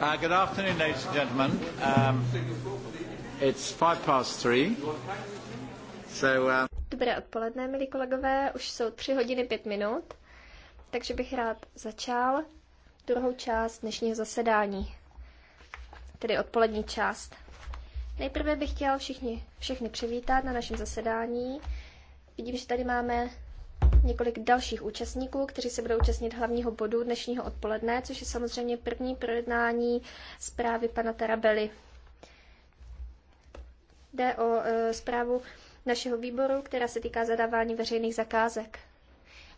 Uh, good afternoon, ladies and gentlemen. Um, it's five past three. So, uh... Dobré odpoledne, milí kolegové. Už jsou tři hodiny pět minut, takže bych rád začal druhou část dnešního zasedání, tedy odpolední část. Nejprve bych chtěl všichni, všechny přivítat na našem zasedání. Vidím, že tady máme několik dalších účastníků, kteří se budou účastnit hlavního bodu dnešního odpoledne, což je samozřejmě první projednání zprávy pana Tarabely. Jde o e, zprávu našeho výboru, která se týká zadávání veřejných zakázek.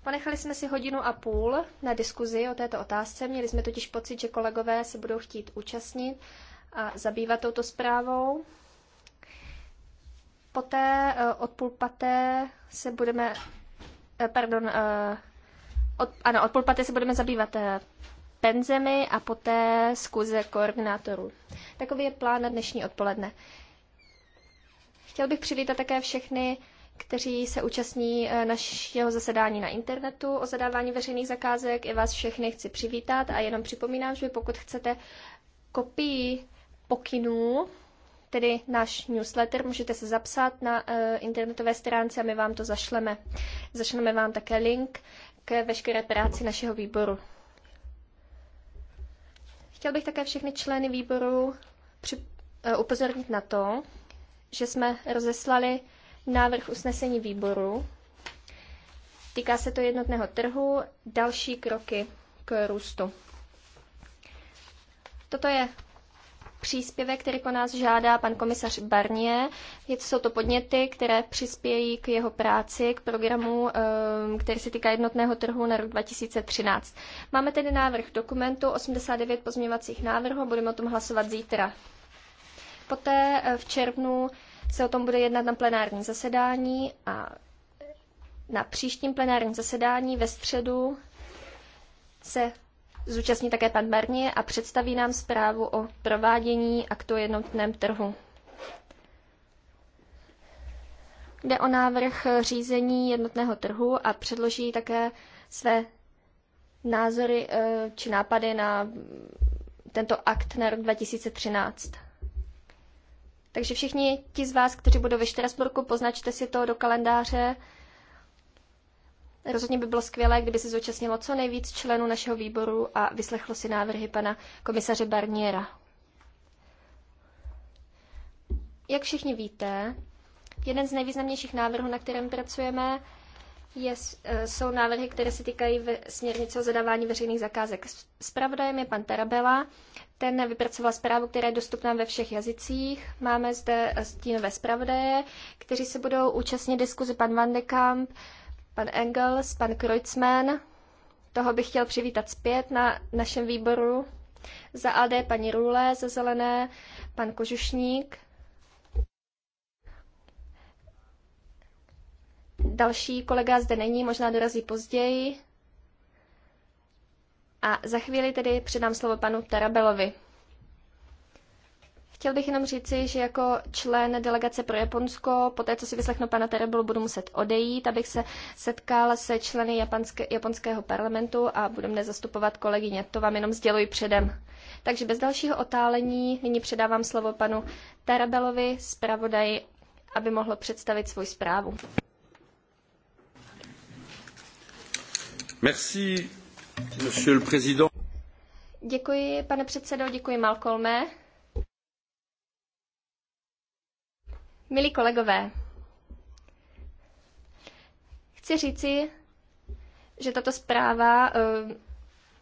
Ponechali jsme si hodinu a půl na diskuzi o této otázce. Měli jsme totiž pocit, že kolegové se budou chtít účastnit a zabývat touto zprávou. Poté eh, od půl paté se budeme, eh, pardon, eh, od, ano, od půl paté se budeme zabývat penzemi a poté zkuze koordinátorů. Takový je plán na dnešní odpoledne. Chtěl bych přivítat také všechny, kteří se účastní našeho zasedání na internetu o zadávání veřejných zakázek. I vás všechny chci přivítat a jenom připomínám, že pokud chcete kopii pokynů tedy náš newsletter. Můžete se zapsat na eh, internetové stránce a my vám to zašleme. Zašleme vám také link k veškeré práci našeho výboru. Chtěl bych také všechny členy výboru při, uh, upozornit na to, že jsme rozeslali návrh usnesení výboru. Týká se to jednotného trhu, další kroky k růstu. Toto je příspěvek, který po nás žádá pan komisař Barnier. Jsou to podněty, které přispějí k jeho práci, k programu, ehm, který se týká jednotného trhu na rok 2013. Máme tedy návrh dokumentu, 89 pozměňovacích návrhů, budeme o tom hlasovat zítra. Poté eh, v červnu se o tom bude jednat na plenárním zasedání a na příštím plenárním zasedání ve středu se zúčastní také pan Barnier a představí nám zprávu o provádění aktu o jednotném trhu. Jde o návrh řízení jednotného trhu a předloží také své názory eh, či nápady na tento akt na rok 2013. Takže všichni ti z vás, kteří budou ve Štrasburku, poznačte si to do kalendáře Rozhodně by bylo skvělé, kdyby se zúčastnilo co nejvíc členů našeho výboru a vyslechlo si návrhy pana komisaře Barniera. Jak všichni víte, jeden z nejvýznamnějších návrhů, na kterém pracujeme, je, e, jsou návrhy, které se týkají ve směrnice o zadávání veřejných zakázek. Spravodajem je pan Tarabela. Ten vypracoval zprávu, která je dostupná ve všech jazycích. Máme zde e, stínové zpravodaje, kteří se budou účastnit diskuzi pan Van de Kamp, pan Engels, pan Kreutzmann. Toho bych chtěl přivítat zpět na našem výboru. Za AD paní Růle, za Zelené pan Kožušník. Další kolega zde není, možná dorazí později. A za chvíli tedy předám slovo panu Tarabelovi. Chtěl bych jenom říci, že jako člen delegace pro Japonsko, po té, co si vyslechnu pana Terebulu, budu muset odejít, abych se setkal se členy Japanské, japonského parlamentu a budu mne zastupovat kolegyně. To vám jenom sděluji předem. Takže bez dalšího otálení nyní předávám slovo panu Terebelovi, zpravodaji, aby mohl představit svou zprávu. Merci, monsieur le président. Děkuji, pane předsedo, děkuji Malcolme. Milí kolegové, chci říci, že tato zpráva uh,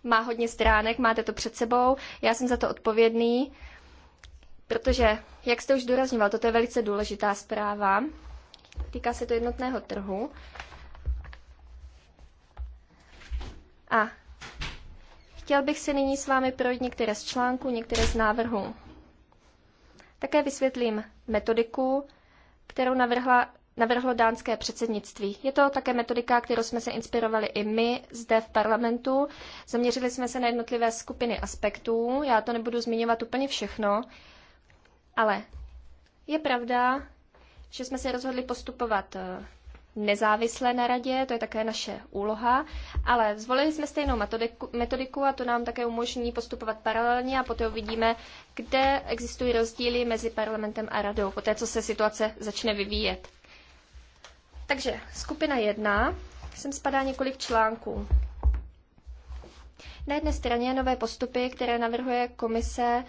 má hodně stránek, máte to před sebou, já jsem za to odpovědný, protože, jak jste už důrazňoval, toto je velice důležitá zpráva, týká se to jednotného trhu. A chtěl bych si nyní s vámi projít některé z článků, některé z návrhů. Také vysvětlím metodiku, kterou navrhla, navrhlo dánské předsednictví. Je to také metodika, kterou jsme se inspirovali i my zde v parlamentu. Zaměřili jsme se na jednotlivé skupiny aspektů. Já to nebudu zmiňovat úplně všechno, ale je pravda, že jsme se rozhodli postupovat eh, nezávislé na radě, to je také naše úloha, ale zvolili jsme stejnou metodiku, metodiku a to nám také umožní postupovat paralelně a poté uvidíme, kde existují rozdíly mezi parlamentem a radou, poté co se situace začne vyvíjet. Takže skupina jedna, sem spadá několik článků. Na jedné straně nové postupy, které navrhuje komise,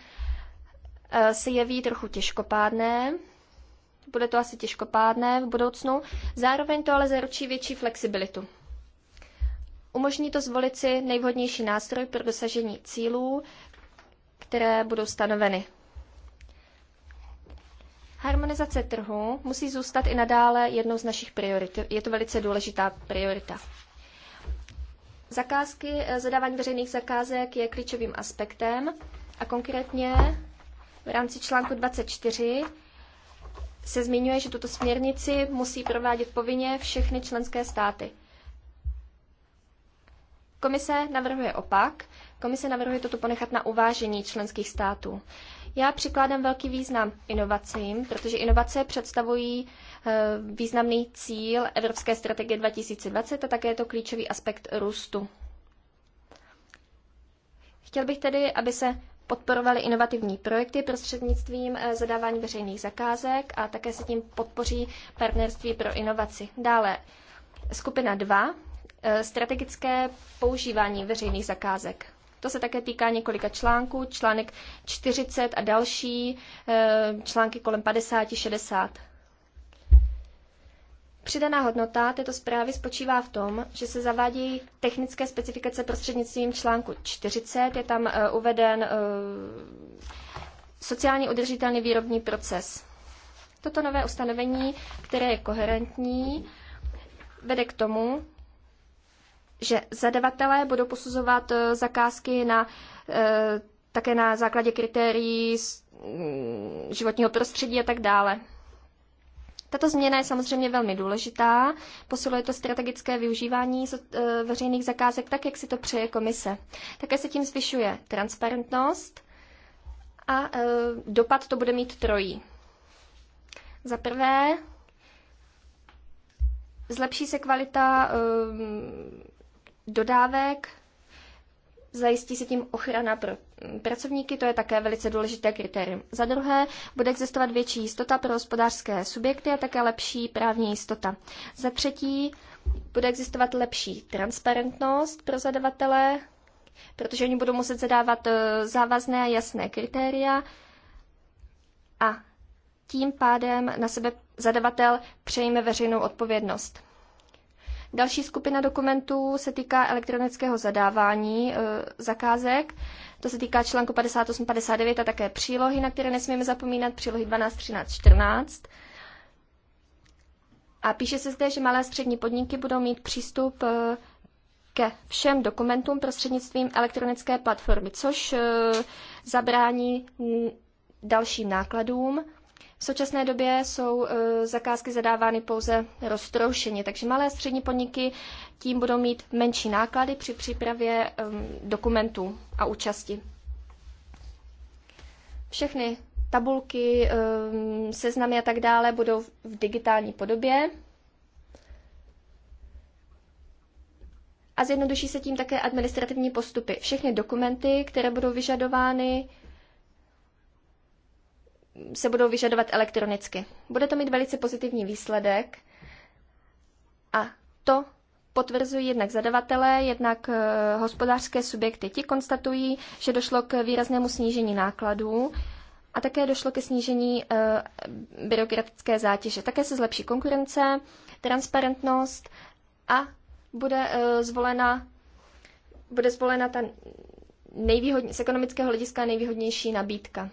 eh, se jeví trochu těžkopádné, bude to asi těžkopádné v budoucnu. Zároveň to ale zaručí větší flexibilitu. Umožní to zvolit si nejvhodnější nástroj pro dosažení cílů, které budou stanoveny. Harmonizace trhu musí zůstat i nadále jednou z našich priorit. Je to velice důležitá priorita. Zakázky, eh, zadávání veřejných zakázek je klíčovým aspektem a konkrétně v rámci článku 24 se zmiňuje, že tuto směrnici musí provádět povinně všechny členské státy. Komise navrhuje opak. Komise navrhuje toto ponechat na uvážení členských států. Já přikládám velký význam inovacím, protože inovace představují eh, významný cíl Evropské strategie 2020 a také je to klíčový aspekt růstu. Chtěl bych tedy, aby se podporovali inovativní projekty prostřednictvím eh, zadávání veřejných zakázek a také se tím podpoří partnerství pro inovaci. Dále skupina 2, eh, strategické používání veřejných zakázek. To se také týká několika článků, článek 40 a další, eh, články kolem 50-60. Přidaná hodnota této zprávy spočívá v tom, že se zavádějí technické specifikace prostřednictvím článku 40. Je tam eh, uveden eh, sociálně udržitelný výrobní proces. Toto nové ustanovení, které je koherentní, vede k tomu, že zadavatelé budou posuzovat eh, zakázky na, také na základě kritérií mm, životního prostředí a tak dále. Tato změna je samozřejmě velmi důležitá. Posiluje to strategické využívání e, veřejných zakázek tak, jak si to přeje komise. Také se tím zvyšuje transparentnost a e, dopad to bude mít trojí. Za prvé, zlepší se kvalita e, dodávek Zajistí se tím ochrana pro pracovníky, to je také velice důležité kritérium. Za druhé, bude existovat větší jistota pro hospodářské subjekty a také lepší právní jistota. Za třetí, bude existovat lepší transparentnost pro zadavatele, protože oni budou muset zadávat eh, závazné a jasné kritéria a tím pádem na sebe zadavatel přejme veřejnou odpovědnost. Další skupina dokumentů se týká elektronického zadávání e, zakázek. To se týká článku 58, 59 a také přílohy, na které nesmíme zapomínat, přílohy 12, 13, 14. A píše se zde, že malé a střední podniky budou mít přístup e, ke všem dokumentům prostřednictvím elektronické platformy, což e, zabrání dalším nákladům v současné době jsou e, zakázky zadávány pouze roztroušeně, takže malé a střední podniky tím budou mít menší náklady při přípravě dokumentů a účasti. Všechny tabulky, seznamy a tak dále budou v digitální podobě. A zjednoduší se tím také administrativní postupy. Všechny dokumenty, které budou vyžadovány, se budou vyžadovat elektronicky. Bude to mít velice pozitivní výsledek a to potvrzují jednak zadavatelé, jednak eh, hospodářské subjekty. Ti konstatují, že došlo k výraznému snížení nákladů a také došlo ke snížení eh, byrokratické zátěže. Také se zlepší konkurence, transparentnost a bude eh, zvolena, bude zvolena ta nejvýhodně, z ekonomického hlediska nejvýhodnější nabídka.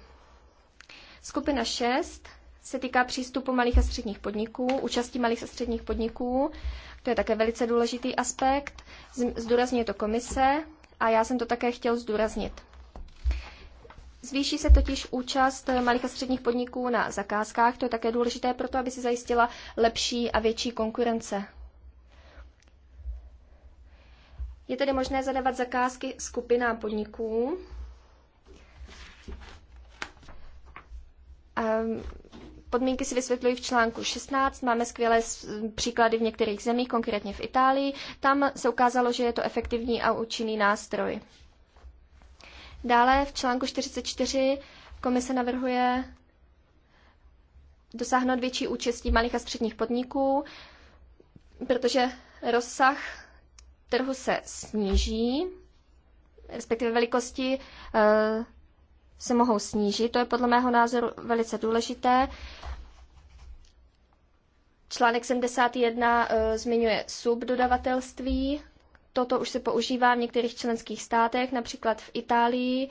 Skupina 6 se týká přístupu malých a středních podniků, účasti malých a středních podniků. To je také velice důležitý aspekt. Zdůrazňuje to komise a já jsem to také chtěl zdůraznit. Zvýší se totiž účast malých a středních podniků na zakázkách. To je také důležité proto, aby se zajistila lepší a větší konkurence. Je tedy možné zadávat zakázky skupinám podniků Ehm, podmínky si vysvětlují v článku 16. Máme skvělé příklady v některých zemích, konkrétně v Itálii. Tam se ukázalo, že je to efektivní a účinný nástroj. Dále v článku 44 komise navrhuje dosáhnout větší účastí malých a středních podniků, protože rozsah trhu se sníží, respektive velikosti eh, se mohou snížit. To je podle mého názoru velice důležité. Článek 71 e, eh, zmiňuje subdodavatelství. Toto už se používá v některých členských státech, například v Itálii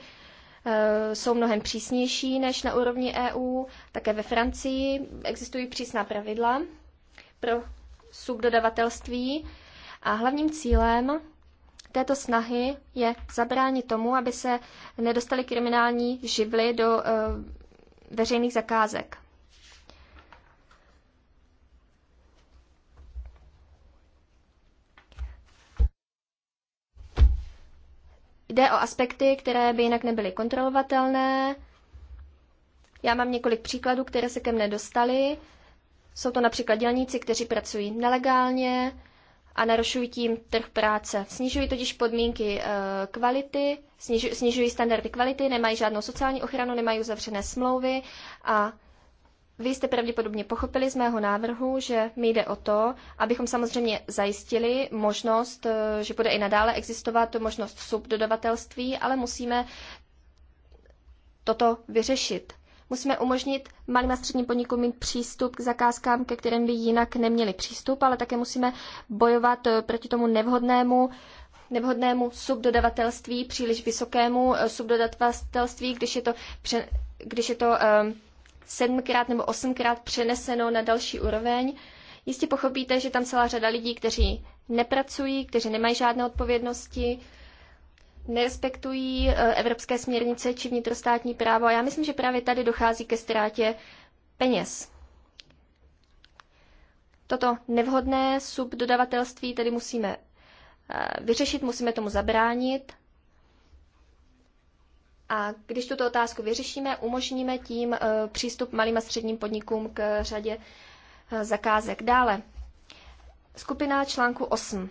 eh, jsou mnohem přísnější než na úrovni EU. Také ve Francii existují přísná pravidla pro subdodavatelství. A hlavním cílem této snahy je zabránit tomu, aby se nedostali kriminální živly do uh, veřejných zakázek. Jde o aspekty, které by jinak nebyly kontrolovatelné. Já mám několik příkladů, které se ke mně dostaly. Jsou to například dělníci, kteří pracují nelegálně, a narušují tím trh práce. Snižují totiž podmínky eh, kvality, snižují standardy kvality, nemají žádnou sociální ochranu, nemají uzavřené smlouvy a vy jste pravděpodobně pochopili z mého návrhu, že mi jde o to, abychom samozřejmě zajistili možnost, eh, že bude i nadále existovat možnost subdodavatelství, ale musíme toto vyřešit. Musíme umožnit malým a středním podnikům mít přístup k zakázkám, ke kterým by jinak neměli přístup, ale také musíme bojovat eh, proti tomu nevhodnému nevhodnému subdodavatelství, příliš vysokému eh, subdodavatelství, když je to, pře, když je to um, sedmkrát nebo osmkrát přeneseno na další úroveň. Jistě pochopíte, že tam celá řada lidí, kteří nepracují, kteří nemají žádné odpovědnosti, nerespektují eh, evropské směrnice či vnitrostátní právo. A já myslím, že právě tady dochází ke ztrátě peněz. Toto nevhodné subdodavatelství tedy musíme eh, vyřešit, musíme tomu zabránit. A když tuto otázku vyřešíme, umožníme tím eh, přístup malým a středním podnikům k řadě zakázek. Dále, skupina článku 8.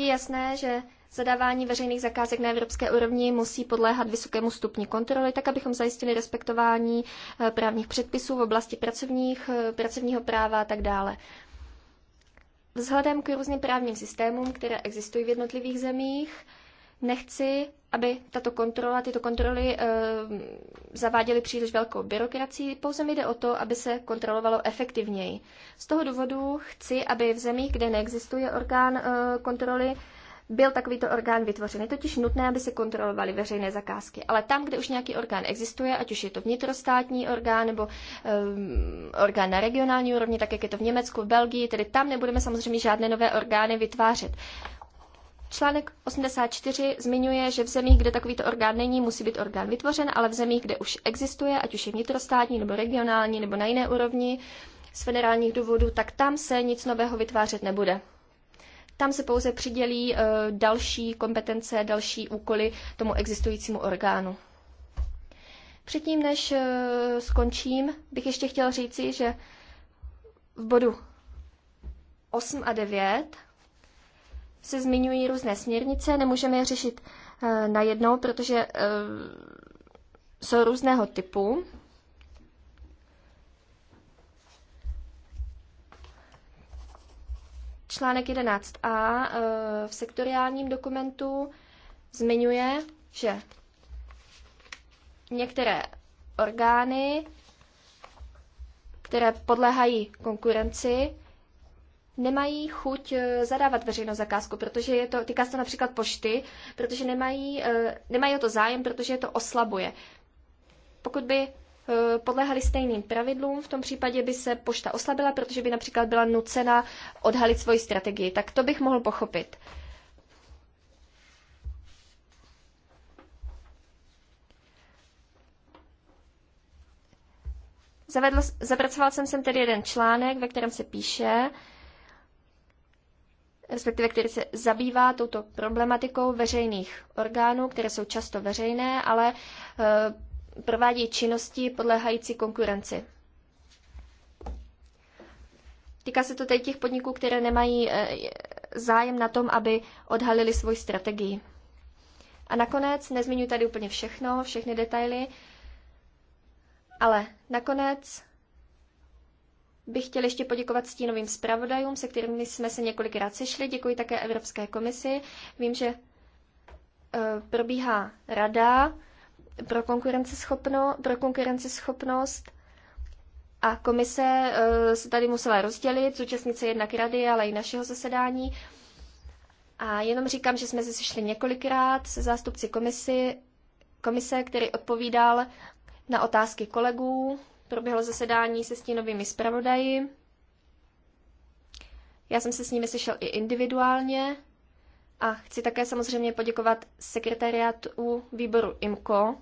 Je jasné, že zadávání veřejných zakázek na evropské úrovni musí podléhat vysokému stupni kontroly, tak abychom zajistili respektování eh, právních předpisů v oblasti pracovních, eh, pracovního práva a tak dále. Vzhledem k různým právním systémům, které existují v jednotlivých zemích, Nechci, aby tato kontrola, tyto kontroly e, zaváděly příliš velkou byrokracii, pouze mi jde o to, aby se kontrolovalo efektivněji. Z toho důvodu chci, aby v zemích, kde neexistuje orgán e, kontroly, byl takovýto orgán vytvořen. Je totiž nutné, aby se kontrolovaly veřejné zakázky. Ale tam, kde už nějaký orgán existuje, ať už je to vnitrostátní orgán nebo um, orgán na regionální úrovni, tak jak je to v Německu, v Belgii, tedy tam nebudeme samozřejmě žádné nové orgány vytvářet. Článek 84 zmiňuje, že v zemích, kde takovýto orgán není, musí být orgán vytvořen, ale v zemích, kde už existuje, ať už je vnitrostátní nebo regionální nebo na jiné úrovni, z federálních důvodů, tak tam se nic nového vytvářet nebude. Tam se pouze přidělí uh, další kompetence, další úkoly tomu existujícímu orgánu. Předtím, než uh, skončím, bych ještě chtěl říci, že v bodu 8 a 9 se zmiňují různé směrnice, nemůžeme je řešit e, najednou, protože e, jsou různého typu. Článek 11a e, eh, v sektoriálním dokumentu zmiňuje, že některé orgány, které podléhají konkurenci, nemají chuť eh, zadávat veřejnou zakázku, protože je to, týká se to například pošty, protože nemají, eh, nemají o to zájem, protože je to oslabuje. Pokud by eh, podléhali stejným pravidlům, v tom případě by se pošta oslabila, protože by například byla nucena odhalit svoji strategii. Tak to bych mohl pochopit. Zavedl, zapracoval jsem sem tedy jeden článek, ve kterém se píše, respektive který se zabývá touto problematikou veřejných orgánů, které jsou často veřejné, ale eh, provádí činnosti podléhající konkurenci. Týká se to tedy těch podniků, které nemají eh, zájem na tom, aby odhalili svoji strategii. A nakonec, nezmiňuji tady úplně všechno, všechny detaily, ale nakonec bych chtěl ještě poděkovat stínovým zpravodajům, se kterými jsme se několikrát sešli. Děkuji také Evropské komisi. Vím, že eh, probíhá rada pro, konkurenceschopno, pro konkurenceschopnost a komise eh, se tady musela rozdělit, zúčastnit se jednak rady, ale i našeho zasedání. A jenom říkám, že jsme se sešli několikrát se zástupci komisi, komise, který odpovídal na otázky kolegů proběhlo zasedání se stínovými zpravodaji. Já jsem se s nimi sešel i individuálně a chci také samozřejmě poděkovat sekretariátu výboru IMCO,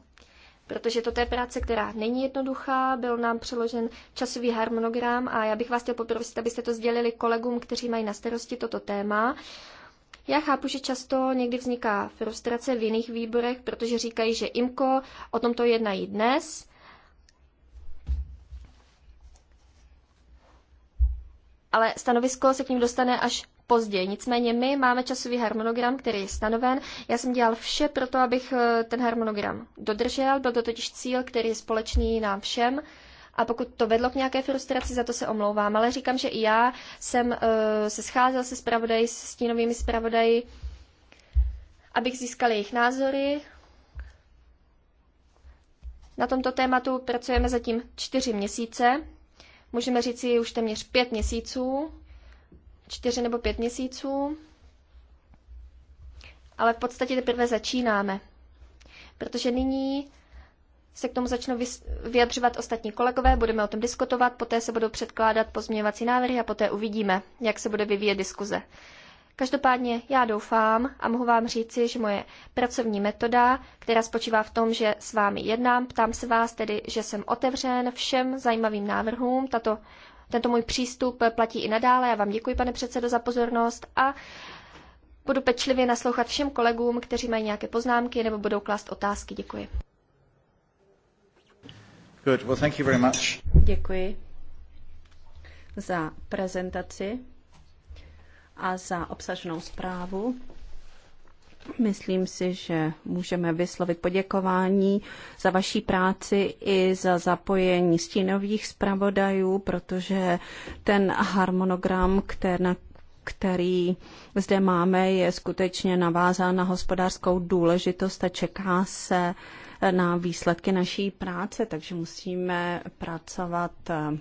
protože to je práce, která není jednoduchá, byl nám přeložen časový harmonogram a já bych vás chtěl poprosit, abyste to sdělili kolegům, kteří mají na starosti toto téma. Já chápu, že často někdy vzniká frustrace v jiných výborech, protože říkají, že IMKO o tomto jednají dnes, ale stanovisko se k ním dostane až později. Nicméně my máme časový harmonogram, který je stanoven. Já jsem dělal vše pro to, abych eh, ten harmonogram dodržel. Byl to totiž cíl, který je společný nám všem. A pokud to vedlo k nějaké frustraci, za to se omlouvám. Ale říkám, že i já jsem eh, se scházel se zpravodaji, s stínovými zpravodaji, abych získal jejich názory. Na tomto tématu pracujeme zatím čtyři měsíce můžeme říci už téměř pět měsíců, čtyři nebo pět měsíců, ale v podstatě teprve začínáme, protože nyní se k tomu začnou vyjadřovat ostatní kolegové, budeme o tom diskutovat, poté se budou předkládat pozměňovací návrhy a poté uvidíme, jak se bude vyvíjet diskuze. Každopádně já doufám a mohu vám říci, že moje pracovní metoda, která spočívá v tom, že s vámi jednám, ptám se vás tedy, že jsem otevřen všem zajímavým návrhům. Tato, tento můj přístup platí i nadále. Já vám děkuji, pane předsedo, za pozornost a budu pečlivě naslouchat všem kolegům, kteří mají nějaké poznámky nebo budou klást otázky. Děkuji. Good. Well, thank you very much. Děkuji za prezentaci a za obsažnou zprávu. Myslím si, že můžeme vyslovit poděkování za vaší práci i za zapojení stínových zpravodajů, protože ten harmonogram, který, na který zde máme, je skutečně navázán na hospodářskou důležitost a čeká se na výsledky naší práce, takže musíme pracovat eh,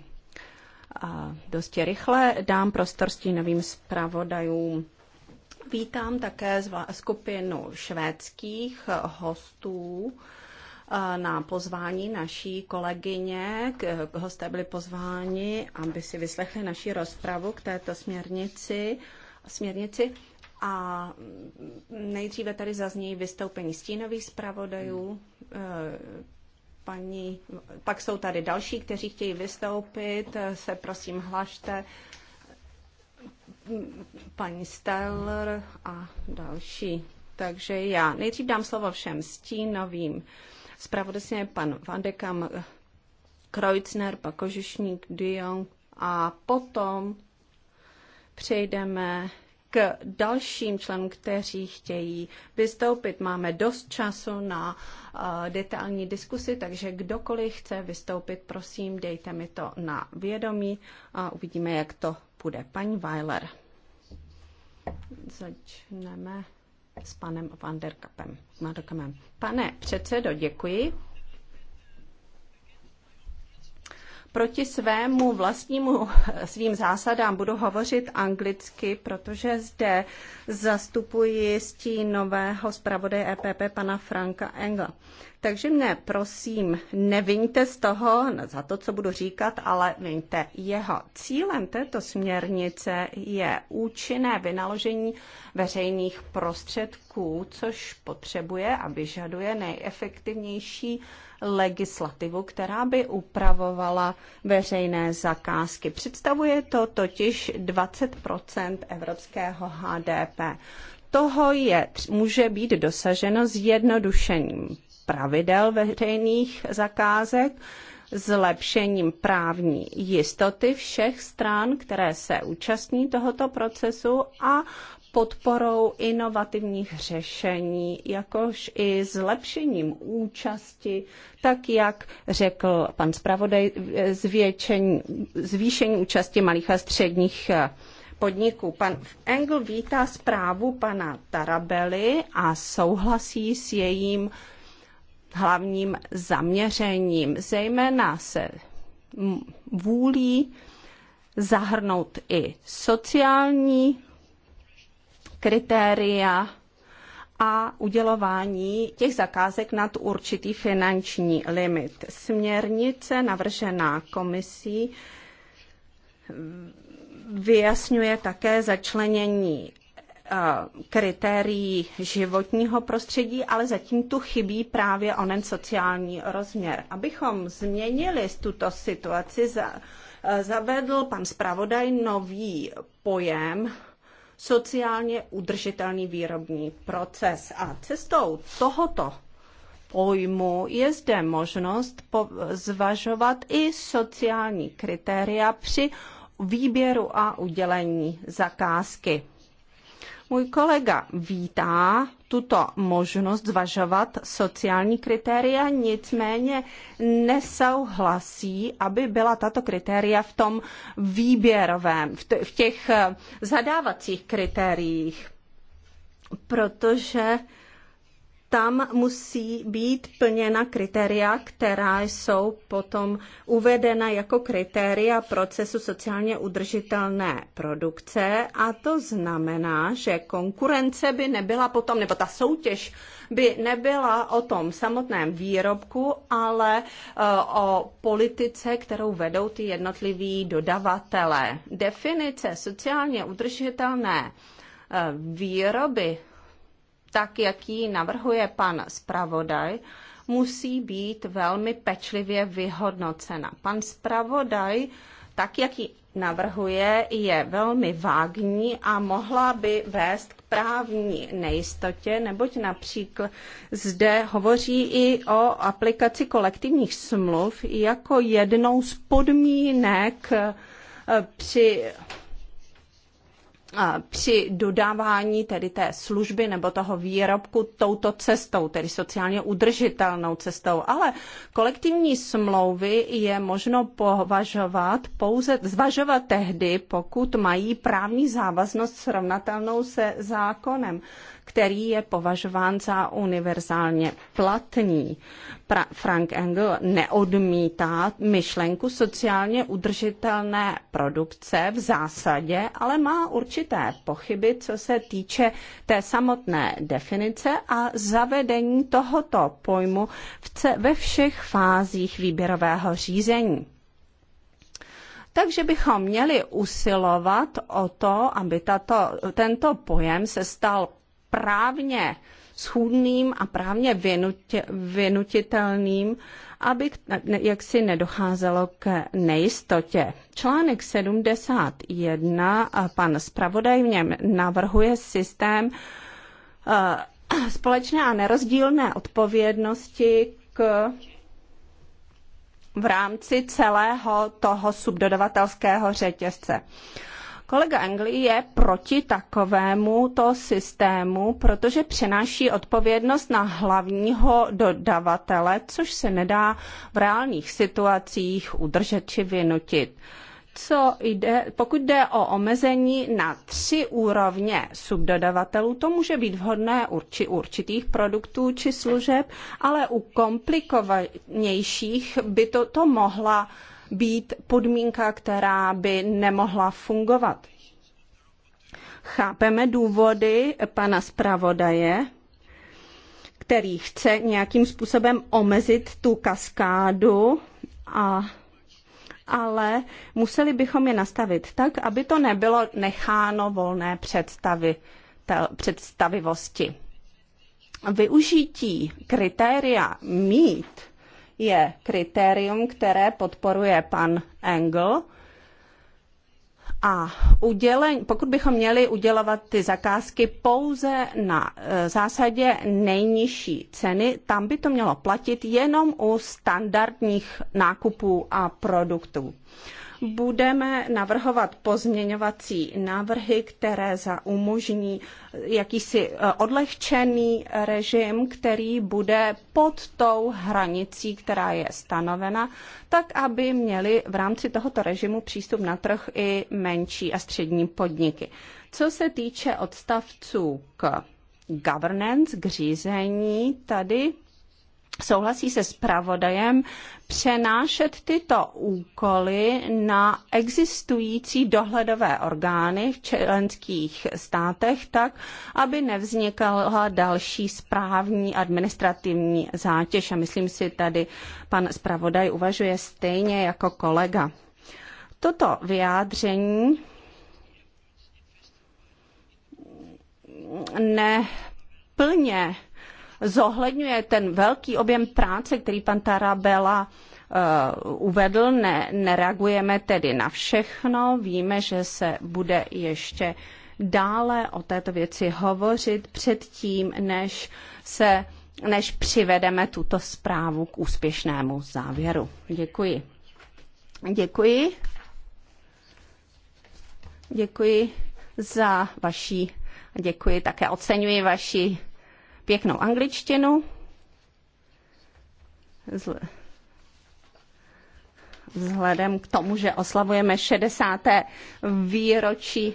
dosti rychle. Dám prostor stínovým zpravodajům. Vítám také skupinu švédských hostů eh, na pozvání naší kolegyně. Hosté byli pozváni, aby si vyslechli naši rozpravu k této směrnici. směrnici. A nejdříve tady zazní vystoupení stínových zpravodajů, eh, paní, pak jsou tady další, kteří chtějí vystoupit, se prosím hlašte. Paní Steller a další. Takže já nejdřív dám slovo všem stínovým. Spravodajně pan Vandekam, Kreuzner, pak Kožišník, Dion a potom přejdeme k dalším členům, kteří chtějí vystoupit. Máme dost času na eh, detailní diskusi, takže kdokoliv chce vystoupit, prosím, dejte mi to na vědomí a uvidíme, jak to bude. Paní Weiler, začneme s panem Van der Pane předsedo, děkuji. proti svému vlastnímu svým zásadám budu hovořit anglicky, protože zde zastupuji nového zpravodaje EPP pana Franka Engla. Takže mne prosím, neviňte z toho, za to, co budu říkat, ale viňte jeho. Cílem této směrnice je účinné vynaložení veřejných prostředků, což potřebuje a vyžaduje nejefektivnější legislativu, která by upravovala veřejné zakázky. Představuje to totiž 20 evropského HDP toho je, může být dosaženo zjednodušením pravidel veřejných zakázek, zlepšením právní jistoty všech stran, které se účastní tohoto procesu a podporou inovativních řešení, jakož i zlepšením účasti, tak jak řekl pan zpravodaj, zvětšení, zvýšení účasti malých a středních eh, podniků. Pan Engel vítá zprávu pana Tarabely a souhlasí s jejím hlavním zaměřením. Zejména se vůlí zahrnout i sociální kritéria a udělování těch zakázek nad určitý finanční limit. Směrnice navržená komisí vyjasňuje také začlenění kritérií životního prostředí, ale zatím tu chybí právě onen sociální rozměr. Abychom změnili tuto situaci, e, zavedl pan zpravodaj nový pojem sociálně udržitelný výrobní proces. A cestou tohoto pojmu je zde možnost zvažovat i sociální kritéria při výběru a udělení zakázky. Můj kolega vítá tuto možnost zvažovat sociální kritéria, nicméně nesouhlasí, aby byla tato kritéria v tom výběrovém, v těch eh, zadávacích kritériích, protože tam musí být plněna kritéria, která jsou potom uvedena jako kritéria procesu sociálně udržitelné produkce a to znamená, že konkurence by nebyla potom, nebo ta soutěž by nebyla o tom samotném výrobku, ale eh, o politice, kterou vedou ty jednotliví dodavatelé. Definice sociálně udržitelné eh, výroby tak jak ji navrhuje pan zpravodaj, musí být velmi pečlivě vyhodnocena. Pan zpravodaj, tak jak ji navrhuje, je velmi vágní a mohla by vést k právní nejistotě, neboť například zde hovoří i o aplikaci kolektivních smluv jako jednou z podmínek eh, při při dodávání tedy té služby nebo toho výrobku touto cestou, tedy sociálně udržitelnou cestou. Ale kolektivní smlouvy je možno považovat pouze, zvažovat tehdy, pokud mají právní závaznost srovnatelnou se zákonem který je považován za univerzálně platný. Pra- Frank Engel neodmítá myšlenku sociálně udržitelné produkce v zásadě, ale má určité pochyby, co se týče té samotné definice a zavedení tohoto pojmu ve všech fázích výběrového řízení. Takže bychom měli usilovat o to, aby tato, tento pojem se stal právně schůdným a právně vynutě, vynutitelným, aby jaksi nedocházelo k nejistotě. Článek 71, a pan zpravodaj v něm navrhuje systém uh, společné a nerozdílné odpovědnosti k v rámci celého toho subdodavatelského řetězce. Uh, Kolega Engli je proti takovému to systému, protože přenáší odpovědnost na hlavního dodavatele, což se nedá v reálných situacích udržet či vynutit co jde, pokud jde o omezení na tři úrovně subdodavatelů, to může být vhodné urči určitých produktů či služeb, ale u komplikovanějších by to, to mohla být podmínka, která by nemohla fungovat. Chápeme důvody pana zpravodaje, který chce nějakým způsobem omezit tu kaskádu, a, ale museli bychom je nastavit tak, aby to nebylo necháno volné představy, tel, představivosti. Využití kritéria mít je kritérium, které podporuje pan Engel. A udělen, pokud bychom měli udělovat ty zakázky pouze na e, zásadě nejnižší ceny, tam by to mělo platit jenom u standardních nákupů a produktů budeme navrhovat pozměňovací návrhy, které za umožní jakýsi eh, odlehčený režim, který bude pod tou hranicí, která je stanovena, tak aby měli v rámci tohoto režimu přístup na trh i menší a střední podniky. Co se týče odstavců k governance, k řízení, tady souhlasí se zpravodajem přenášet tyto úkoly na existující dohledové orgány v členských státech tak, aby nevznikala další správní administrativní zátěž. A myslím si, tady pan zpravodaj uvažuje stejně jako kolega. Toto vyjádření neplně zohledňuje ten velký objem práce, který pan Tarabela eh, uvedl, ne, nereagujeme tedy na všechno, víme, že se bude ještě dále o této věci hovořit předtím, než se než přivedeme tuto zprávu k úspěšnému závěru. Děkuji. Děkuji. Děkuji za vaší, děkuji také oceňuji vaši pěknou angličtinu. Vzhledem k tomu, že oslavujeme 60. výročí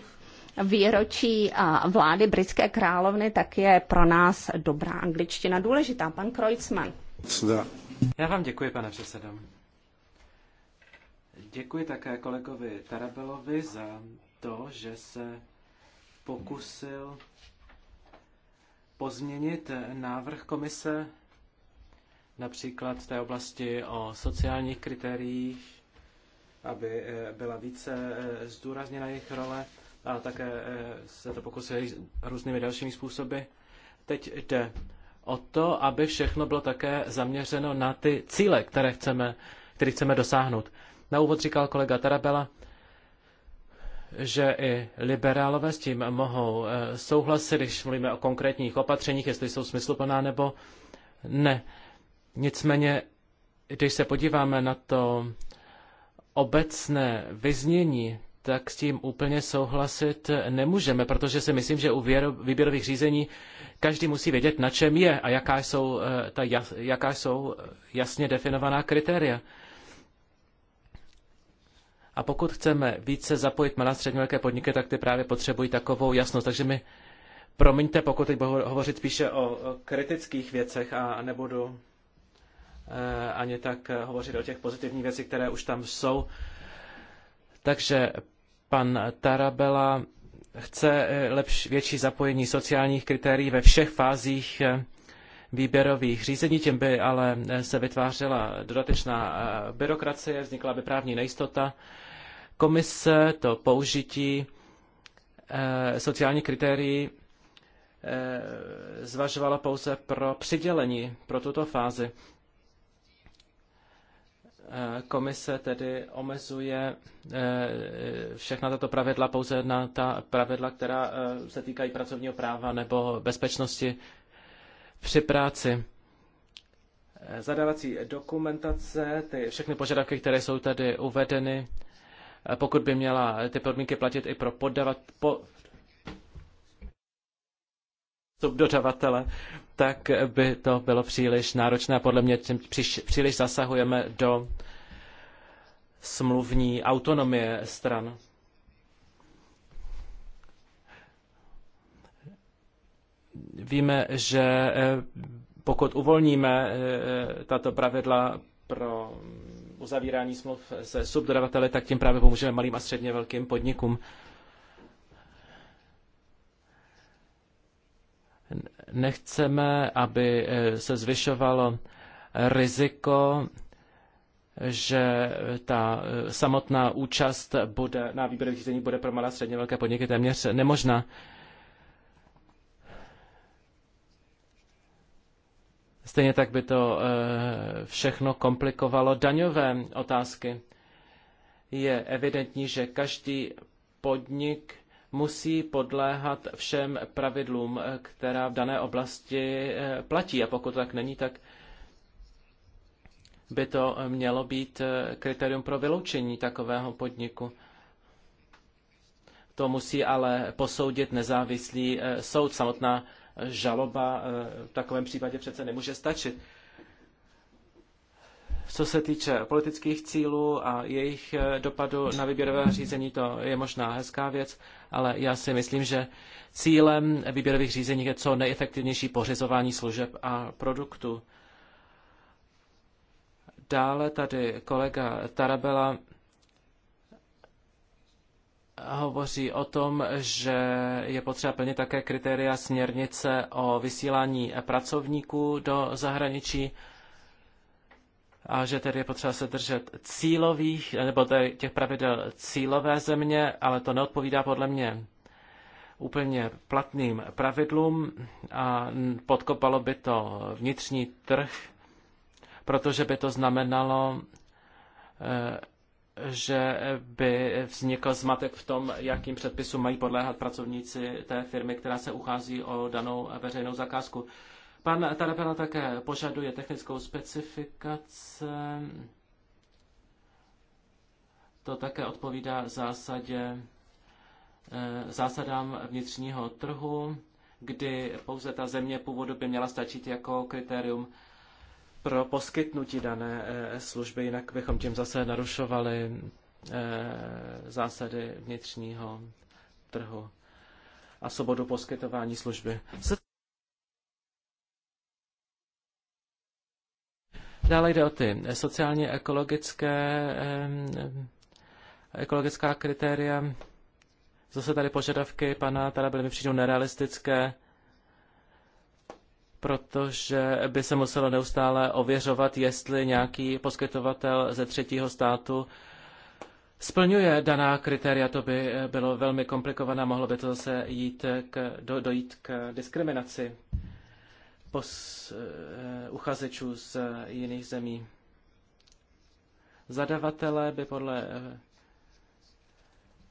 výročí vlády britské královny, tak je pro nás dobrá angličtina důležitá. Pan Kreutzmann. Já vám děkuji, pane předsedo. Děkuji také kolegovi Tarabelovi za to, že se pokusil pozměnit návrh komise, například v té oblasti o sociálních kritériích, aby eh, byla více eh, zdůrazněna jejich role, a také eh, se to pokusí různými dalšími způsoby. Teď jde o to, aby všechno bylo také zaměřeno na ty cíle, které chceme, které chceme dosáhnout. Na úvod říkal kolega Tarabela, že i liberálové s tím mohou eh, souhlasit, když mluvíme o konkrétních opatřeních, jestli jsou smysluplná nebo ne. Nicméně, když se podíváme na to obecné vyznění, tak s tím úplně souhlasit nemůžeme, protože si myslím, že u výběrových řízení každý musí vědět, na čem je a jaká jsou, eh, ta, jaká jsou jasně definovaná kritéria. A pokud chceme více zapojit malé a střední velké podniky, tak ty právě potřebují takovou jasnost. Takže mi promiňte, pokud teď budu hovořit spíše o kritických věcech a nebudu eh, ani tak eh, hovořit o těch pozitivních věcech, které už tam jsou. Takže pan Tarabela chce eh, lepší, větší zapojení sociálních kritérií ve všech fázích výběrových řízení, tím by ale se vytvářela dodatečná byrokracie, vznikla by právní nejistota komise to použití eh, sociálních kritérií eh, zvažovala pouze pro přidělení pro tuto fázi. Eh, komise tedy omezuje všechna tato pravidla pouze na ta pravidla, která se týkají pracovního práva nebo bezpečnosti při práci. Zadávací dokumentace, ty všechny požadavky, které jsou tady uvedeny, pokud by měla ty podmínky platit i pro poddavat, po, subdodavatele, tak by to bylo příliš náročné podle mě tím příliš zasahujeme do smluvní autonomie stran. Víme, že eh, pokud uvolníme eh, eh, tato pravidla pro uzavírání smluv se subdodavateli, tak tím právě pomůžeme malým a středně velkým podnikům. Nechceme, aby eh, se zvyšovalo riziko, že eh, ta eh, samotná účast bude, na výběrových řízení bude pro malé a středně velké podniky téměř nemožná. Stejně tak by to eh, všechno komplikovalo daňové otázky. Je evidentní, že každý podnik musí podléhat všem pravidlům, eh, která v dané oblasti eh, platí. A pokud tak není, tak by to mělo být kritérium pro vyloučení takového podniku. To musí ale posoudit nezávislý soud. Samotná žaloba eh, v takovém případě přece nemůže stačit. Co se týče politických cílů a jejich eh, dopadu na výběrové řízení, to je možná hezká věc, ale já si myslím, že cílem výběrových řízení je co nejefektivnější pořizování služeb a produktů. Dále tady kolega Tarabela hovoří o tom, že je potřeba plnit také kritéria směrnice o vysílání pracovníků do zahraničí a že tedy je potřeba se držet cílových, nebo těch pravidel cílové země, ale to neodpovídá podle mě úplně platným pravidlům a podkopalo by to vnitřní trh, protože by to znamenalo eh, že by vznikl zmatek v tom, jakým předpisům mají podléhat pracovníci té firmy, která se uchází o danou veřejnou zakázku. Pan Tarapela také požaduje technickou specifikaci. To také odpovídá zásadě, eh, zásadám vnitřního trhu, kdy pouze ta země původu by měla stačit jako kritérium pro poskytnutí dané eh, služby, jinak bychom tím zase narušovali eh, zásady vnitřního trhu a svobodu poskytování služby. Dále jde o ty sociálně ekologické, eh, ekologická kritéria. Zase tady požadavky pana byly mi přijdou nerealistické protože by se muselo neustále ověřovat, jestli nějaký poskytovatel ze třetího státu splňuje daná kritéria. To by bylo velmi komplikované, mohlo by to zase jít k, do, dojít k diskriminaci pos, uh, uchazečů z jiných zemí. Zadavatelé by podle uh,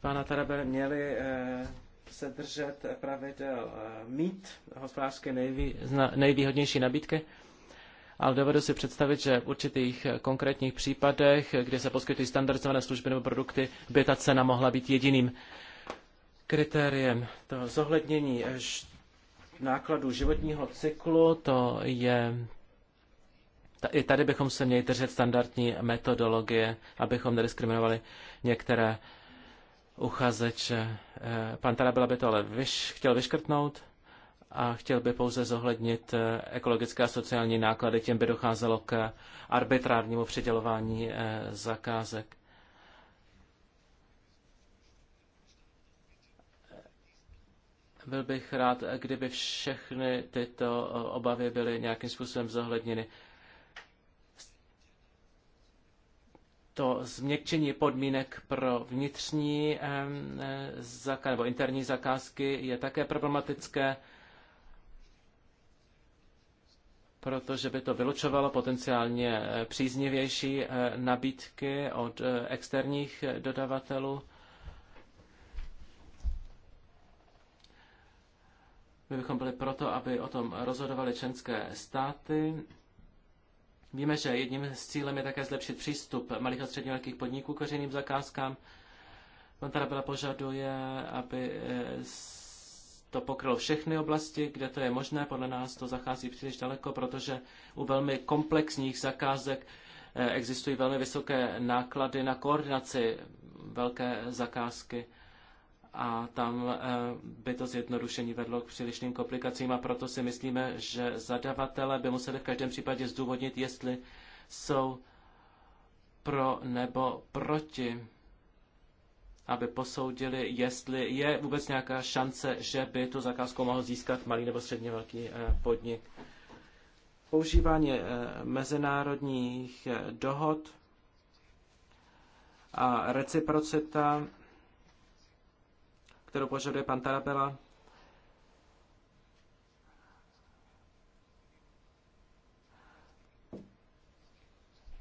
pana Tarabe měli uh, se držet pravidel eh, mít hospodářské nejvý, nejvýhodnější nabídky, ale dovedu si představit, že v určitých eh, konkrétních případech, eh, kde se poskytují standardizované služby nebo produkty, by ta cena mohla být jediným kritériem toho zohlednění nákladů životního cyklu, to je i tady bychom se měli držet standardní metodologie, abychom nediskriminovali některé uchazeče. Eh, pan Tarabila by to ale vyš, chtěl vyškrtnout a chtěl by pouze zohlednit eh, ekologické a sociální náklady, tím by docházelo k arbitrárnímu přidělování eh, zakázek. Byl bych rád, kdyby všechny tyto obavy byly nějakým způsobem zohledněny. to změkčení podmínek pro vnitřní eh, nebo interní zakázky je také problematické, protože by to vylučovalo potenciálně eh, příznivější eh, nabídky od externích dodavatelů. My bychom byli proto, aby o tom rozhodovali členské státy. Víme, že jedním z cílem je také zlepšit přístup malých a středně velkých podniků k veřejným zakázkám. Pan byla požaduje, aby eh, to pokrylo všechny oblasti, kde to je možné. Podle nás to zachází příliš daleko, protože u velmi komplexních zakázek eh, existují velmi vysoké náklady na koordinaci velké zakázky a tam eh, by to zjednodušení vedlo k přílišným komplikacím a proto si myslíme, že zadavatele by museli v každém případě zdůvodnit, jestli jsou pro nebo proti, aby posoudili, jestli je vůbec nějaká šance, že by tu zakázku mohl získat malý nebo středně velký eh, podnik. Používání eh, mezinárodních dohod a reciprocita kterou požaduje pan Tarabela.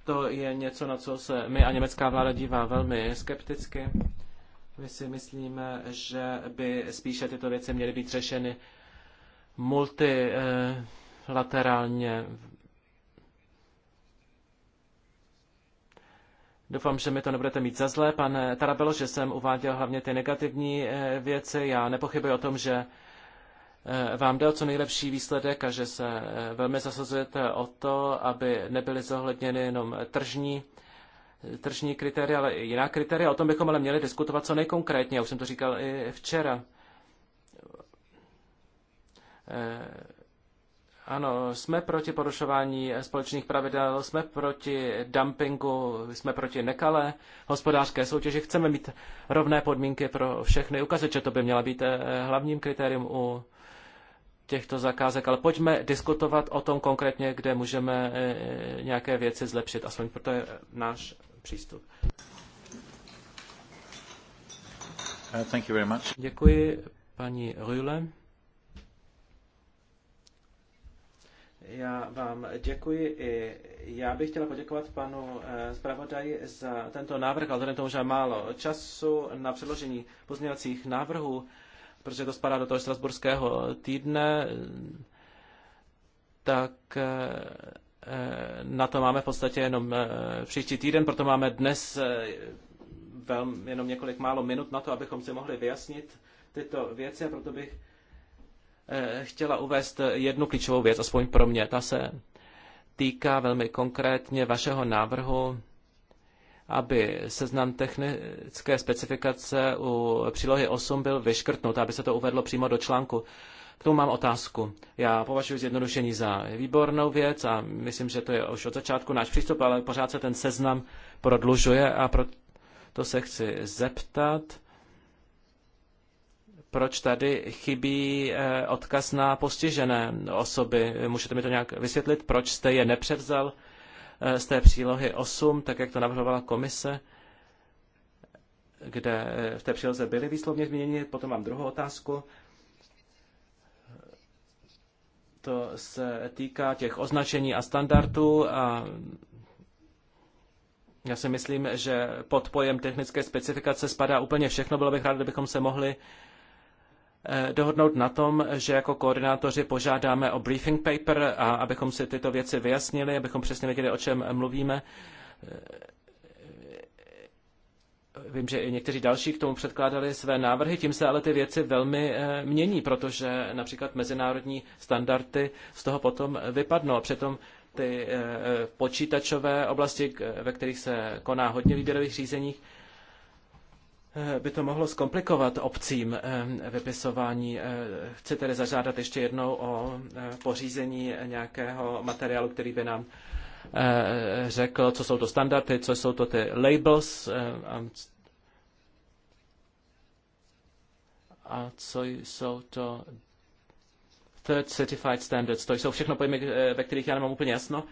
To je něco, na co se my a německá vláda dívá velmi skepticky. My si myslíme, že by spíše tyto věci měly být řešeny multilaterálně Doufám, že mi to nebudete mít za zlé, pane Tarabelo, že jsem uváděl hlavně ty negativní eh, věci. Já nepochybuji o tom, že eh, vám jde o co nejlepší výsledek a že se eh, velmi zasazujete o to, aby nebyly zohledněny jenom tržní, tržní kritéria, ale i jiná kritéria. O tom bychom ale měli diskutovat co nejkonkrétně. Já už jsem to říkal i včera ano, jsme proti porušování společných pravidel, jsme proti dumpingu, jsme proti nekalé hospodářské soutěži. Chceme mít rovné podmínky pro všechny ukazeče. To by měla být eh, hlavním kritériem u těchto zakázek. Ale pojďme diskutovat o tom konkrétně, kde můžeme eh, nějaké věci zlepšit. Aspoň proto je náš přístup. Uh, Děkuji, paní Rühle. Já vám děkuji. já bych chtěla poděkovat panu eh, zpravodaji za tento návrh, ale vzhledem tomu, že málo času na předložení pozměňovacích návrhů, protože to spadá do toho strasburského týdne, tak eh, eh, na to máme v podstatě jenom příští týden, proto máme dnes jenom několik málo minut na to, abychom si mohli vyjasnit tyto věci a proto bych Eh, chtěla uvést jednu klíčovou věc, aspoň pro mě. Ta se týká velmi konkrétně vašeho návrhu, aby seznam technické specifikace u přílohy 8 byl vyškrtnut, aby se to uvedlo přímo do článku. K tomu mám otázku. Já považuji zjednodušení za výbornou věc a myslím, že to je už od začátku náš přístup, ale pořád se ten seznam prodlužuje a proto se chci zeptat, proč tady chybí eh, odkaz na postižené osoby. Můžete mi to nějak vysvětlit, proč jste je nepřevzal eh, z té přílohy 8, tak jak to navrhovala komise, kde eh, v té příloze byly výslovně změněny. Potom mám druhou otázku. To se týká těch označení a standardů a já si myslím, že pod pojem technické specifikace spadá úplně všechno. Bylo bych rád, kdybychom se mohli uh, Eh, dohodnout na tom, že jako koordinátoři požádáme o briefing paper a abychom si tyto věci vyjasnili, abychom přesně věděli, o čem mluvíme. Eh, vím, že i někteří další k tomu předkládali své návrhy, tím se ale ty věci velmi eh, mění, protože například mezinárodní standardy z toho potom vypadnou. A přitom ty počítačové oblasti, ve kterých se koná hodně výběrových řízeních, Eh, by to mohlo zkomplikovat obcím eh, vypisování. Eh, chci tedy zažádat ještě jednou o pořízení nějakého materiálu, který by nám řekl, co jsou to standardy, co jsou to ty labels a co jsou to third certified standards. To jsou všechno pojmy, ve kterých já nemám úplně jasno.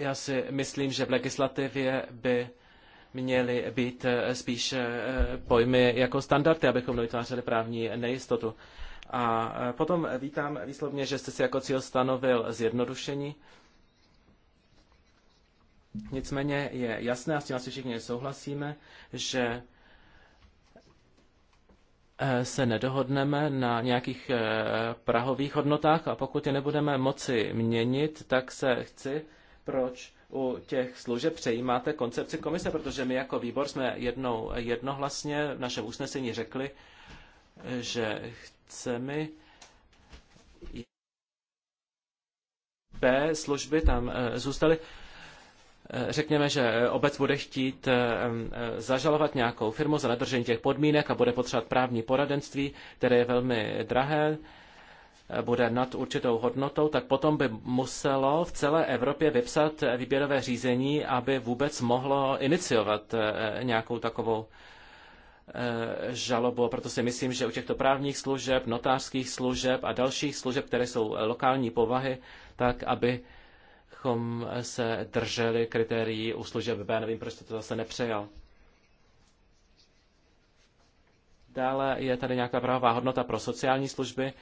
Já si myslím, že v legislativě by měly být eh, spíše eh, pojmy jako standardy, abychom nevytvářeli právní nejistotu. A eh, potom vítám výslovně, že jste si jako cíl stanovil zjednodušení. Nicméně je jasné, a s tím asi všichni souhlasíme, že se nedohodneme na nějakých prahových hodnotách a pokud je nebudeme moci měnit, tak se chci proč u těch služeb přejímáte koncepci komise, protože my jako výbor jsme jednou jednohlasně v našem usnesení řekli, že chceme B služby tam eh, zůstaly. Eh, řekněme, že eh, obec bude chtít zažalovat nějakou firmu za nedržení těch podmínek a bude potřebovat právní poradenství, které je velmi drahé bude nad určitou hodnotou, tak potom by muselo v celé Evropě vypsat výběrové řízení, aby vůbec mohlo iniciovat eh, nějakou takovou eh, žalobu. Proto si myslím, že u těchto právních služeb, notářských služeb a dalších služeb, které jsou lokální povahy, tak abychom se drželi kritérií u služeb B. Nevím, proč to, to zase nepřejal. Dále je tady nějaká pravá hodnota pro sociální služby.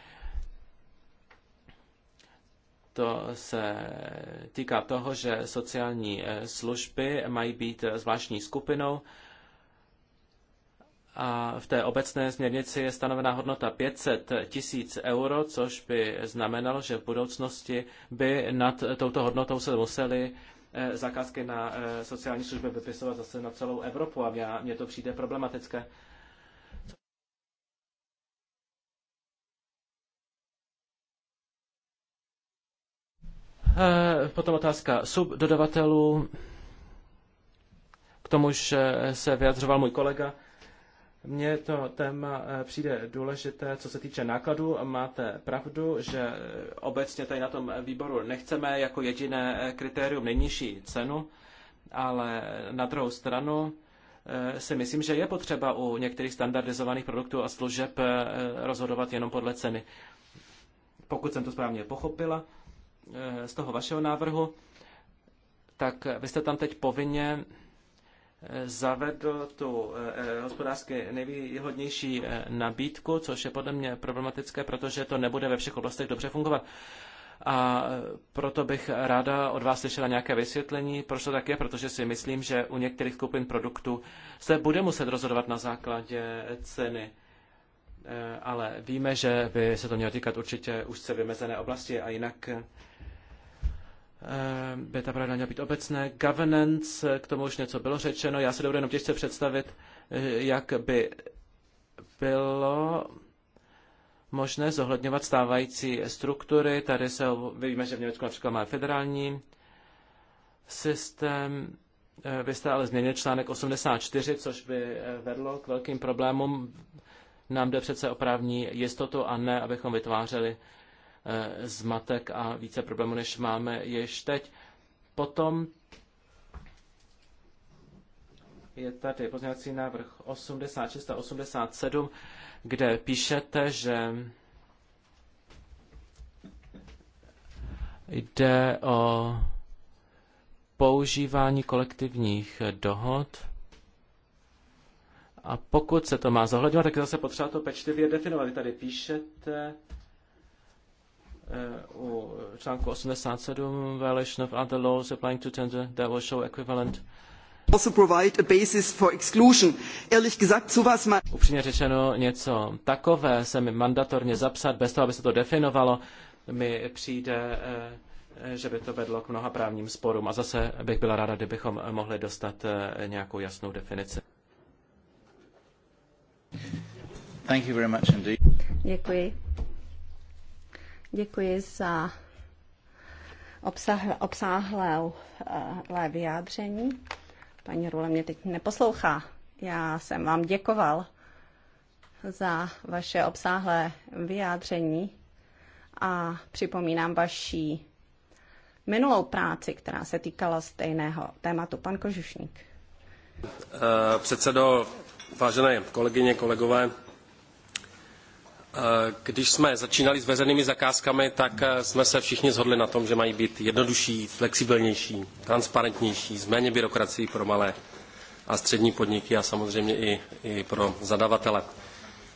To se týká toho, že sociální eh, služby mají být eh, zvláštní skupinou a v té obecné směrnici je stanovená hodnota 500 tisíc euro, což by znamenalo, že v budoucnosti by nad touto hodnotou se museli eh, zakázky na sociální služby vypisovat zase na celou Evropu a mě, mě to přijde problematické. Potom otázka subdodavatelů. K tomu že se vyjadřoval můj kolega. Mně to téma eh, přijde důležité, co se týče nákladů. Máte pravdu, že obecně tady na tom výboru nechceme jako jediné eh, kritérium nejnižší cenu, ale na druhou stranu eh, si myslím, že je potřeba u některých standardizovaných produktů a služeb rozhodovat jenom podle ceny. Pokud jsem to správně pochopila, Eh, z toho vašeho návrhu, tak vy jste tam teď povinně eh, zavedl tu eh, hospodářsky nejvýhodnější nabídku, což je podle mě problematické, protože to nebude ve všech oblastech dobře fungovat. A proto bych ráda od vás slyšela nějaké vysvětlení, proč to tak je, protože si myslím, že u některých skupin produktů se bude muset rozhodovat na základě ceny. Ale víme, že by se to mělo týkat určitě se vymezené oblasti a jinak by eh, ta pravidla měla být obecné. Governance, eh, k tomu už něco bylo řečeno. Já se dovedu jenom těžce představit, eh, jak by bylo možné zohledňovat stávající struktury. Tady se víme, že v Německu například má federální systém. Vy jste ale změnil článek 84, což by vedlo k velkým problémům. Nám jde přece o právní jistotu a ne, abychom vytvářeli Eh, zmatek a více problémů, než máme již teď. Potom je tady pozměňovací návrh 86 a 87, kde píšete, že jde o používání kolektivních dohod. A pokud se to má zohledňovat, tak je zase potřeba to pečlivě definovat. Vy tady píšete, or eh, článku 87 violation of other laws applying to tender that will show equivalent also provide a basis for exclusion. Ehrlich gesagt, sowas man... Upřímně řečeno, něco takové se mi mandatorně zapsat, bez toho, aby se to definovalo, mi přijde, eh, že by to vedlo k mnoha právním sporům. A zase bych byla ráda, kdybychom mohli dostat eh, nějakou jasnou definici. Thank you very much indeed. Děkuji. Děkuji za obsáhlé uh, vyjádření. Paní Rule mě teď neposlouchá. Já jsem vám děkoval za vaše obsáhlé vyjádření a připomínám vaší minulou práci, která se týkala stejného tématu. Pan Kožušník. Uh, předsedo, vážené kolegyně, kolegové, když jsme začínali s veřejnými zakázkami, tak eh, jsme se všichni shodli na tom, že mají být jednodušší, flexibilnější, transparentnější, s méně byrokracií pro malé a střední podniky a samozřejmě i, i pro zadavatele.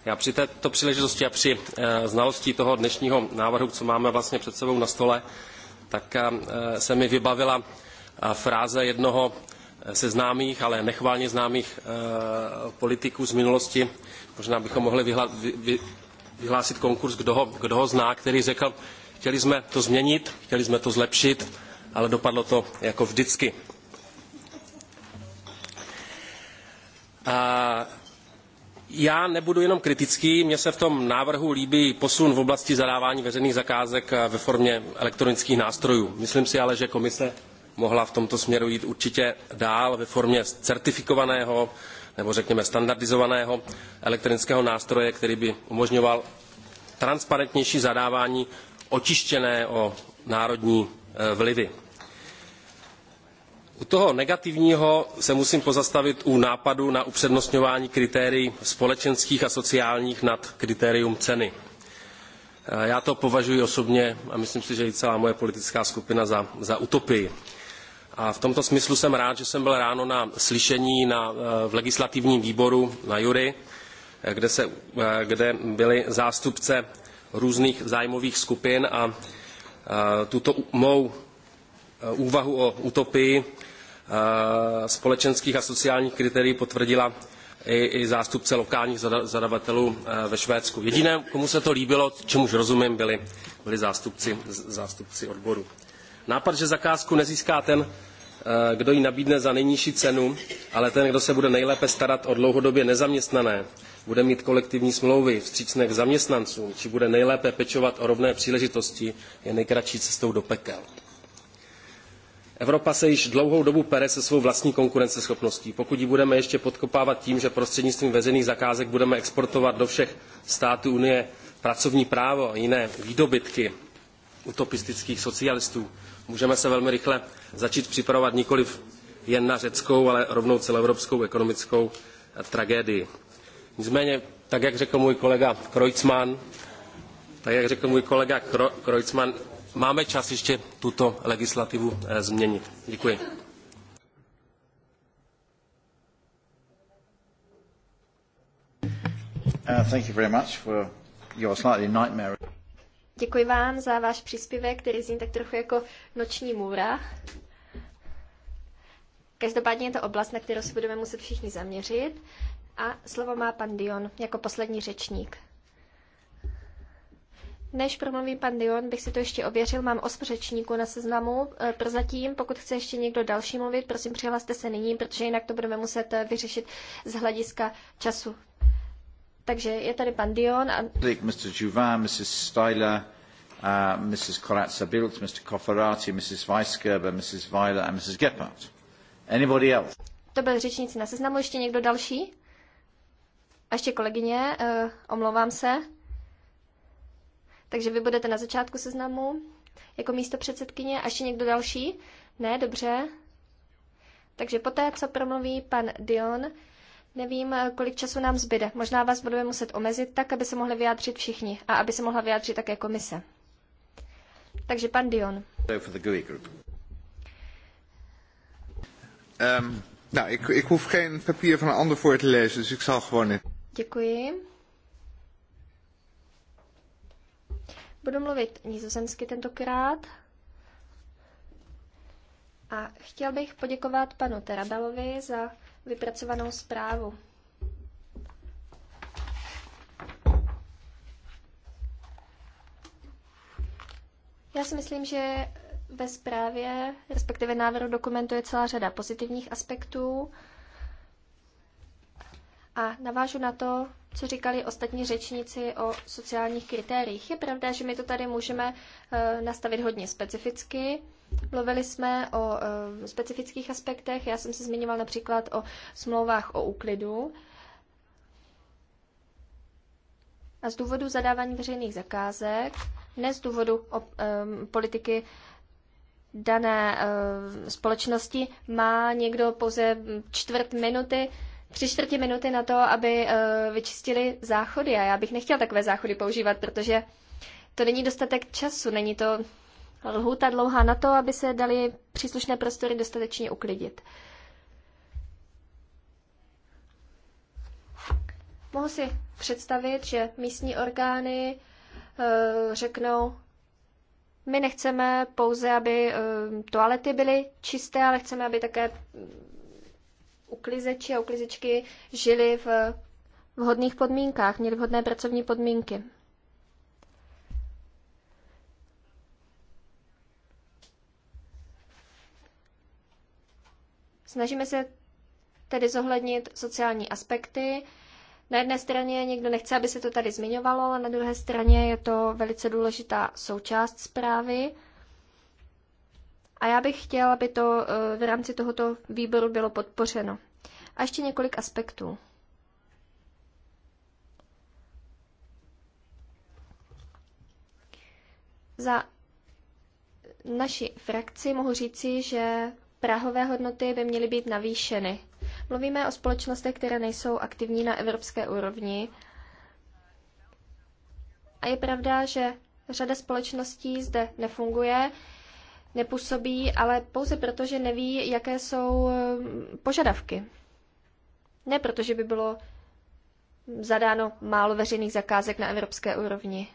Já při této příležitosti a při eh, znalosti toho dnešního návrhu, co máme vlastně před sebou na stole, tak eh, se mi vybavila fráze jednoho se známých, ale nechválně známých politiků z minulosti. Možná bychom mohli vyhla, vy, vy, vyhlásit konkurs, kdo ho, kdo ho zná, který řekl, chtěli jsme to změnit, chtěli jsme to zlepšit, ale dopadlo to jako vždycky. A já nebudu jenom kritický, mně se v tom návrhu líbí posun v oblasti zadávání veřejných zakázek ve formě elektronických nástrojů. Myslím si ale, že komise mohla v tomto směru jít určitě dál ve formě certifikovaného nebo řekněme standardizovaného elektronického nástroje, který by umožňoval transparentnější zadávání očištěné o národní eh, vlivy. U toho negativního se musím pozastavit u nápadu na upřednostňování kritérií společenských a sociálních nad kritérium ceny. Eh, já to považuji osobně a myslím si, že i celá moje politická skupina za, za utopii. A v tomto smyslu jsem rád, že jsem byl ráno na slyšení na, eh, v legislativním výboru na Jury, eh, kde, se, eh, kde byli zástupce různých zájmových skupin a tuto mou úvahu o utopii společenských a sociálních kritérií potvrdila i, i zástupce lokálních zadavatelů ve Švédsku. Jediné, komu se to líbilo, čemuž rozumím, byli, byli zástupci, zástupci odboru. Nápad, že zakázku nezíská ten, eh, kdo ji nabídne za nejnižší cenu, ale ten, kdo se bude nejlépe starat o dlouhodobě nezaměstnané, bude mít kolektivní smlouvy vstřícné k zaměstnancům, či bude nejlépe pečovat o rovné příležitosti, je nejkratší cestou do pekel. Evropa se již dlouhou dobu pere se svou vlastní konkurenceschopností. Pokud ji budeme ještě podkopávat tím, že prostřednictvím veřejných zakázek budeme exportovat do všech států Unie pracovní právo a jiné výdobytky, utopistických socialistů. Můžeme se velmi rychle začít připravovat nikoliv jen na řeckou, ale rovnou celoevropskou ekonomickou eh, tragédii. Nicméně, tak jak řekl můj kolega Kreutzmann, tak jak řekl můj kolega Kreutzmann, máme čas ještě tuto legislativu eh, změnit. Děkuji. Uh, thank you very much for your slightly nightmare. Děkuji vám za váš příspěvek, který zní tak trochu jako noční můra. Každopádně je to oblast, na kterou se budeme muset všichni zaměřit. A slovo má pan Dion jako poslední řečník. Než promluví pan Dion, bych si to ještě ověřil. Mám osm řečníků na seznamu. E, prozatím, pokud chce ještě někdo další mluvit, prosím přihlaste se nyní, protože jinak to budeme muset e, vyřešit z hlediska času. Takže je tady pan Dion. A... Mr. Juvin, Mrs. Styler, uh, Mrs. Corazza Bilt, Mr. Cofferati, Mrs. Weisgerber, Mrs. Weiler a Mrs. Gephardt. Anybody else? To byl řečníci na seznamu, ještě někdo další? A ještě kolegyně, uh, omlouvám se. Takže vy budete na začátku seznamu jako místo předsedkyně a ještě někdo další? Ne, dobře. Takže poté, co promluví pan Dion, Nevím, eh, kolik času nám zbyde. Možná vás budeme muset omezit tak, aby se mohli vyjádřit všichni a aby se mohla vyjádřit také komise. Takže pan Dion. Ehm, Děkuji. Budu mluvit nizozemsky tentokrát. A chtěl bych poděkovat panu Terabelovi za vypracovanou zprávu. Já si myslím, že ve zprávě, respektive návrhu dokumentu je celá řada pozitivních aspektů. A navážu na to, co říkali ostatní řečníci o sociálních kritériích. Je pravda, že my to tady můžeme eh, nastavit hodně specificky. Mluvili jsme o eh, specifických aspektech. Já jsem se zmiňoval například o smlouvách o úklidu. A z důvodu zadávání veřejných zakázek, ne z důvodu eh, politiky dané společnosti, má někdo pouze čtvrt minuty tři čtvrtě minuty na to, aby eh, vyčistili záchody. A já bych nechtěl takové záchody používat, protože to není dostatek času, není to lhůta dlouhá na to, aby se dali příslušné prostory dostatečně uklidit. Mohu si představit, že místní orgány eh, řeknou, my nechceme pouze, aby eh, toalety byly čisté, ale chceme, aby také uklizeči a uklizečky žili v vhodných podmínkách, měli vhodné pracovní podmínky. Snažíme se tedy zohlednit sociální aspekty. Na jedné straně někdo nechce, aby se to tady zmiňovalo, a na druhé straně je to velice důležitá součást zprávy. A já bych chtěla, aby to eh, v rámci tohoto výboru bylo podpořeno. A ještě několik aspektů. Za naši frakci mohu říci, že Prahové hodnoty by měly být navýšeny. Mluvíme o společnostech, které nejsou aktivní na evropské úrovni. A je pravda, že řada společností zde nefunguje nepůsobí, ale pouze proto, že neví, jaké jsou eh, požadavky. Ne proto, že by bylo zadáno málo veřejných zakázek na evropské úrovni.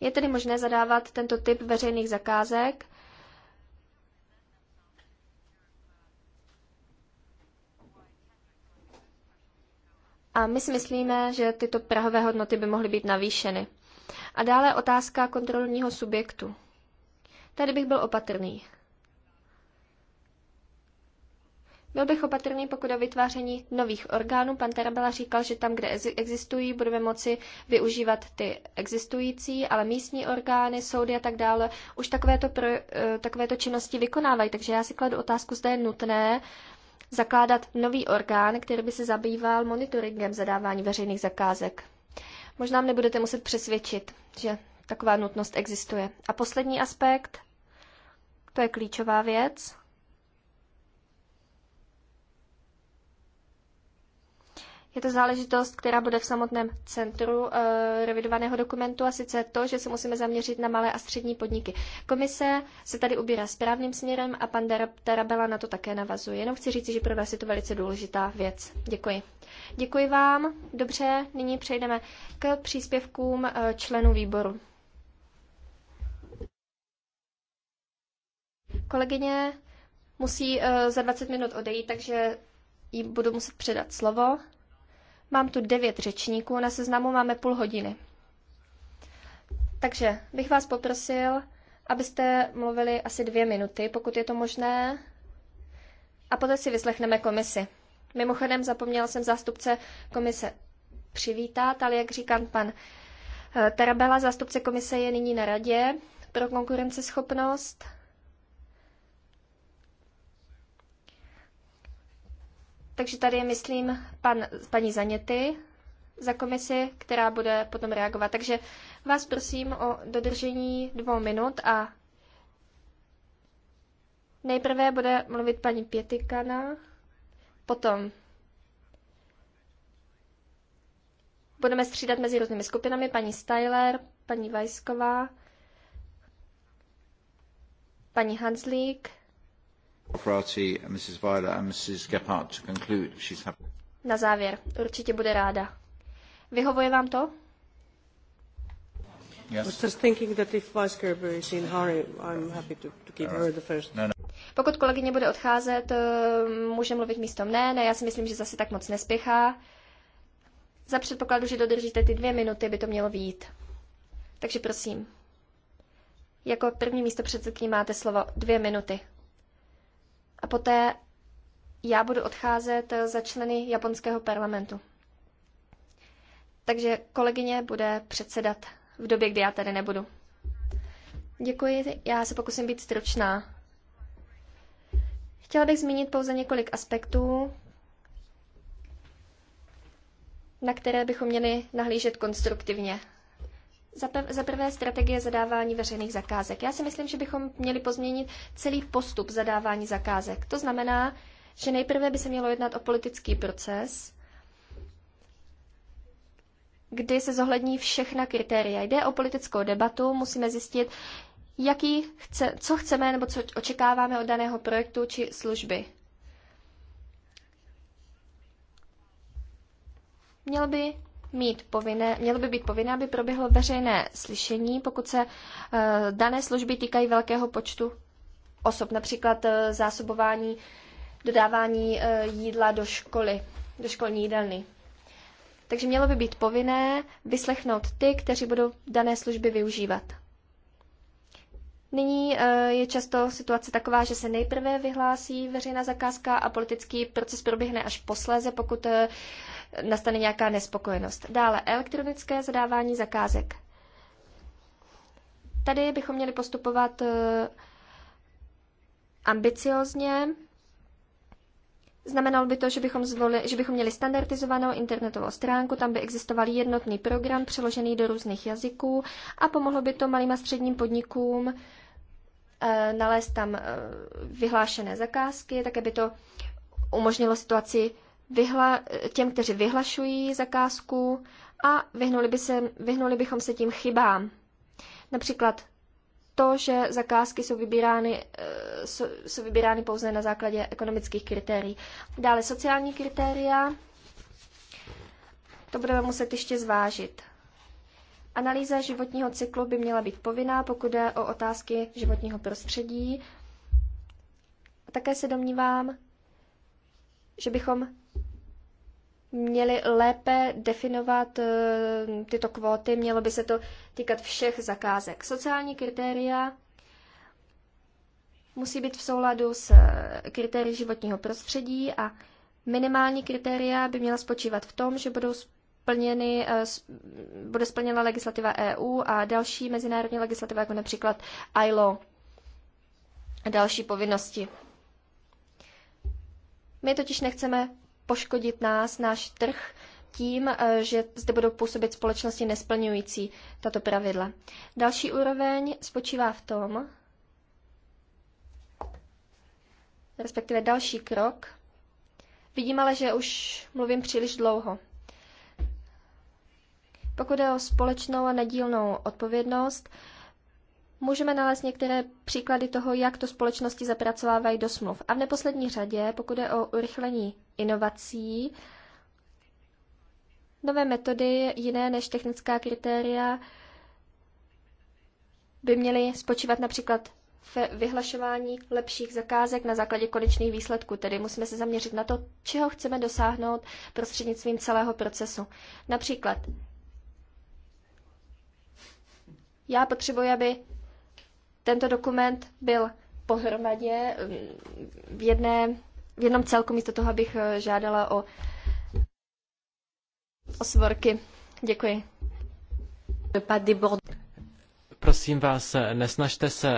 Je tedy možné zadávat tento typ veřejných zakázek A my si myslíme, že tyto prahové hodnoty by mohly být navýšeny. A dále otázka kontrolního subjektu. Tady bych byl opatrný. Byl bych opatrný, pokud o vytváření nových orgánů. Pan Tarabela říkal, že tam, kde existují, budeme moci využívat ty existující, ale místní orgány, soudy a tak dále už takovéto, pro, eh, takovéto činnosti vykonávají. Takže já si kladu otázku, zda je nutné uh, zakládat nový orgán, který by se zabýval monitoringem zadávání veřejných zakázek. Možná mě budete muset přesvědčit, že taková nutnost existuje. A poslední aspekt, to je klíčová věc, Je to záležitost, která bude v samotném centru e, revidovaného dokumentu a sice to, že se musíme zaměřit na malé a střední podniky. Komise se tady ubírá správným směrem a pan Tarabela na to také navazuje. Jenom chci říct, že pro vás je to velice důležitá věc. Děkuji. Děkuji vám. Dobře, nyní přejdeme k příspěvkům eh, členů výboru. Kolegyně musí eh, za 20 minut odejít, takže jí budu muset předat slovo. Mám tu devět řečníků, na seznamu máme půl hodiny. Takže bych vás poprosil, abyste mluvili asi dvě minuty, pokud je to možné, a poté si vyslechneme komisi. Mimochodem zapomněla jsem zástupce komise přivítat, ale jak říkám pan eh, Tarabela, zástupce komise je nyní na radě pro konkurenceschopnost Takže tady je, myslím, pan, paní Zaněty za komisi, která bude potom reagovat. Takže vás prosím o dodržení dvou minut a nejprve bude mluvit paní Pětikana, potom budeme střídat mezi různými skupinami paní Styler, paní Vajsková, paní Hanslík, na závěr, určitě bude ráda. Vyhovuje vám to? Pokud kolegyně bude odcházet, eh, může mluvit místo mne. Ne, já si myslím, že zase tak moc nespěchá. Za předpokladu, že dodržíte ty dvě minuty, by to mělo výjít. Takže prosím. Jako první místo předsedkyní máte slovo dvě minuty a poté já budu odcházet za členy japonského parlamentu. Takže kolegyně bude předsedat v době, kdy já tady nebudu. Děkuji, já se pokusím být stručná. Chtěla bych zmínit pouze několik aspektů, na které bychom měli nahlížet konstruktivně. Za prvé strategie zadávání veřejných zakázek. Já si myslím, že bychom měli pozměnit celý postup zadávání zakázek. To znamená, že nejprve by se mělo jednat o politický proces, kdy se zohlední všechna kritéria. Jde o politickou debatu, musíme zjistit, jaký chce, co chceme nebo co očekáváme od daného projektu či služby. Měl by mít povinné, mělo by být povinné, aby proběhlo veřejné slyšení, pokud se eh, dané služby týkají velkého počtu osob, například eh, zásobování, dodávání eh, jídla do školy, do školní jídelny. Takže mělo by být povinné vyslechnout ty, kteří budou dané služby využívat. Nyní je často situace taková, že se nejprve vyhlásí veřejná zakázka a politický proces proběhne až posléze, pokud nastane nějaká nespokojenost. Dále elektronické zadávání zakázek. Tady bychom měli postupovat eh, ambiciozně. Znamenalo by to, že bychom, zvolili, že bychom měli standardizovanou internetovou stránku, tam by existoval jednotný program přeložený do různých jazyků a pomohlo by to malým a středním podnikům eh, nalézt tam eh, vyhlášené zakázky, také by to umožnilo situaci vyhla, těm, kteří vyhlašují zakázku a vyhnuli, by se, vyhnuli bychom se tím chybám. Například to, že zakázky jsou vybírány, eh, jsou vybírány pouze na základě ekonomických kritérií. Dále sociální kritéria, to budeme muset ještě zvážit. Analýza životního cyklu by měla být povinná, pokud jde o otázky životního prostředí. Také se domnívám, že bychom měli lépe definovat eh, tyto kvóty, mělo by se to týkat všech zakázek. Sociální kritéria musí být v souladu s eh, kritérii životního prostředí a minimální kritéria by měla spočívat v tom, že budou splněny, eh, bude splněna legislativa EU a další mezinárodní legislativa, jako například ILO a další povinnosti. My totiž nechceme poškodit nás, náš trh, tím, eh, že zde budou působit společnosti nesplňující tato pravidla. Další úroveň spočívá v tom, respektive další krok. Vidím ale, že už mluvím příliš dlouho. Pokud je o společnou a nedílnou odpovědnost, můžeme nalézt některé příklady toho, jak to společnosti zapracovávají do smluv. A v neposlední řadě, pokud je o urychlení inovací, nové metody, jiné než technická kritéria, by měly spočívat například v vyhlašování lepších zakázek na základě konečných výsledků, tedy musíme se zaměřit na to, čeho chceme dosáhnout prostřednictvím celého procesu. Například, já potřebuji, aby tento dokument byl pohromadě v jedné v jednom celku, místo toho, abych eh, žádala o, o svorky. Děkuji. Prosím vás, eh, nesnažte se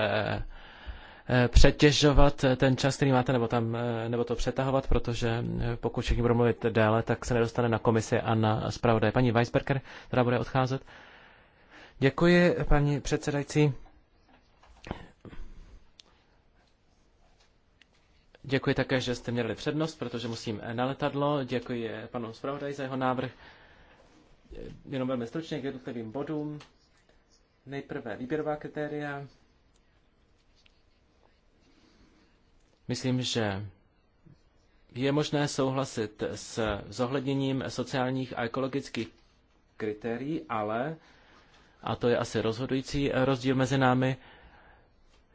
eh, přetěžovat ten čas, který máte, nebo, tam, nebo to přetahovat, protože pokud všichni budou mluvit déle, tak se nedostane na komisi a na zpravodaj. Paní Weisberger, která bude odcházet. Děkuji, paní předsedající. Děkuji také, že jste měli přednost, protože musím na letadlo. Děkuji panu zpravodaji za jeho návrh. Jenom velmi stručně k jednotlivým bodům. Nejprve výběrová kritéria. Myslím, že je možné souhlasit s zohledněním sociálních a ekologických kritérií, ale, a to je asi rozhodující rozdíl mezi námi,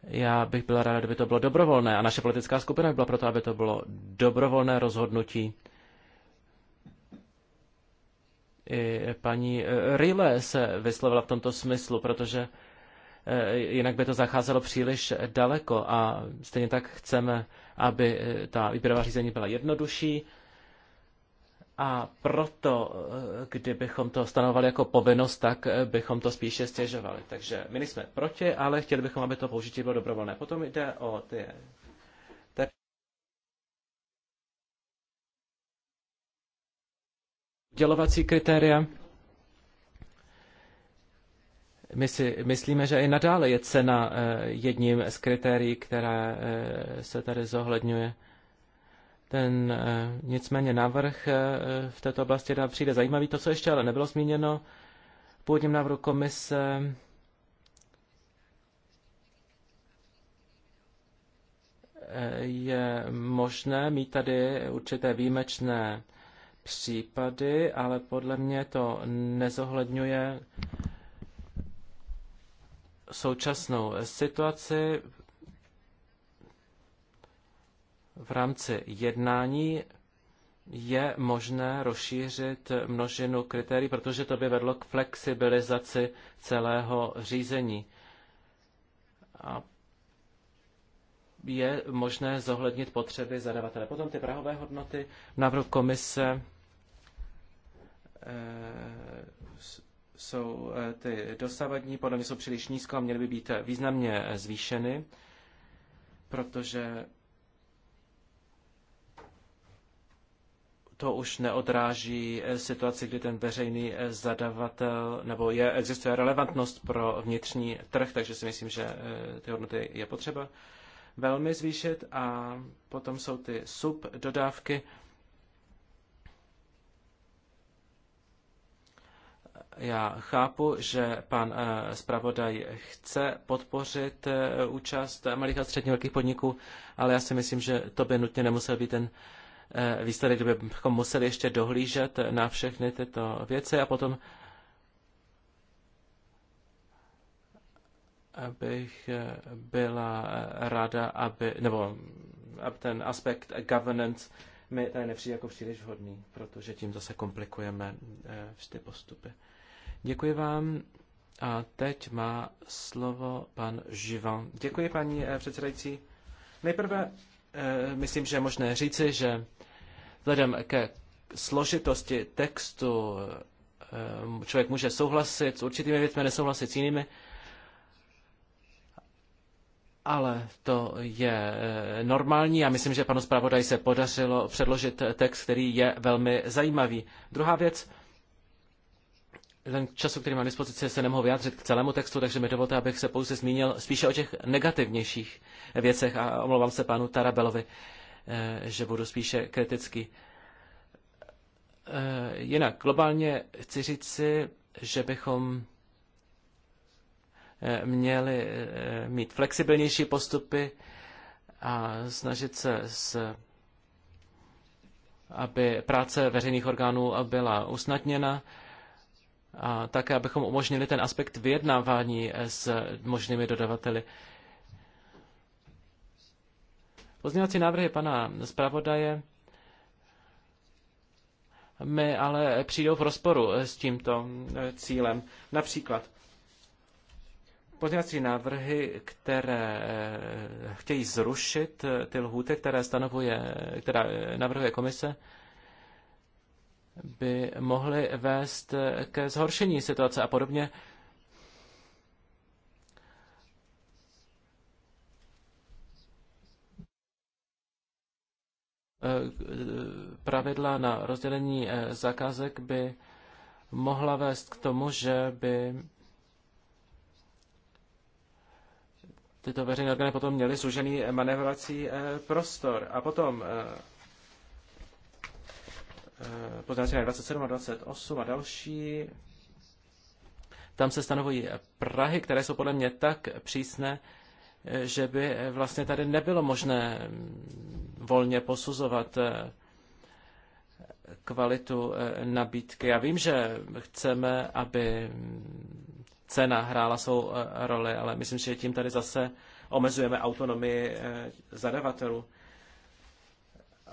já bych byla ráda, kdyby to bylo dobrovolné a naše politická skupina by byla proto, aby to bylo dobrovolné rozhodnutí. I paní eh, Rile se vyslovila v tomto smyslu, protože eh, jinak by to zacházelo příliš daleko a stejně tak chceme, aby eh, ta výběrová řízení byla jednodušší, a proto, eh, kdybychom to stanovali jako povinnost, tak eh, bychom to spíše stěžovali. Takže my jsme proti, ale chtěli bychom, aby to použití bylo dobrovolné. Potom jde o ty Dělovací kritéria. My si myslíme, že i nadále je cena eh, jedním z kritérií, které se tady zohledňuje. Ten eh, nicméně návrh eh, v této oblasti dá přijde zajímavý. To, co ještě ale nebylo zmíněno v původním návrhu komise, eh, je možné mít tady určité výjimečné případy, ale podle mě to nezohledňuje současnou situaci v rámci jednání je možné rozšířit množinu kritérií, protože to by vedlo k flexibilizaci celého řízení. A je možné zohlednit potřeby zadavatele. Potom ty prahové hodnoty návrh komise eh, jsou eh, ty dosavadní, podle mě jsou příliš nízko a měly by být významně eh, zvýšeny, protože to už neodráží eh, situaci, kdy ten veřejný eh, zadavatel, nebo je, existuje relevantnost pro vnitřní trh, takže si myslím, že eh, ty hodnoty je potřeba velmi zvýšit a potom jsou ty subdodávky. Já chápu, že pan zpravodaj chce podpořit účast malých a středně velkých podniků, ale já si myslím, že to by nutně nemusel být ten Eh, výsledek, bychom museli ještě dohlížet na všechny tyto věci a potom abych eh, byla eh, ráda, aby, nebo aby ten aspekt governance mi tady nepřijde jako příliš vhodný, protože tím zase komplikujeme ty postupy. Děkuji vám. A teď má slovo pan Živan. Děkuji, paní předsedající. Nejprve myslím, že je možné říci, že Vzhledem ke složitosti textu eh, člověk může souhlasit s určitými věcmi, nesouhlasit s jinými, ale to je eh, normální a myslím, že panu zpravodaj se podařilo předložit text, který je velmi zajímavý. Druhá věc, ten času, který mám dispozici, se nemohu vyjádřit k celému textu, takže mi dovolte, abych se pouze zmínil spíše o těch negativnějších věcech a omlouvám se panu Tarabelovi. Eh, že budu spíše kriticky. Eh, jinak, globálně chci říci, že bychom eh, měli mít flexibilnější postupy a snažit se s aby práce veřejných orgánů byla usnadněna a také, abychom umožnili ten aspekt vyjednávání s možnými dodavateli. Pozměňovací návrhy pana zpravodaje mi ale přijdou v rozporu s tímto eh, cílem. Například pozměňovací návrhy, které eh, chtějí zrušit eh, ty lhůty, které stanovuje, která navrhuje komise, by mohly vést ke zhoršení situace a podobně. Eh, pravidla na rozdělení eh, zakázek by mohla vést k tomu, že by tyto veřejné orgány potom měly zúžený eh, manévrovací prostor. A potom poznávací 27 a 28 a další, tam se stanovují Prahy, které jsou podle mě tak přísné, že by vlastně tady nebylo možné volně posuzovat eh, kvalitu eh, nabídky. Já vím, že chceme, aby cena hrála svou eh, roli, ale myslím, že tím tady zase omezujeme autonomii zadavatelů.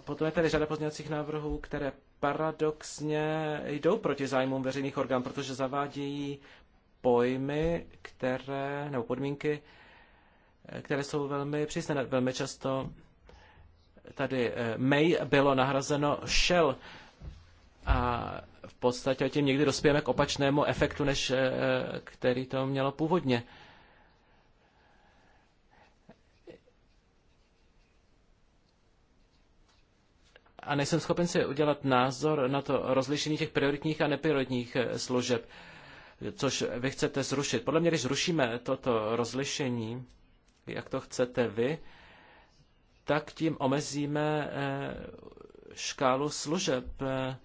Potom je tady řada pozměňovacích návrhů, které paradoxně jdou proti zájmům veřejných orgánů, protože zavádějí pojmy, které, nebo podmínky, které jsou velmi přísné. Velmi často tady eh, may bylo nahrazeno Shell a v podstatě tím někdy dospějeme k opačnému efektu, než eh, který to mělo původně. A nejsem schopen si udělat názor na to rozlišení těch prioritních a neprioritních eh, služeb, což vy chcete zrušit. Podle mě, když zrušíme toto rozlišení, jak to chcete vy, tak tím omezíme eh, škálu služeb eh,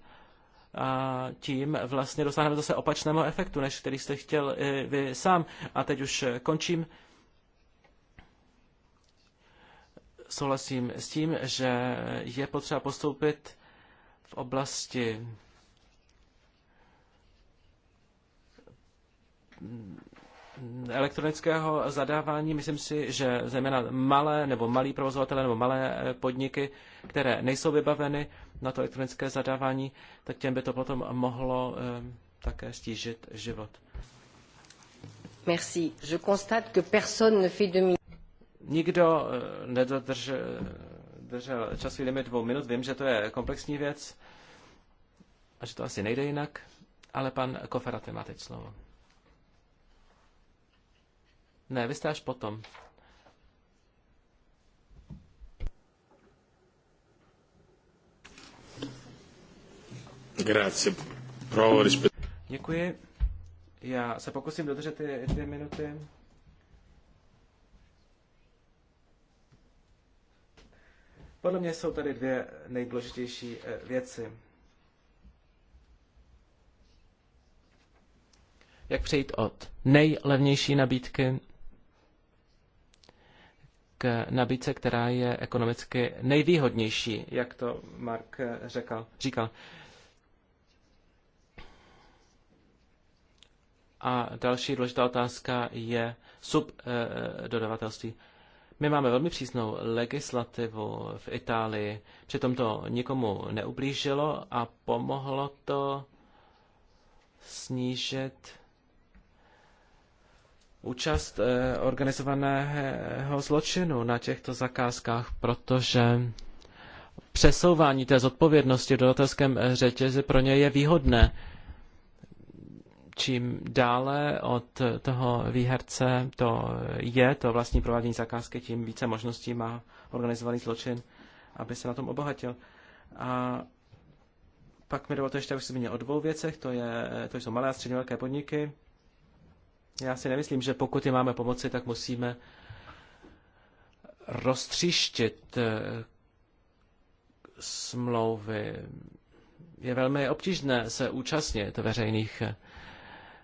a tím vlastně dosáhneme zase opačného efektu, než který jste chtěl i eh, vy sám. A teď už končím. Souhlasím s tím, že je potřeba postoupit v oblasti elektronického zadávání, myslím si, že zejména malé nebo malí provozovatele nebo malé eh, podniky, které nejsou vybaveny na to elektronické zadávání, tak těm by to potom mohlo eh, také stížit život. Merci. Je constate que personne ne fait demi. Nikdo eh, nedodržel časový limit dvou minut. Vím, že to je komplexní věc a že to asi nejde jinak, ale pan Koferaty má teď slovo. Ne, vy jste až potom. Grazie. Provo Děkuji. Já se pokusím dodržet ty dvě minuty. Podle mě jsou tady dvě nejdůležitější eh, věci. Jak přejít od nejlevnější nabídky k nabídce, která je ekonomicky nejvýhodnější, jak to Mark řekl, říkal. A další důležitá otázka je subdodavatelství. My máme velmi přísnou legislativu v Itálii, přitom to nikomu neublížilo a pomohlo to snížit účast eh, organizovaného zločinu na těchto zakázkách, protože přesouvání té zodpovědnosti v dodatelském eh, řetězi pro ně je výhodné. Čím dále od toho výherce to je, to vlastní provádění zakázky, tím více možností má organizovaný zločin, aby se na tom obohatil. A pak mi dovolte ještě, abych se zmínil o dvou věcech, to, je, to jsou malé a středně velké podniky, já si nemyslím, že pokud jim máme pomoci, tak musíme roztříštit eh, smlouvy. Je velmi obtížné se účastnit veřejných eh,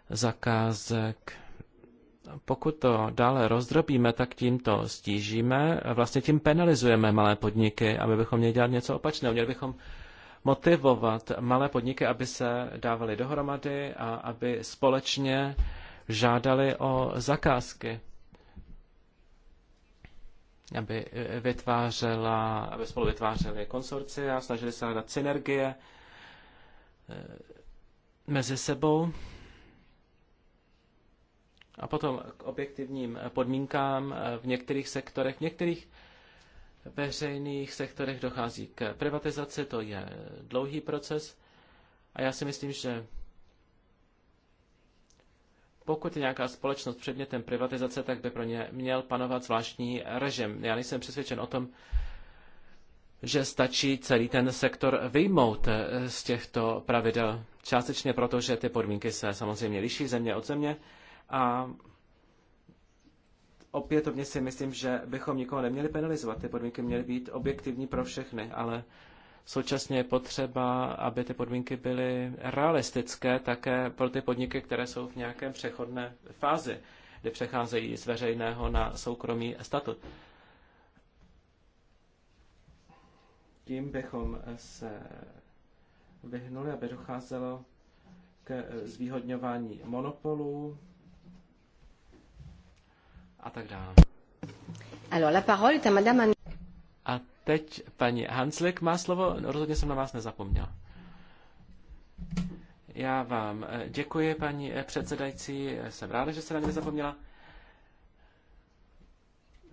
zakázek. Pokud to dále rozdrobíme, tak tím to stížíme vlastně tím penalizujeme malé podniky, aby bychom měli dělat něco opačného. Měli bychom motivovat malé podniky, aby se dávaly dohromady a aby společně žádali o zakázky, aby, vytvářela, aby spolu vytvářeli a snažili se hledat synergie eh, mezi sebou. A potom k objektivním podmínkám eh, v některých sektorech, v některých veřejných sektorech dochází k privatizaci, to je dlouhý proces. A já si myslím, že pokud je nějaká společnost předmětem privatizace, tak by pro ně měl panovat zvláštní režim. Já nejsem přesvědčen o tom, že stačí celý ten sektor vyjmout eh, z těchto pravidel. Částečně proto, že ty podmínky se samozřejmě liší země od země a opětovně si myslím, že bychom nikoho neměli penalizovat. Ty podmínky měly být objektivní pro všechny, ale Současně je potřeba, aby ty podmínky byly realistické také pro ty podniky, které jsou v nějakém přechodné fázi, kdy přecházejí z veřejného na soukromý statut. Tím bychom se vyhnuli, aby docházelo k zvýhodňování monopolů a tak dále. Alors, la parole est à madame... A Teď paní Hanslik má slovo, rozhodně jsem na vás nezapomněl. Já vám eh, děkuji, paní eh, předsedající, jsem ráda, že se na mě zapomněla.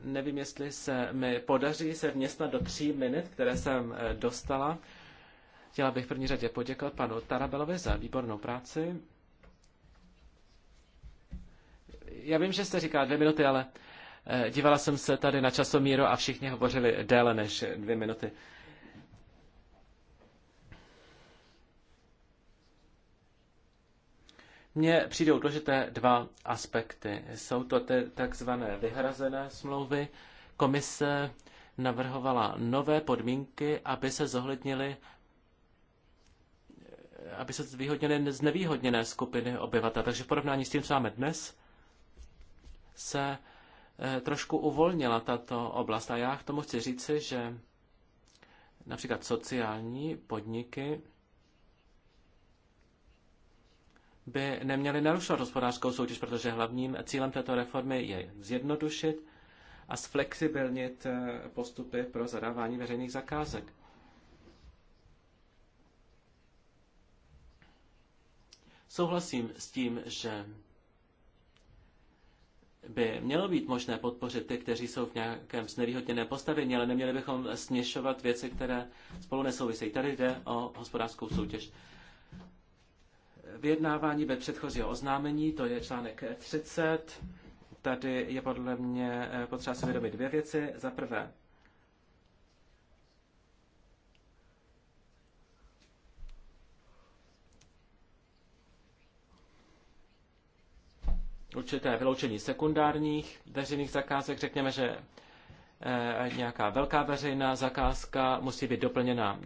Nevím, jestli se mi podaří se vměstnat do tří minut, které jsem eh, dostala. Chtěla bych v první řadě poděkovat panu Tarabelovi za výbornou práci. Já vím, že jste říká dvě minuty, ale Eh, dívala jsem se tady na časomíru a všichni hovořili déle než dvě minuty. Mně přijdou důležité dva aspekty. Jsou to ty takzvané vyhrazené smlouvy. Komise navrhovala nové podmínky, aby se zohlednily eh, aby se zvýhodnily znevýhodněné skupiny obyvatel. Takže v porovnání s tím, co máme dnes, se Eh, trošku uvolnila tato oblast. A já k tomu chci říci, že například sociální podniky by neměly narušovat hospodářskou soutěž, protože hlavním cílem této reformy je zjednodušit a zflexibilnit eh, postupy pro zadávání veřejných zakázek. Souhlasím s tím, že by mělo být možné podpořit ty, kteří jsou v nějakém znevýhodněném postavení, ale neměli bychom směšovat věci, které spolu nesouvisejí. Tady jde o hospodářskou soutěž. Vyjednávání ve předchozího oznámení, to je článek 30. Tady je podle mě potřeba si vědomit dvě věci. Za prvé, určité vyloučení sekundárních veřejných zakázek. Řekněme, že eh, nějaká velká veřejná zakázka musí být doplněna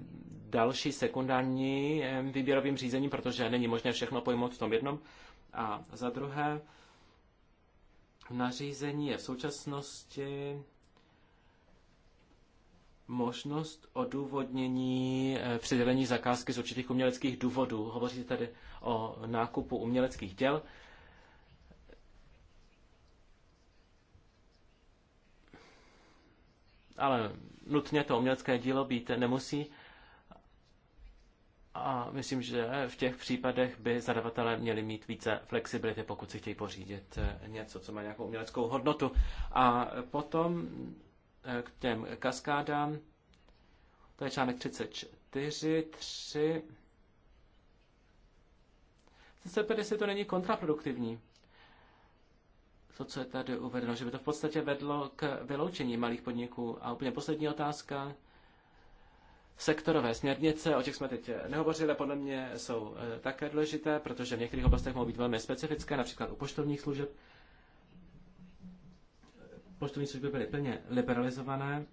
další sekundární eh, výběrovým řízením, protože není možné všechno pojmout v tom jednom. A za druhé, nařízení je v současnosti možnost odůvodnění eh, přidělení zakázky z určitých uměleckých důvodů. Hovoří tady o nákupu uměleckých děl ale nutně to umělecké dílo být nemusí. A myslím, že v těch případech by zadavatelé měli mít více flexibility, pokud si chtějí pořídit eh, něco, co má nějakou uměleckou hodnotu. A potom eh, k těm kaskádám, to je článek 34, 3. Zase jestli to není kontraproduktivní to, co je tady uvedeno, že by to v podstatě vedlo k vyloučení malých podniků. A úplně poslední otázka. Sektorové směrnice, o těch jsme teď nehovořili, podle mě jsou eh, také důležité, protože v některých oblastech mohou být velmi specifické, například u poštovních služeb. Poštovní služby byly plně liberalizované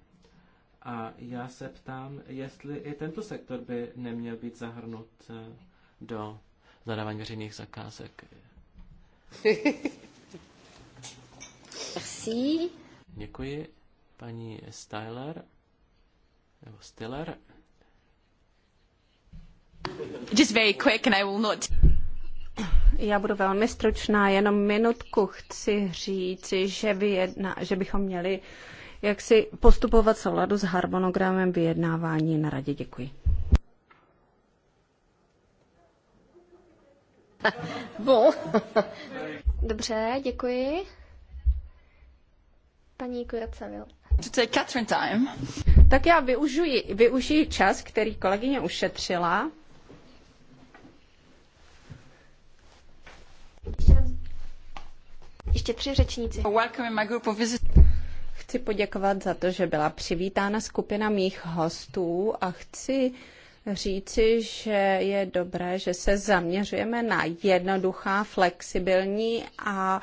a já se ptám, jestli i tento sektor by neměl být zahrnut eh, do zadávání veřejných zakázek. Merci. Děkuji, paní Styler. Nebo Stiller. Just very quick and I will not... Já budu velmi stručná, jenom minutku chci říci, že, vyjedna, že bychom měli jak si postupovat souladu s harmonogramem vyjednávání na radě. Děkuji. Dobře, děkuji. Paní Kuracavil. Catherine time. Tak já využiji, využiji čas, který kolegyně ušetřila. Ještě tři řečníci. Chci poděkovat za to, že byla přivítána skupina mých hostů a chci říci, že je dobré, že se zaměřujeme na jednoduchá, flexibilní a uh,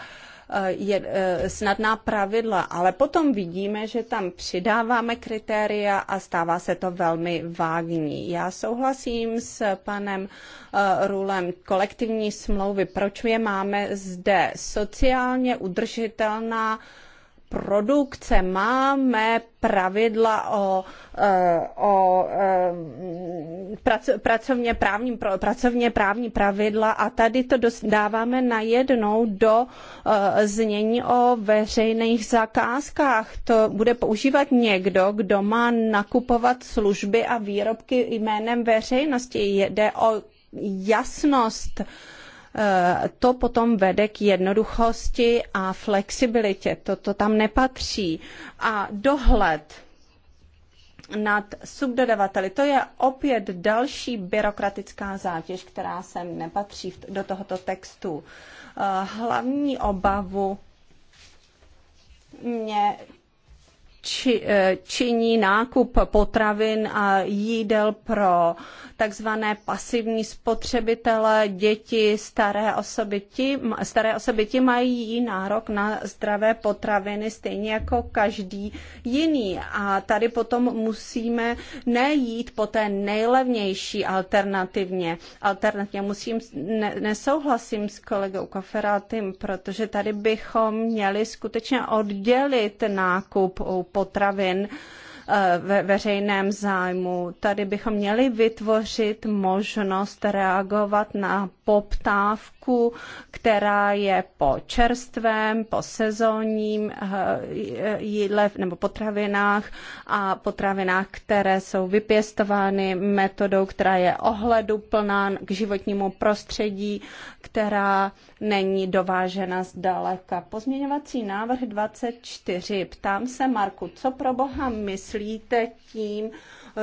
Eh, je, eh, snadná pravidla, ale potom vidíme, že tam přidáváme kritéria a stává se to velmi vágní. Já souhlasím s panem eh, Rulem kolektivní smlouvy. Proč je máme zde? Sociálně udržitelná produkce, máme pravidla o, e, o, e, prac, pracovně, právní pracovně právní pravidla a tady to dáváme najednou do e, znění o veřejných zakázkách. To bude používat někdo, kdo má nakupovat služby a výrobky jménem veřejnosti. Jde o jasnost Eh, to potom vede k jednoduchosti a flexibilitě. Toto tam nepatří. A dohled nad subdodavateli. To je opět další byrokratická zátěž, která sem nepatří do tohoto textu. Eh, hlavní obavu mě či, eh, činí nákup potravin a jídel pro takzvané pasivní spotřebitele, děti, staré osoby. Ti, staré osoby ti mají nárok na zdravé potraviny stejně jako každý jiný. A tady potom musíme nejít po té nejlevnější alternativně. Alternativně musím, ne, nesouhlasím s kolegou Koferátym, protože tady bychom měli skutečně oddělit nákup u potravin eh, ve veřejném zájmu. Tady bychom měli vytvořit možnost reagovat na poptávku, která je po čerstvém, po sezónním eh, jídle nebo potravinách a potravinách, které jsou vypěstovány metodou, která je ohleduplná k životnímu prostředí, která není dovážena zdaleka. Pozměňovací návrh 24. Ptám se, Marku, co pro boha myslíte tím, Uh,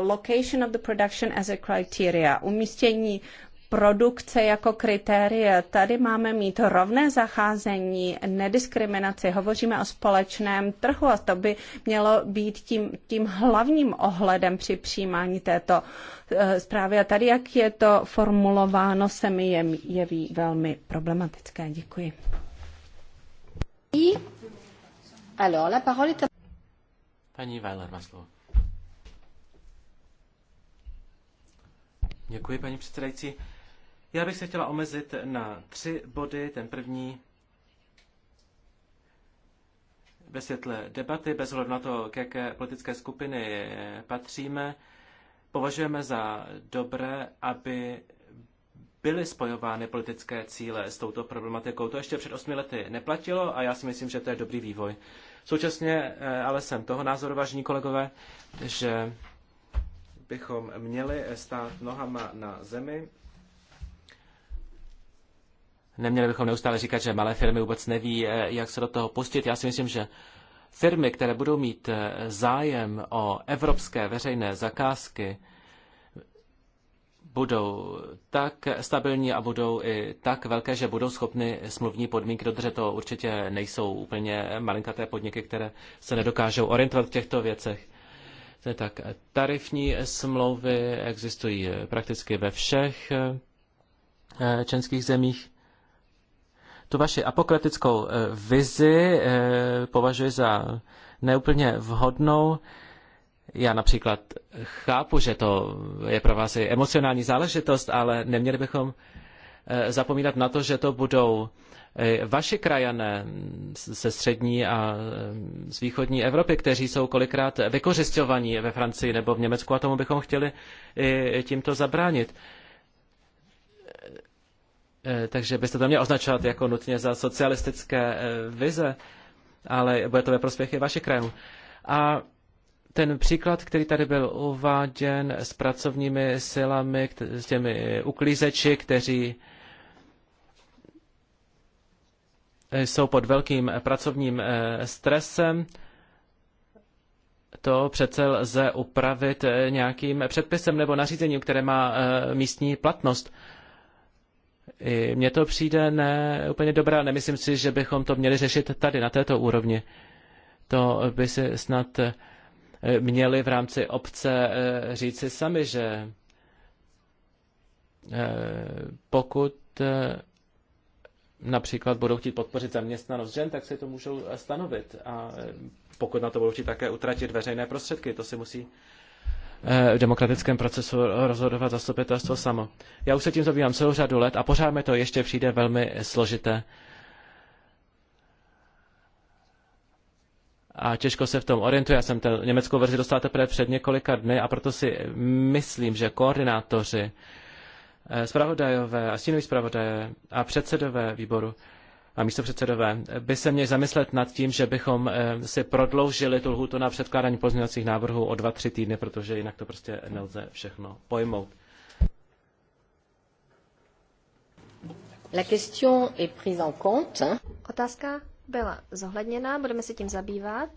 uh, location of the production as a criteria, umístění produkce jako kritérie. Tady máme mít rovné zacházení, nediskriminaci. Hovoříme o společném trhu a to by mělo být tím, tím hlavním ohledem při přijímání této eh, zprávy. A tady, jak je to formulováno, se mi je, jeví velmi problematické. Děkuji. Paní Weiler má slovo. Děkuji, paní předsedající. Já bych se chtěla omezit na tři body. Ten první ve světle debaty, bez ohledu na to, k jaké politické skupiny patříme, považujeme za dobré, aby byly spojovány politické cíle s touto problematikou. To ještě před osmi lety neplatilo a já si myslím, že to je dobrý vývoj. Současně eh, ale jsem toho názoru, vážení kolegové, že bychom měli stát nohama na zemi Neměli bychom neustále říkat, že malé firmy vůbec neví, eh, jak se do toho pustit. Já si myslím, že firmy, které budou mít eh, zájem o evropské veřejné zakázky, budou tak stabilní a budou i tak velké, že budou schopny smluvní podmínky dodržet. To určitě nejsou úplně malinkaté podniky, které se nedokážou orientovat v těchto věcech. Tak eh, tarifní smlouvy existují prakticky ve všech členských zemích. Tu vaši apokratickou eh, vizi eh, považuji za neúplně vhodnou. Já například chápu, že to je pro vás i emocionální záležitost, ale neměli bychom eh, zapomínat na to, že to budou vaši krajané ze střední a z východní Evropy, kteří jsou kolikrát vykořišťovaní ve Francii nebo v Německu a tomu bychom chtěli tímto zabránit. Eh, takže byste to měl označovat jako nutně za socialistické eh, vize, ale bude to ve prospěch i vašich krajů. A ten příklad, který tady byl uváděn s pracovními silami, s těmi eh, uklízeči, kteří jsou pod velkým pracovním stresem, to přece lze upravit nějakým předpisem nebo nařízením, které má místní platnost mně to přijde ne úplně a nemyslím si, že bychom to měli řešit tady, na této úrovni. To by si snad eh, měli v rámci obce eh, říci sami, že eh, pokud například budou chtít podpořit zaměstnanost žen, tak si to můžou stanovit a pokud na to budou chtít také utratit veřejné prostředky, to si musí Eh, v demokratickém procesu rozhodovat zastupitelstvo samo. Já už se tím zabývám celou řadu let a pořád mi to ještě přijde velmi složité. A těžko se v tom orientuje. Já jsem ten německou verzi dostal teprve před několika dny a proto si myslím, že koordinátoři, spravodajové eh, a stínoví spravodajové a předsedové výboru a místopředsedové by se měli zamyslet nad tím, že bychom eh, si prodloužili tu lhutu na předkládání pozměňovacích návrhů o dva, tři týdny, protože jinak to prostě nelze všechno pojmout. La question est prise en compte. Otázka byla zohledněna, budeme se tím zabývat.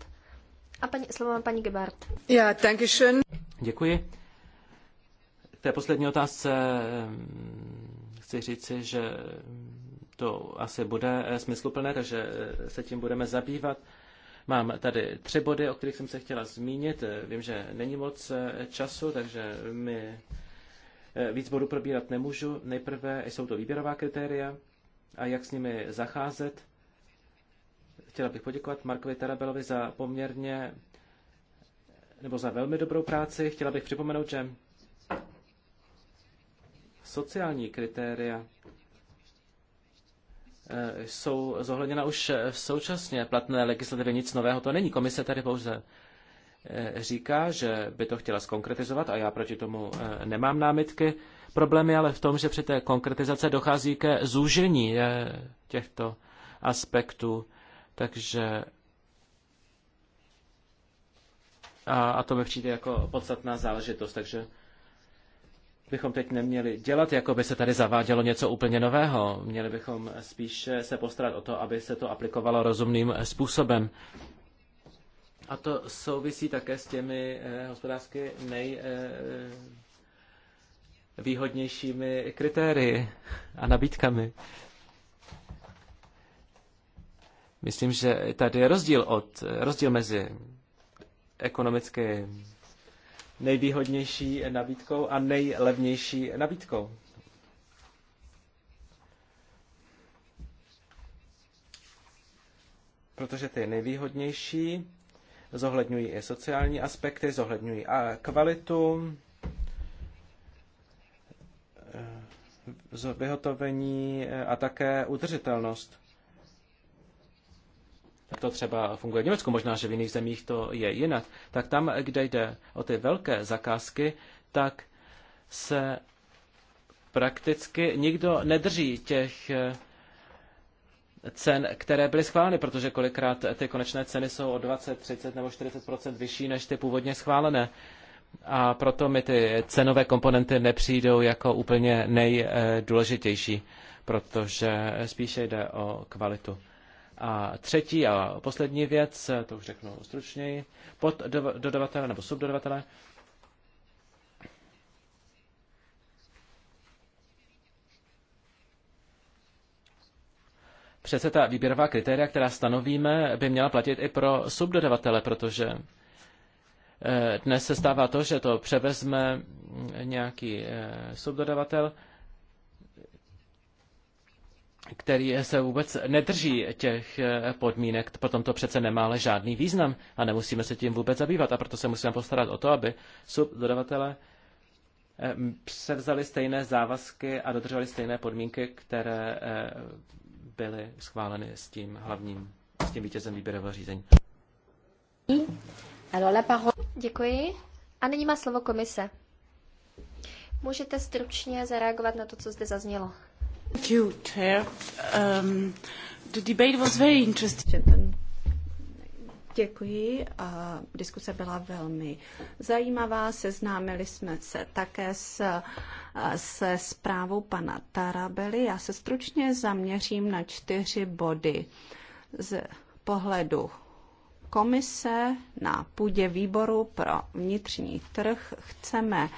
A paní, slovo má paní Gebhardt. Ja, danke schön. Děkuji. K té poslední otázce ehm, chci říci, že to asi bude eh, smysluplné, takže eh, se tím budeme zabývat. Mám tady tři body, o kterých jsem se chtěla zmínit. Eh, vím, že není moc času, takže mi víc bodů probírat nemůžu. Nejprve jsou to výběrová kritéria a jak s nimi zacházet. Chtěla bych poděkovat Markovi Tarabelovi za poměrně nebo za velmi dobrou práci. Chtěla bych připomenout, že sociální kritéria Eh, jsou zohledněna už v eh, současně platné legislativě. Nic nového to není. Komise tady pouze eh, říká, že by to chtěla skonkretizovat a já proti tomu nemám námitky. Problém je ale v tom, že při té konkretizace dochází ke zúžení těchto aspektů. Takže a, a to mi přijde jako podstatná záležitost, takže bychom teď neměli dělat, jako by se tady zavádělo něco úplně nového. Měli bychom spíše se postarat o to, aby se to aplikovalo rozumným způsobem. A to souvisí také s těmi eh, hospodářsky nejvýhodnějšími eh, kritérii a nabídkami. Myslím, že tady je rozdíl, od, rozdíl mezi ekonomicky nejvýhodnější nabídkou a nejlevnější nabídkou. Protože ty nejvýhodnější zohledňují i sociální aspekty, zohledňují a kvalitu, eh, vyhotovení eh, a také udržitelnost to třeba funguje v Německu, možná, že v jiných zemích to je jinak, tak tam, kde jde o ty velké zakázky, tak se prakticky nikdo nedrží těch eh, cen, které byly schváleny, protože kolikrát ty konečné ceny jsou o 20, 30 nebo 40 vyšší než ty původně schválené. A proto mi ty cenové komponenty nepřijdou jako úplně nejdůležitější, protože spíše jde o kvalitu. A třetí a poslední věc, to už řeknu stručněji, pod dodavatele nebo subdodavatele. Přece ta výběrová kritéria, která stanovíme, by měla platit i pro subdodavatele, protože eh, dnes se stává to, že to převezme nějaký eh, subdodavatel, který se vůbec nedrží těch eh, podmínek, potom to přece nemá ale žádný význam a nemusíme se tím vůbec zabývat. A proto se musíme postarat o to, aby subdodavatele eh, převzali stejné závazky a dodržovali stejné podmínky, které eh, byly schváleny s tím hlavním, s tím vítězem výběrového řízení. Děkuji. A nyní má slovo komise. Můžete stručně zareagovat na to, co zde zaznělo. Thank you, Chair. Um, the debate was very interesting. Děkuji. A diskuse byla velmi zajímavá. Seznámili jsme se také s, se zprávou pana Tarabely. Já se stručně zaměřím na čtyři body z pohledu komise na půdě výboru pro vnitřní trh. Chceme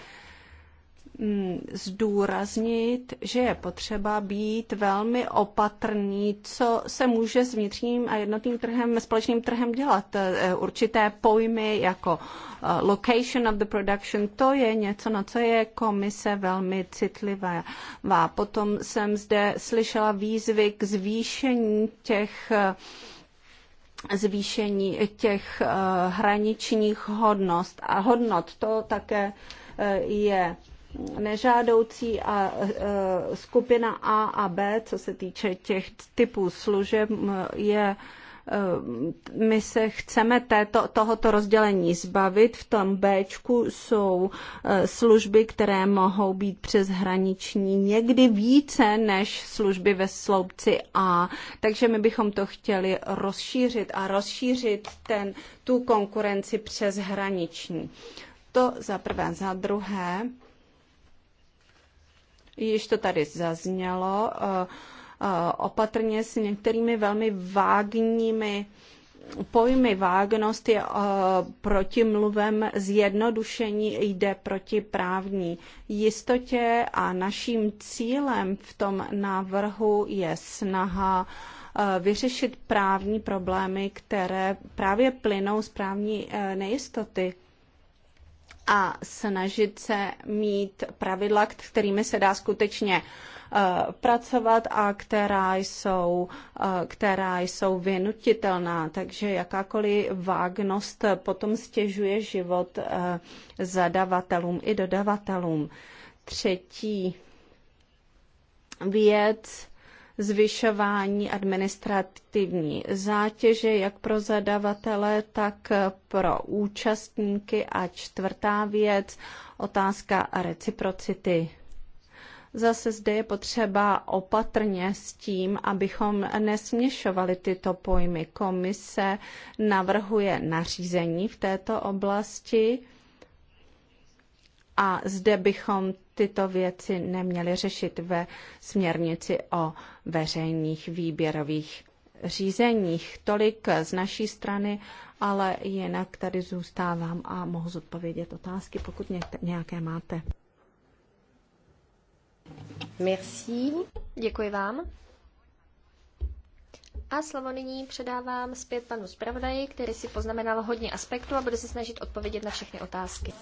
Mm, zdůraznit, že je potřeba být velmi opatrný, co se může s vnitřním a jednotným trhem, společným trhem dělat. Eh, určité pojmy jako eh, location of the production, to je něco, na co je komise velmi citlivá. Potom jsem zde slyšela výzvy k zvýšení těch eh, zvýšení těch hraničních hodnost a hodnot. To také je nežádoucí a e, skupina A a B, co se týče těch typů služeb, je e, my se chceme této, tohoto rozdělení zbavit. V tom B jsou e, služby, které mohou být přeshraniční někdy více než služby ve sloupci A. Takže my bychom to chtěli rozšířit a rozšířit ten, tu konkurenci přeshraniční. To za prvé. Za druhé, již to tady zaznělo, eh, eh, opatrně s některými velmi vágními pojmy vágnost je eh, protimluvem zjednodušení jde proti právní jistotě a naším cílem v tom návrhu je snaha vyřešit právní problémy, které právě plynou z právní nejistoty a snažit se mít pravidla, kterými se dá skutečně eh, pracovat a která jsou, eh, která jsou vynutitelná. Takže jakákoliv vágnost potom stěžuje život eh, zadavatelům i dodavatelům. Třetí věc, zvyšování administrativní zátěže jak pro zadavatele, tak pro účastníky. A čtvrtá věc, otázka reciprocity. Zase zde je potřeba opatrně s tím, abychom nesměšovali tyto pojmy. Komise navrhuje nařízení v této oblasti a zde bychom tyto věci neměli řešit ve směrnici o veřejných výběrových řízeních. Tolik z naší strany, ale jinak tady zůstávám a mohu zodpovědět otázky, pokud nějaké máte. Merci. Děkuji vám. A slovo nyní předávám zpět panu zpravodaji, který si poznamenal hodně aspektů a bude se snažit odpovědět na všechny otázky.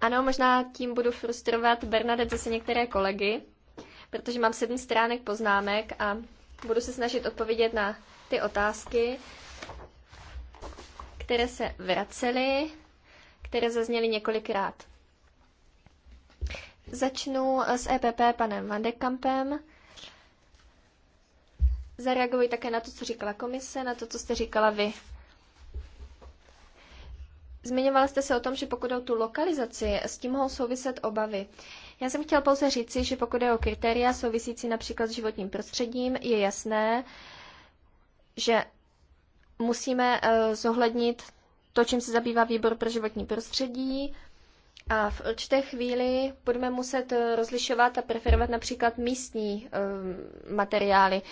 Ano, možná tím budu frustrovat Bernadette zase některé kolegy, protože mám sedm stránek poznámek a budu se snažit odpovědět na ty otázky, které se vracely, které zazněly několikrát. Začnu s EPP panem Van de Kampem. Zareaguji také na to, co říkala komise, na to, co jste říkala vy. Zmiňovala jste se o tom, že pokud o tu lokalizaci, s tím mohou souviset obavy. Já jsem chtěl pouze říci, že pokud je o kritéria souvisící například s životním prostředím, je jasné, že musíme eh, zohlednit to, čím se zabývá výbor pro životní prostředí, a v určité chvíli budeme muset eh, rozlišovat a preferovat například místní eh, materiály.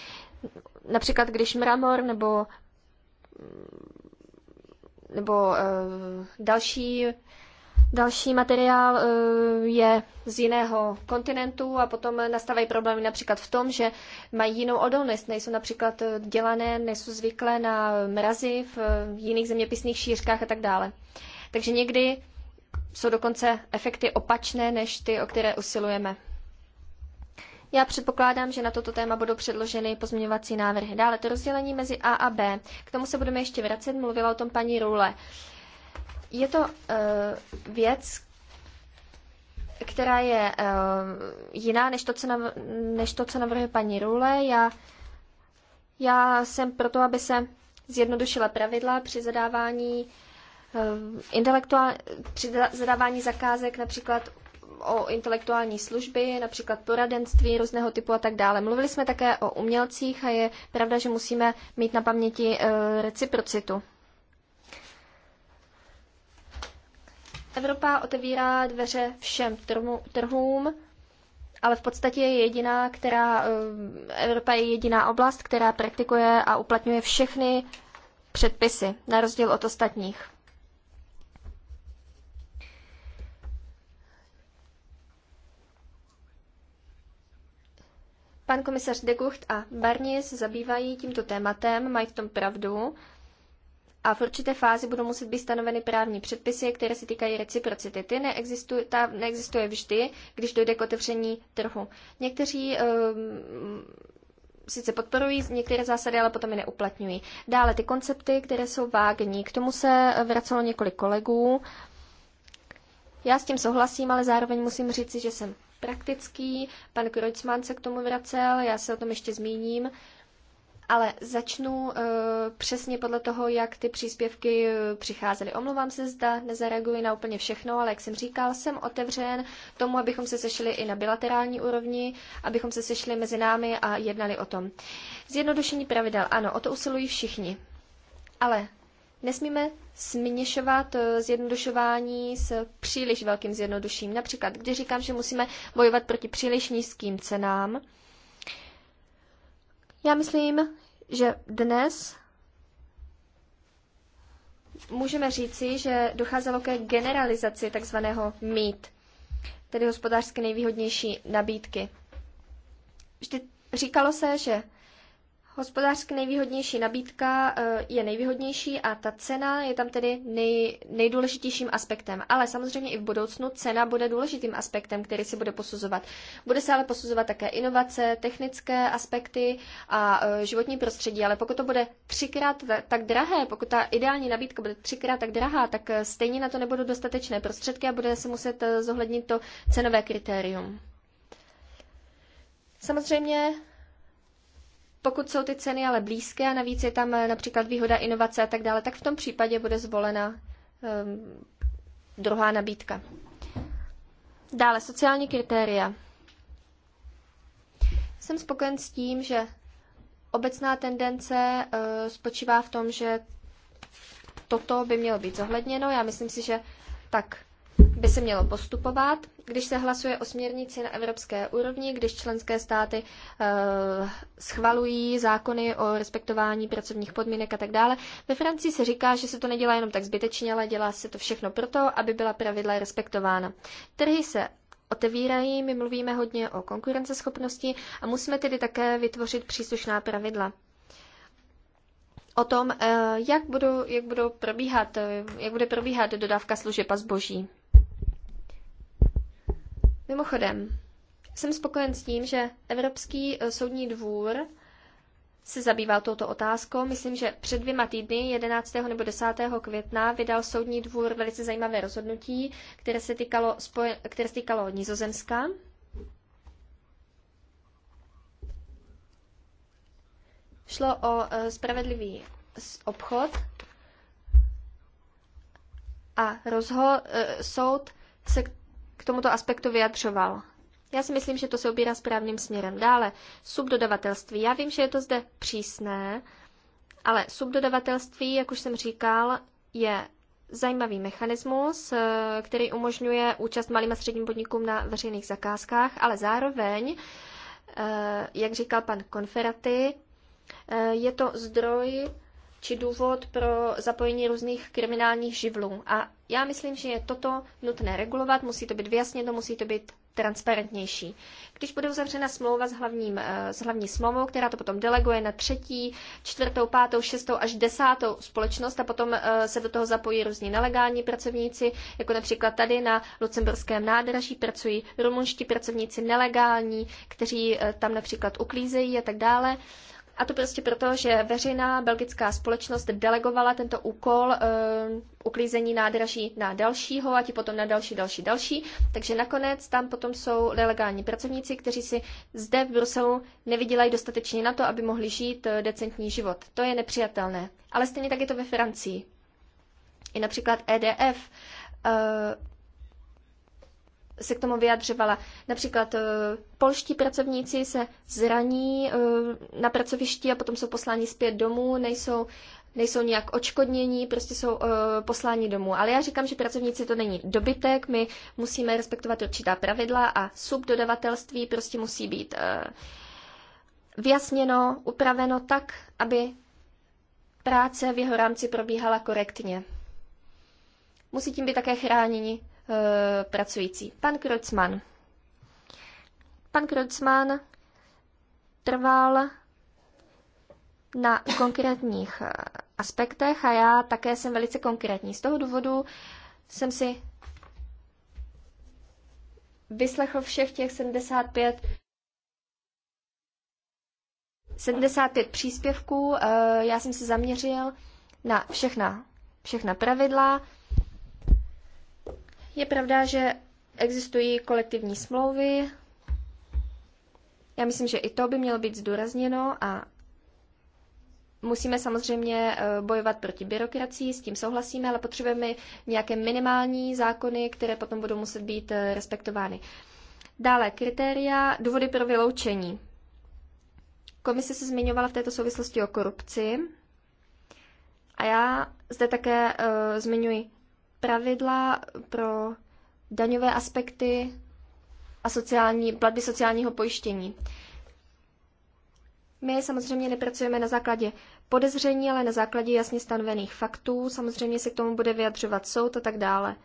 Například když mramor nebo mm, nebo eh, další Další materiál eh, je z jiného kontinentu a potom nastávají problémy například v tom, že mají jinou odolnost, nejsou například eh, dělané, nejsou zvyklé na mrazy v jiných zeměpisných šířkách a tak dále. Takže někdy jsou dokonce efekty opačné než ty, o které usilujeme. Já předpokládám, že na toto téma budou předloženy pozměňovací návrhy. Dále to rozdělení mezi A a B. K tomu se budeme ještě vracet, mluvila o tom paní Roule. Je to uh, věc, která je uh, jiná než to, co nav- než to, co navrhuje paní Rule. Já, já jsem proto, aby se zjednodušila pravidla při zadávání uh, intelektuál- při zadávání zakázek například o intelektuální služby, například poradenství různého typu a tak dále. Mluvili jsme také o umělcích a je pravda, že musíme mít na paměti eh, reciprocitu. Evropa otevírá dveře všem trhům, ale v podstatě je jediná, která, eh, Evropa je jediná oblast, která praktikuje a uplatňuje všechny předpisy, na rozdíl od ostatních. Pan komisař de Gucht a Barnier se zabývají tímto tématem, mají v tom pravdu a v určité fázi budou muset být stanoveny právní předpisy, které se týkají reciprocity. Ty neexistuje, ta neexistuje vždy, když dojde k otevření trhu. Někteří um, sice podporují některé zásady, ale potom je neuplatňují. Dále ty koncepty, které jsou vágní. K tomu se vracelo několik kolegů. Já s tím souhlasím, ale zároveň musím říci, že jsem praktický. Pan Kreutzmann se k tomu vracel, já se o tom ještě zmíním. Ale začnu uh, přesně podle toho, jak ty příspěvky eh, přicházely. Omlouvám se, zda nezareaguji na úplně všechno, ale jak jsem říkal, jsem otevřen tomu, abychom se sešli i na bilaterální úrovni, abychom se sešli mezi námi a jednali o tom. Zjednodušení pravidel, ano, o to usilují všichni. Ale Nesmíme směšovat eh, zjednodušování s příliš velkým zjednoduším. Například, když říkám, že musíme bojovat proti příliš nízkým cenám, já myslím, že dnes můžeme říci, že docházelo ke generalizaci takzvaného mít, tedy hospodářsky nejvýhodnější nabídky. Vždy říkalo se, že Hospodářsky nejvýhodnější nabídka eh, je nejvýhodnější a ta cena je tam tedy nej, nejdůležitějším aspektem. Ale samozřejmě i v budoucnu cena bude důležitým aspektem, který se bude posuzovat. Bude se ale posuzovat také inovace, technické aspekty a eh, životní prostředí. Ale pokud to bude třikrát tak drahé, pokud ta ideální nabídka bude třikrát tak drahá, tak eh, stejně na to nebudou dostatečné prostředky a bude se muset zohlednit to cenové kritérium. Samozřejmě pokud jsou ty ceny ale blízké a navíc je tam eh, například výhoda inovace a tak dále, tak v tom případě bude zvolena um, druhá nabídka. Dále sociální kritéria. Jsem spokojen s tím, že obecná tendence uh, spočívá v tom, že toto by mělo být zohledněno. Já myslím si, že tak by se mělo postupovat, když se hlasuje o směrnici na evropské úrovni, když členské státy uh, schvalují zákony o respektování pracovních podmínek a tak dále. Ve Francii se říká, že se to nedělá jenom tak zbytečně, ale dělá se to všechno proto, aby byla pravidla respektována. Trhy se otevírají, my mluvíme hodně o konkurenceschopnosti a musíme tedy také vytvořit příslušná pravidla o tom, eh, jak budou, jak budou probíhat, eh, jak bude probíhat dodávka služeb a zboží. Mimochodem, jsem spokojen s tím, že Evropský eh, soudní dvůr se zabýval touto otázkou. Myslím, že před dvěma týdny, 11. nebo 10. května, vydal soudní dvůr velice zajímavé rozhodnutí, které se týkalo, spoje, které se týkalo Nizozemska. Šlo o eh, spravedlivý obchod a rozho, eh, soud se k tomuto aspektu vyjadřoval. Já si myslím, že to se ubírá správným směrem. Dále, subdodavatelství. Já vím, že je to zde přísné, ale subdodavatelství, jak už jsem říkal, je zajímavý mechanismus, eh, který umožňuje účast malým a středním podnikům na veřejných zakázkách, ale zároveň, eh, jak říkal pan Konferaty, eh, je to zdroj či důvod pro zapojení různých kriminálních živlů. A já myslím, že je toto nutné regulovat, musí to být vyjasněno, musí to být transparentnější. Když bude uzavřena smlouva s, hlavním, eh, s hlavní smlouvou, která to potom deleguje na třetí, čtvrtou, pátou, šestou až desátou společnost a potom eh, se do toho zapojí různí nelegální pracovníci, jako například tady na Lucemburském nádraží pracují rumunští pracovníci nelegální, kteří eh, tam například uklízejí a tak dále. A to prostě proto, že veřejná belgická společnost delegovala tento úkol e, uklízení nádraží na dalšího a ti potom na další, další, další. Takže nakonec tam potom jsou nelegální pracovníci, kteří si zde v Bruselu nevydělají dostatečně na to, aby mohli žít eh, decentní život. To je nepřijatelné. Ale stejně tak je to ve Francii. I například EDF. E, se k tomu vyjadřovala. Například eh, polští pracovníci se zraní eh, na pracovišti a potom jsou posláni zpět domů, nejsou, nejsou nějak očkodnění, prostě jsou eh, posláni domů. Ale já říkám, že pracovníci to není dobytek, my musíme respektovat určitá pravidla a subdodavatelství prostě musí být vyjasněno, upraveno tak, aby práce v jeho rámci probíhala korektně. Musí tím být také chráněni Eh, pracující. Pan Krocman. Pan Krocman trval na konkrétních eh, aspektech a já také jsem velice konkrétní. Z toho důvodu jsem si vyslechl všech těch 75 75 příspěvků. Eh, já jsem se zaměřil na všechna, všechna pravidla, je pravda, že existují kolektivní smlouvy. Já myslím, že i to by mělo být zdůrazněno a musíme samozřejmě eh, bojovat proti byrokracii, s tím souhlasíme, ale potřebujeme nějaké minimální zákony, které potom budou muset být eh, respektovány. Dále kritéria, důvody pro vyloučení. Komise se zmiňovala v této souvislosti o korupci a já zde také uh, zmiňuji pravidla pro daňové aspekty a sociální, platby sociálního pojištění. My samozřejmě nepracujeme na základě podezření, ale na základě jasně stanovených faktů. Samozřejmě se k tomu bude vyjadřovat soud a tak dále.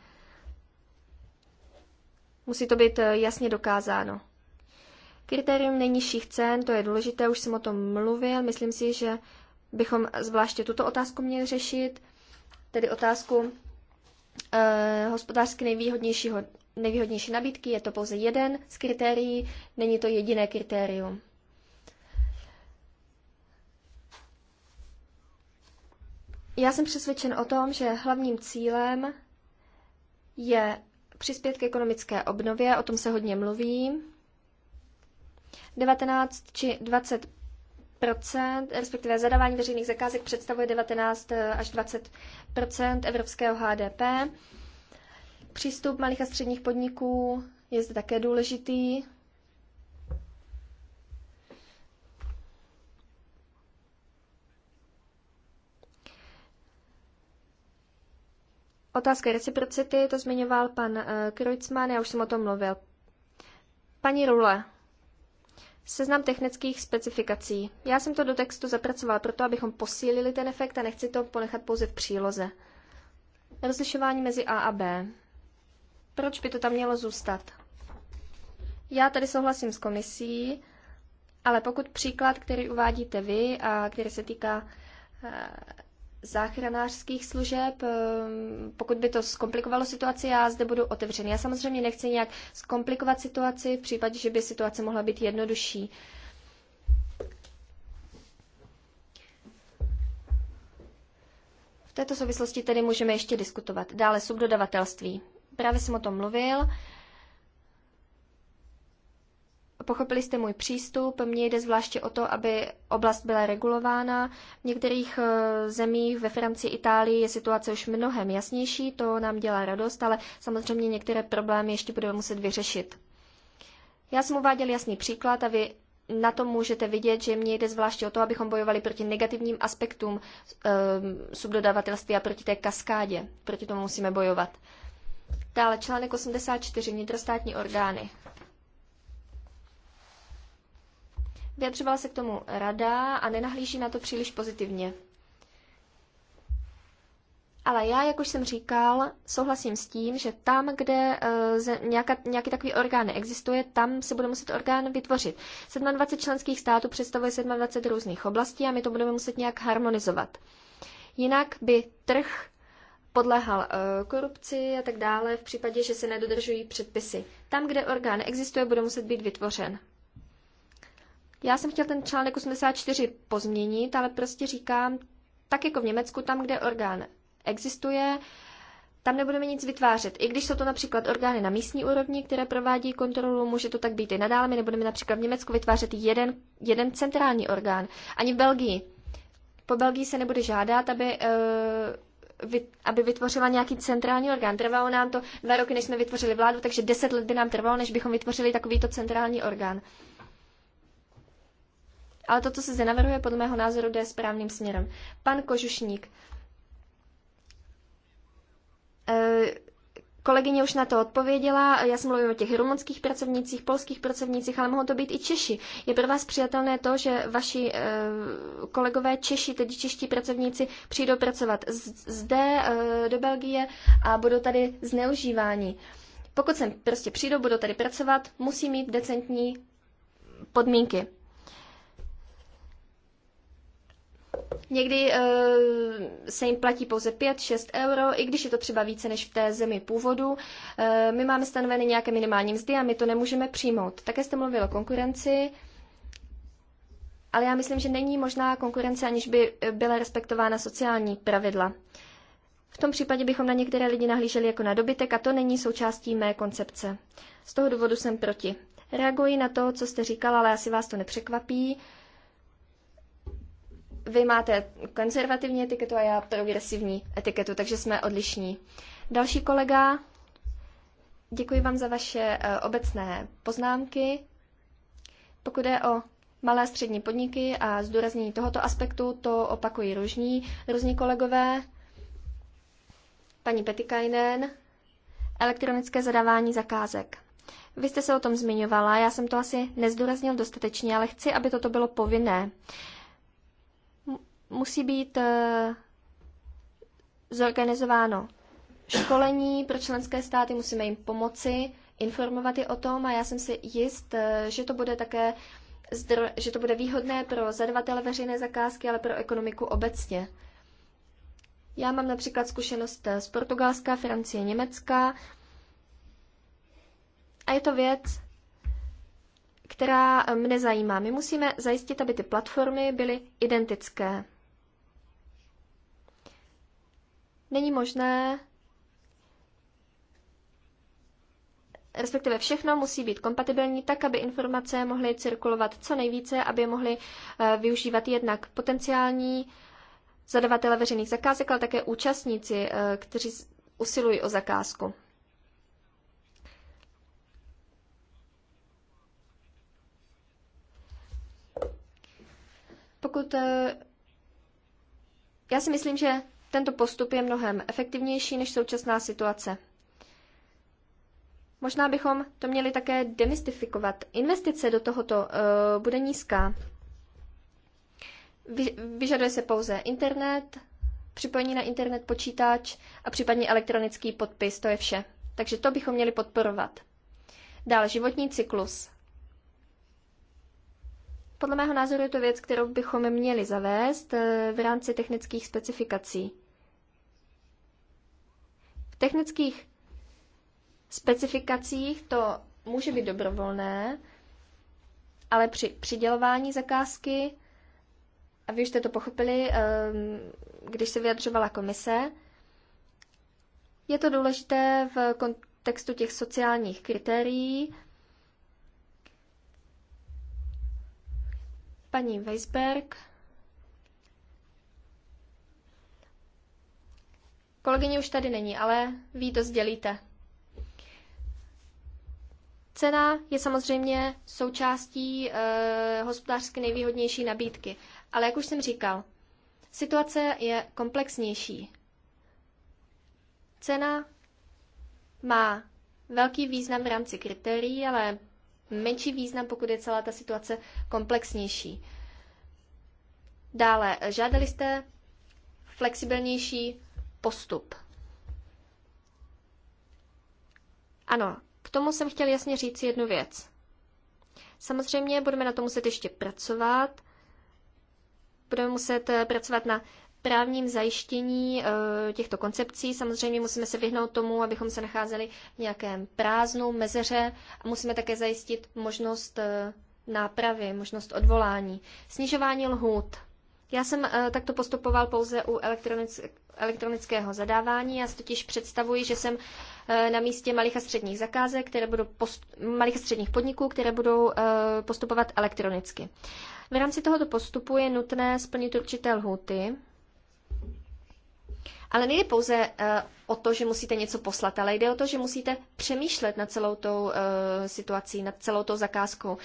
Musí to být eh, jasně dokázáno. Kritérium nejnižších cen, to je důležité, už jsem o tom mluvil. Myslím si, že bychom zvláště tuto otázku měli řešit, tedy otázku Eh, hospodářsky nejvýhodnějšího, nejvýhodnější nabídky. Je to pouze jeden z kritérií, není to jediné kritérium. Já jsem přesvědčen o tom, že hlavním cílem je přispět k ekonomické obnově, o tom se hodně mluví. 19 či 20 respektive zadávání veřejných zakázek představuje 19 eh, až 20 evropského HDP. Přístup malých a středních podniků je zde také důležitý. Otázka reciprocity, to zmiňoval pan eh, Kreutzmann, já už jsem o tom mluvil. Paní Rule, Seznam technických specifikací. Já jsem to do textu zapracovala proto, abychom posílili ten efekt a nechci to ponechat pouze v příloze. Rozlišování mezi A a B. Proč by to tam mělo zůstat? Já tady souhlasím s komisí, ale pokud příklad, který uvádíte vy a který se týká eh, záchranářských služeb. Ehm, pokud by to zkomplikovalo situaci, já zde budu otevřen. Já samozřejmě nechci nějak zkomplikovat situaci v případě, že by situace mohla být jednodušší. V této souvislosti tedy můžeme ještě diskutovat. Dále subdodavatelství. Právě jsem o tom mluvil. Pochopili jste můj přístup. Mně jde zvláště o to, aby oblast byla regulována. V některých eh, zemích, ve Francii, Itálii, je situace už mnohem jasnější, to nám dělá radost, ale samozřejmě některé problémy ještě budeme muset vyřešit. Já jsem uváděl jasný příklad a vy na tom můžete vidět, že mně jde zvláště o to, abychom bojovali proti negativním aspektům e, subdodavatelství a proti té kaskádě. Proti tomu musíme bojovat. Dále článek 84, vnitrostátní orgány. Vyjadřovala se k tomu rada a nenahlíží na to příliš pozitivně. Ale já, jak už jsem říkal, souhlasím s tím, že tam, kde uh, nějaká, nějaký takový orgán neexistuje, tam se bude muset orgán vytvořit. 27 členských států představuje 27 různých oblastí a my to budeme muset nějak harmonizovat. Jinak by trh podléhal uh, korupci a tak dále v případě, že se nedodržují předpisy. Tam, kde orgán existuje, bude muset být vytvořen. Já jsem chtěl ten článek 84 pozměnit, ale prostě říkám, tak jako v Německu, tam, kde orgán existuje, tam nebudeme nic vytvářet. I když jsou to například orgány na místní úrovni, které provádí kontrolu, může to tak být i nadále. My nebudeme například v Německu vytvářet jeden, jeden centrální orgán. Ani v Belgii. Po Belgii se nebude žádat, aby, uh, eh, vy, aby vytvořila nějaký centrální orgán. Trvalo nám to dva roky, než jsme vytvořili vládu, takže deset let by nám trvalo, než bychom vytvořili takovýto centrální orgán. Ale to, co se zde navrhuje, podle mého názoru jde správným směrem. Pan Kožušník. E, kolegyně už na to odpověděla, já jsem mluvím o těch rumunských pracovnících, polských pracovnících, ale mohou to být i Češi. Je pro vás přijatelné to, že vaši e, kolegové Češi, tedy čeští pracovníci, přijdou pracovat z, zde e, do Belgie a budou tady zneužíváni. Pokud sem prostě přijdou, budou tady pracovat, musí mít decentní podmínky. Někdy eh, se jim platí pouze 5-6 euro, i když je to třeba více než v té zemi původu. Eh, my máme stanoveny nějaké minimální mzdy a my to nemůžeme přijmout. Také jste mluvil o konkurenci. Ale já myslím, že není možná konkurence, aniž by eh, byla respektována sociální pravidla. V tom případě bychom na některé lidi nahlíželi jako na dobytek a to není součástí mé koncepce. Z toho důvodu jsem proti. Reaguji na to, co jste říkal, ale asi vás to nepřekvapí. Vy máte konzervativní etiketu a já progresivní etiketu, takže jsme odlišní. Další kolega, děkuji vám za vaše eh, obecné poznámky. Pokud je o malé střední podniky a zdůraznění tohoto aspektu, to opakují různí, různí kolegové. Paní Petikajnen, elektronické zadávání zakázek. Vy jste se o tom zmiňovala, já jsem to asi nezdůraznil dostatečně, ale chci, aby toto bylo povinné musí být eh, zorganizováno školení pro členské státy, musíme jim pomoci, informovat je o tom a já jsem si jist, eh, že to bude také že to bude výhodné pro zadavatele veřejné zakázky, ale pro ekonomiku obecně. Já mám například zkušenost eh, z Portugalska, Francie, Německa a je to věc, která mne zajímá. My musíme zajistit, aby ty platformy byly identické. není možné, respektive všechno musí být kompatibilní tak, aby informace mohly cirkulovat co nejvíce, aby je mohly eh, využívat jednak potenciální zadavatele veřejných zakázek, ale také účastníci, eh, kteří usilují o zakázku. Pokud eh, já si myslím, že tento postup je mnohem efektivnější než současná situace. Možná bychom to měli také demystifikovat. Investice do tohoto uh, bude nízká. Vy, vyžaduje se pouze internet, připojení na internet počítač a případně elektronický podpis, to je vše. Takže to bychom měli podporovat. Dále životní cyklus. Podle mého názoru je to věc, kterou bychom měli zavést eh, v rámci technických specifikací. V technických specifikacích to může být dobrovolné, ale při přidělování zakázky, a vy už jste to pochopili, eh, když se vyjadřovala komise, je to důležité v kontextu těch sociálních kritérií, Paní Weisberg. Kolegyně už tady není, ale vy to sdělíte. Cena je samozřejmě součástí e, hospodářsky nejvýhodnější nabídky, ale jak už jsem říkal, situace je komplexnější. Cena má velký význam v rámci kritérií, ale menší význam, pokud je celá ta situace komplexnější. Dále, žádali jste flexibilnější postup. Ano, k tomu jsem chtěl jasně říct jednu věc. Samozřejmě budeme na to muset ještě pracovat. Budeme muset eh, pracovat na právním zajištění eh, těchto koncepcí samozřejmě musíme se vyhnout tomu, abychom se nacházeli v nějakém prázdnou mezeře a musíme také zajistit možnost eh, nápravy, možnost odvolání. Snižování lhůt. Já jsem eh, takto postupoval pouze u elektronického zadávání. Já si totiž představuji, že jsem na místě malých a středních zakázek, které budou malých a středních podniků, které budou postupovat elektronicky. V rámci tohoto postupu je nutné splnit určité lhuty, ale nejde pouze eh, o to, že musíte něco poslat, ale jde o to, že musíte přemýšlet nad celou tou eh, situací, nad celou tou zakázkou.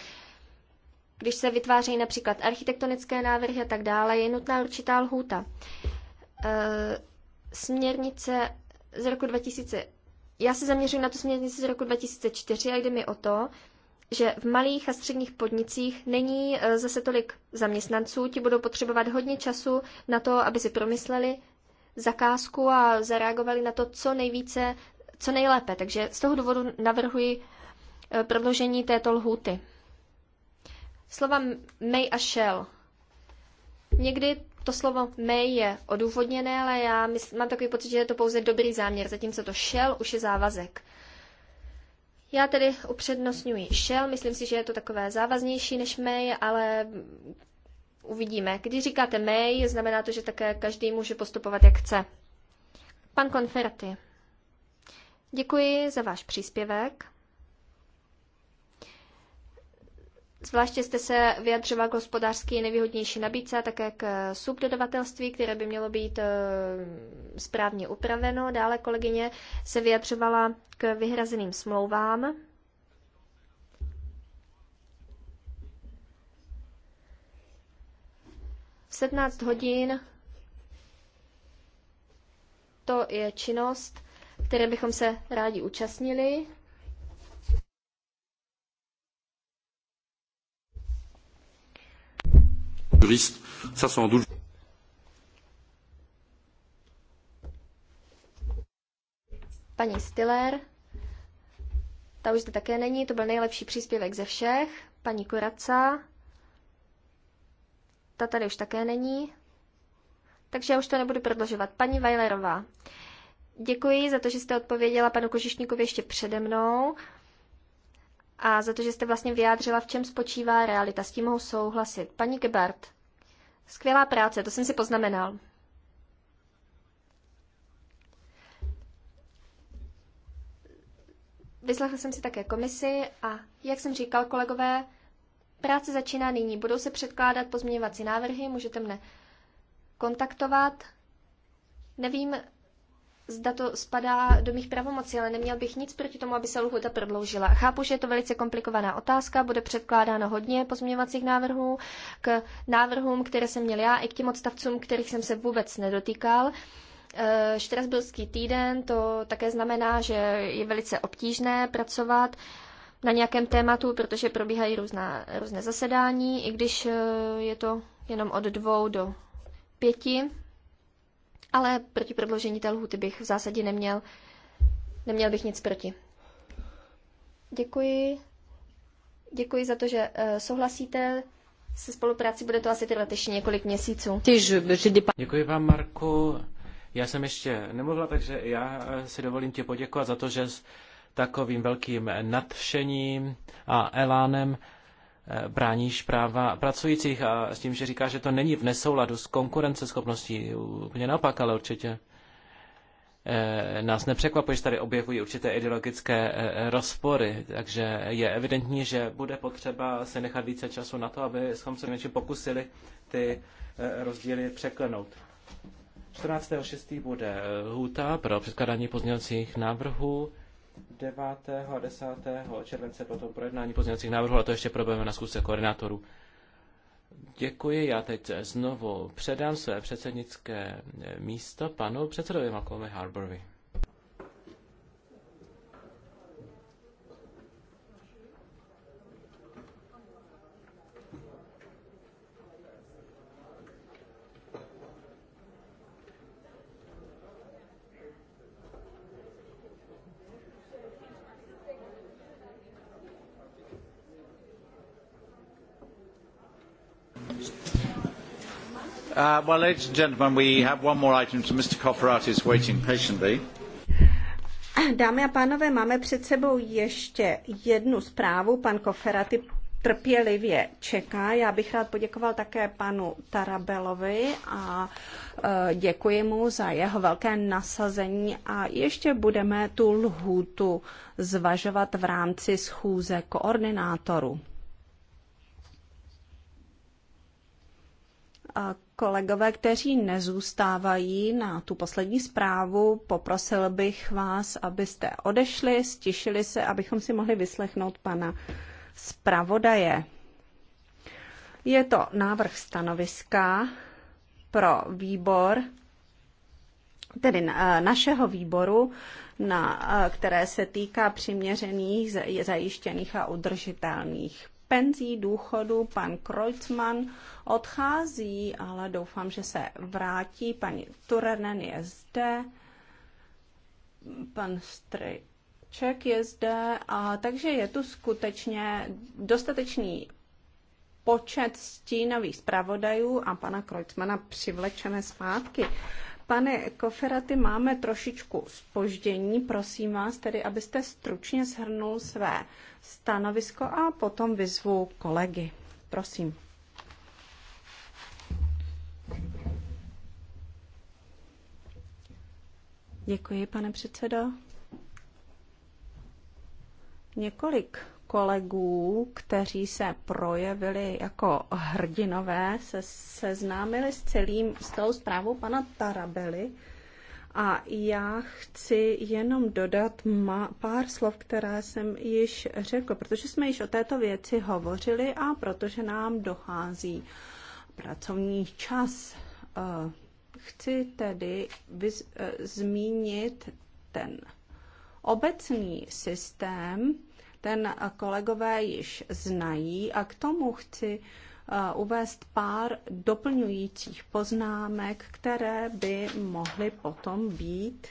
Když se vytvářejí například architektonické návrhy a tak dále, je nutná určitá lhůta. Eh, směrnice z roku 2000. Já se zaměřuji na tu směrnici z roku 2004 a jde mi o to, že v malých a středních podnicích není zase tolik zaměstnanců, ti budou potřebovat hodně času na to, aby si promysleli, zakázku a zareagovali na to co nejvíce, co nejlépe. Takže z toho důvodu navrhuji eh, prodloužení této lhůty. Slova may a shall. Někdy to slovo may je odůvodněné, ale já myslím, mám takový pocit, že je to pouze dobrý záměr, zatímco to shall už je závazek. Já tedy upřednostňuji shell, myslím si, že je to takové závaznější než may, ale uvidíme. Když říkáte may, znamená to, že také každý může postupovat, jak chce. Pan Konferty, děkuji za váš příspěvek. Zvláště jste se vyjadřoval k hospodářsky nejvýhodnější nabídce také k subdodavatelství, které by mělo být eh, správně upraveno. Dále kolegyně se vyjadřovala k vyhrazeným smlouvám. 17 hodin to je činnost, které bychom se rádi účastnili. Paní Stiller, ta už zde také není, to byl nejlepší příspěvek ze všech. Paní Koraca, ta tady už také není. Takže já už to nebudu prodlužovat. Paní Vajlerová, děkuji za to, že jste odpověděla panu Kožišníkovi ještě přede mnou a za to, že jste vlastně vyjádřila, v čem spočívá realita. S tím mohu souhlasit. Paní Gebert, skvělá práce, to jsem si poznamenal. Vyslechla jsem si také komisi a, jak jsem říkal, kolegové, Práce začíná nyní. Budou se předkládat pozměňovací návrhy, můžete mne kontaktovat. Nevím, zda to spadá do mých pravomocí, ale neměl bych nic proti tomu, aby se lhuta prodloužila. Chápu, že je to velice komplikovaná otázka, bude předkládáno hodně pozměňovacích návrhů k návrhům, které jsem měl já, i k těm odstavcům, kterých jsem se vůbec nedotýkal. Eh, štrasburský týden, to také znamená, že je velice obtížné pracovat na nějakém tématu, protože probíhají různá, různé zasedání, i když eh, je to jenom od dvou do pěti, ale proti prodloužení té lhuty bych v zásadě neměl, neměl bych nic proti. Děkuji. Děkuji za to, že eh, souhlasíte se spolupráci, bude to asi trvat ještě několik měsíců. Děkuji vám, Marku. Já jsem ještě nemohla, takže já si dovolím tě poděkovat za to, že jsi takovým velkým nadšením a elánem eh, bráníš práva pracujících a s tím, že říká, že to není v nesouladu s konkurenceschopností, úplně naopak, ale určitě eh, nás nepřekvapuje, že tady objevují určité ideologické eh, rozpory, takže je evidentní, že bude potřeba si nechat více času na to, aby se něčím pokusili ty rozdíly překlenout. 14.6. bude lhůta pro předkladání pozměňovacích návrhů. 9. a 10. července potom projednání pozměňovacích návrhů, ale to ještě probujeme na zkusce koordinátorů. Děkuji, já teď znovu předám své předsednické místo panu předsedovi Malcolmovi Harborovi. Uh, well, ladies and gentlemen, we have one more item Mr. waiting patiently. Dámy a pánové, máme před sebou ještě jednu zprávu. Pan Koferaty trpělivě čeká. Já bych rád poděkoval také panu Tarabelovi a e, děkuji mu za jeho velké nasazení a ještě budeme tu lhůtu zvažovat v rámci schůze koordinátorů. Kolegové, kteří nezůstávají na tu poslední zprávu, poprosil bych vás, abyste odešli, stišili se, abychom si mohli vyslechnout pana zpravodaje. Je to návrh stanoviska pro výbor, tedy eh, našeho výboru, na, eh, které se týká přiměřených, zajištěných a udržitelných penzí důchodu. Pan Kreutzmann odchází, ale doufám, že se vrátí. Paní Turenen je zde. Pan Stry je zde, a takže je tu skutečně dostatečný počet stínových zpravodajů a pana Kreutzmana přivlečeme zpátky. Pane Koferaty, máme trošičku spoždění. Prosím vás tedy, abyste stručně shrnul své stanovisko a potom vyzvu kolegy. Prosím. Děkuji, pane předsedo. Několik kolegů, kteří se projevili jako hrdinové, se seznámili s celým, s tou zprávou pana Tarabely. A já chci jenom dodat ma, pár slov, která jsem již řekl, protože jsme již o této věci hovořili a protože nám dochází pracovní čas. Eh, chci tedy vyz, eh, zmínit ten obecný systém, ten kolegové již znají a k tomu chci eh, uvést pár doplňujících poznámek, které by mohly potom být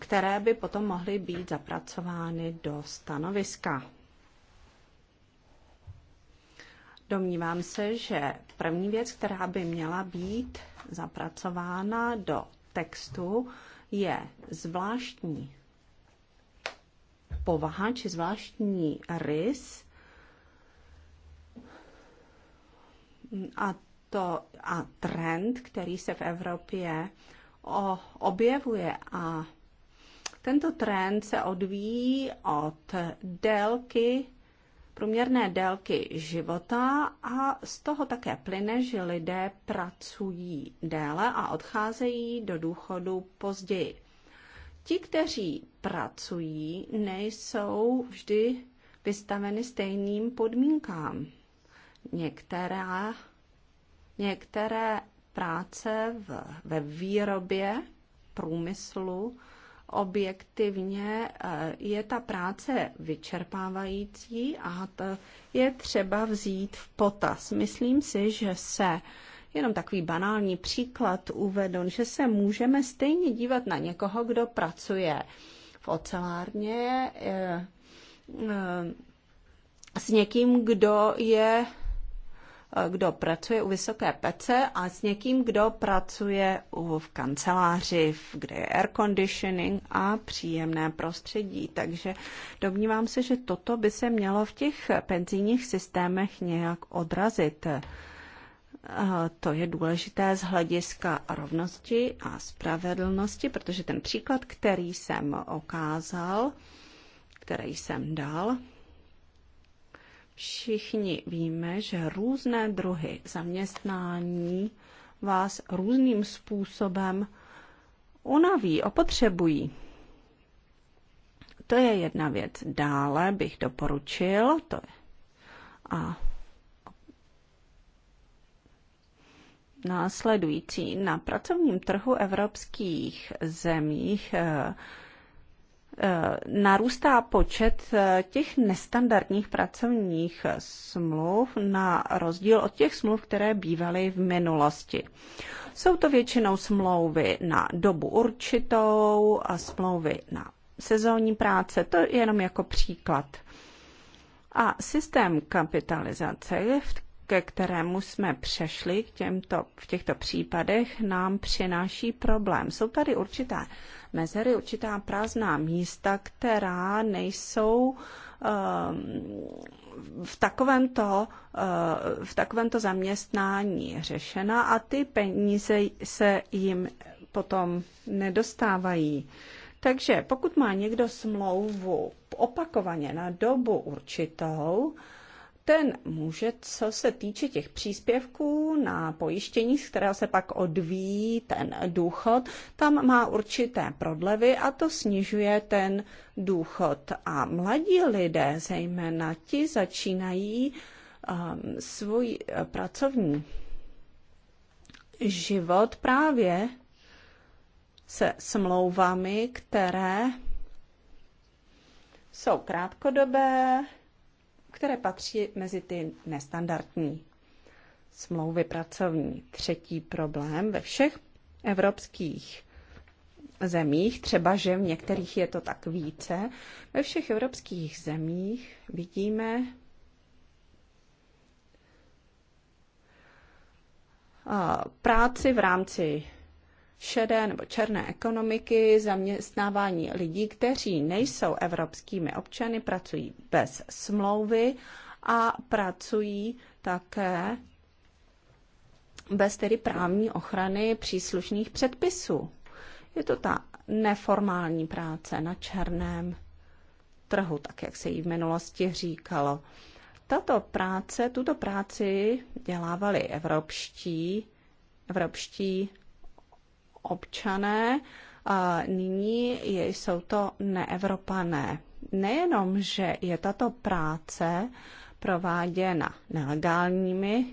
které by potom mohly být zapracovány do stanoviska. Domnívám se, že první věc, která by měla být zapracována do textu, je zvláštní povaha či zvláštní rys a, to, a trend, který se v Evropě o, objevuje a tento trend se odvíjí od délky, průměrné délky života a z toho také plyne, že lidé pracují déle a odcházejí do důchodu později. Ti, kteří pracují, nejsou vždy vystaveny stejným podmínkám. Některá, některé práce v, ve výrobě, průmyslu, objektivně eh, je ta práce vyčerpávající a to je třeba vzít v potaz. Myslím si, že se Jenom takový banální příklad uvedu, že se můžeme stejně dívat na někoho, kdo pracuje v ocelárně eh, eh, s někým, kdo je eh, kdo pracuje u vysoké pece a s někým, kdo pracuje u v kanceláři, v kde je air conditioning a příjemné prostředí. Takže domnívám se, že toto by se mělo v těch penzijních systémech nějak odrazit. Eh, to je důležité z hlediska rovnosti a spravedlnosti, protože ten příklad, který jsem okázal, který jsem dal, všichni víme, že různé druhy zaměstnání vás různým způsobem unaví, opotřebují. To je jedna věc. Dále bych doporučil, to je, a následující. Na pracovním trhu evropských zemích eh, eh, narůstá počet eh, těch nestandardních pracovních smluv na rozdíl od těch smluv, které bývaly v minulosti. Jsou to většinou smlouvy na dobu určitou a smlouvy na sezónní práce, to je jenom jako příklad. A systém kapitalizace, ke kterému jsme přešli k těmto, v těchto případech, nám přináší problém. Jsou tady určité mezery, určitá prázdná místa, která nejsou ehm, v takovémto, eh, v takovémto zaměstnání řešena a ty peníze se jim potom nedostávají. Takže pokud má někdo smlouvu opakovaně na dobu určitou, ten může, co se týče těch příspěvků na pojištění, z kterého se pak odvíjí ten důchod, tam má určité prodlevy a to snižuje ten důchod. A mladí lidé, zejména ti, začínají um, svůj eh, pracovní život právě se smlouvami, které jsou krátkodobé, které patří mezi ty nestandardní smlouvy pracovní. Třetí problém ve všech evropských zemích, třeba že v některých je to tak více, ve všech evropských zemích vidíme práci v rámci šedé nebo černé ekonomiky, zaměstnávání lidí, kteří nejsou evropskými občany, pracují bez smlouvy a pracují také bez tedy právní ochrany příslušných předpisů. Je to ta neformální práce na černém trhu, tak jak se jí v minulosti říkalo. Tato práce, tuto práci dělávali evropští, evropští občané, a nyní jsou to neevropané. Nejenom, že je tato práce prováděna nelegálními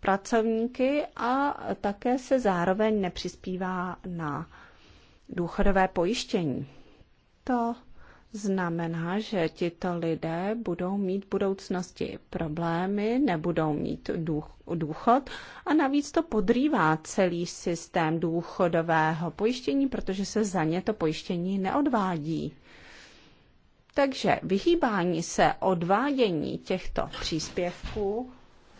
pracovníky a také se zároveň nepřispívá na důchodové pojištění. To znamená, že tito lidé budou mít v budoucnosti problémy, nebudou mít důchod a navíc to podrývá celý systém důchodového pojištění, protože se za ně to pojištění neodvádí. Takže vyhýbání se odvádění těchto příspěvků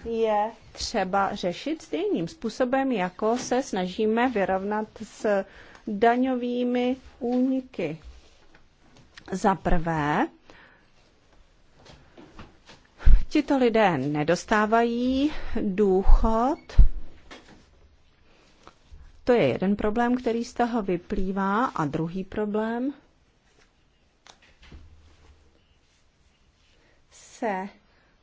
je třeba řešit stejným způsobem, jako se snažíme vyrovnat s daňovými úniky. Za prvé, tito lidé nedostávají důchod. To je jeden problém, který z toho vyplývá. A druhý problém se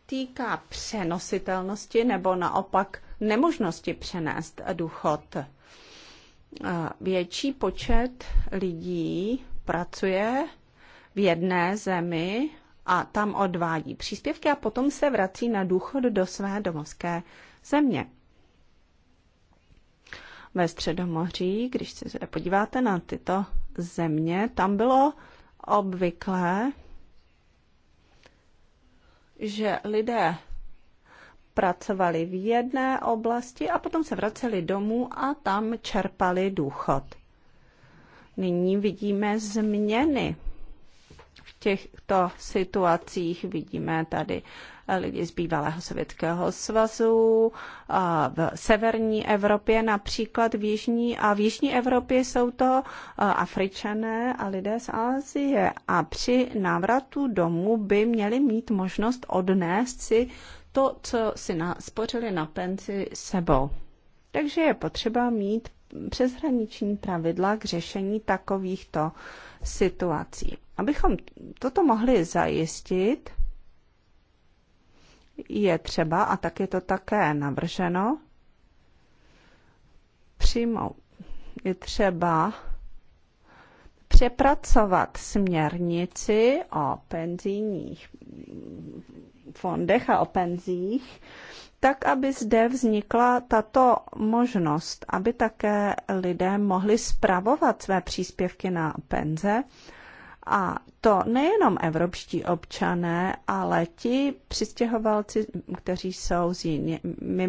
týká přenositelnosti nebo naopak nemožnosti přenést důchod. Větší počet lidí pracuje v jedné zemi a tam odvádí příspěvky a potom se vrací na důchod do své domovské země. Ve Středomoří, když se podíváte na tyto země, tam bylo obvyklé, že lidé pracovali v jedné oblasti a potom se vraceli domů a tam čerpali důchod. Nyní vidíme změny těchto situacích. Vidíme tady eh, lidi z bývalého Sovětského svazu, eh, v severní Evropě například, v jižní a v jižní Evropě jsou to eh, Afričané a lidé z Asie. A při návratu domů by měli mít možnost odnést si to, co si spořili na penci sebou. Takže je potřeba mít přeshraniční pravidla k řešení takovýchto situací. Abychom toto mohli zajistit, je třeba, a tak je to také navrženo, přijmout. Je třeba přepracovat směrnici o penzijních fondech a o penzích, tak aby zde vznikla tato možnost, aby také lidé mohli spravovat své příspěvky na penze a to nejenom evropští občané, ale ti přistěhovalci, kteří jsou z, jině,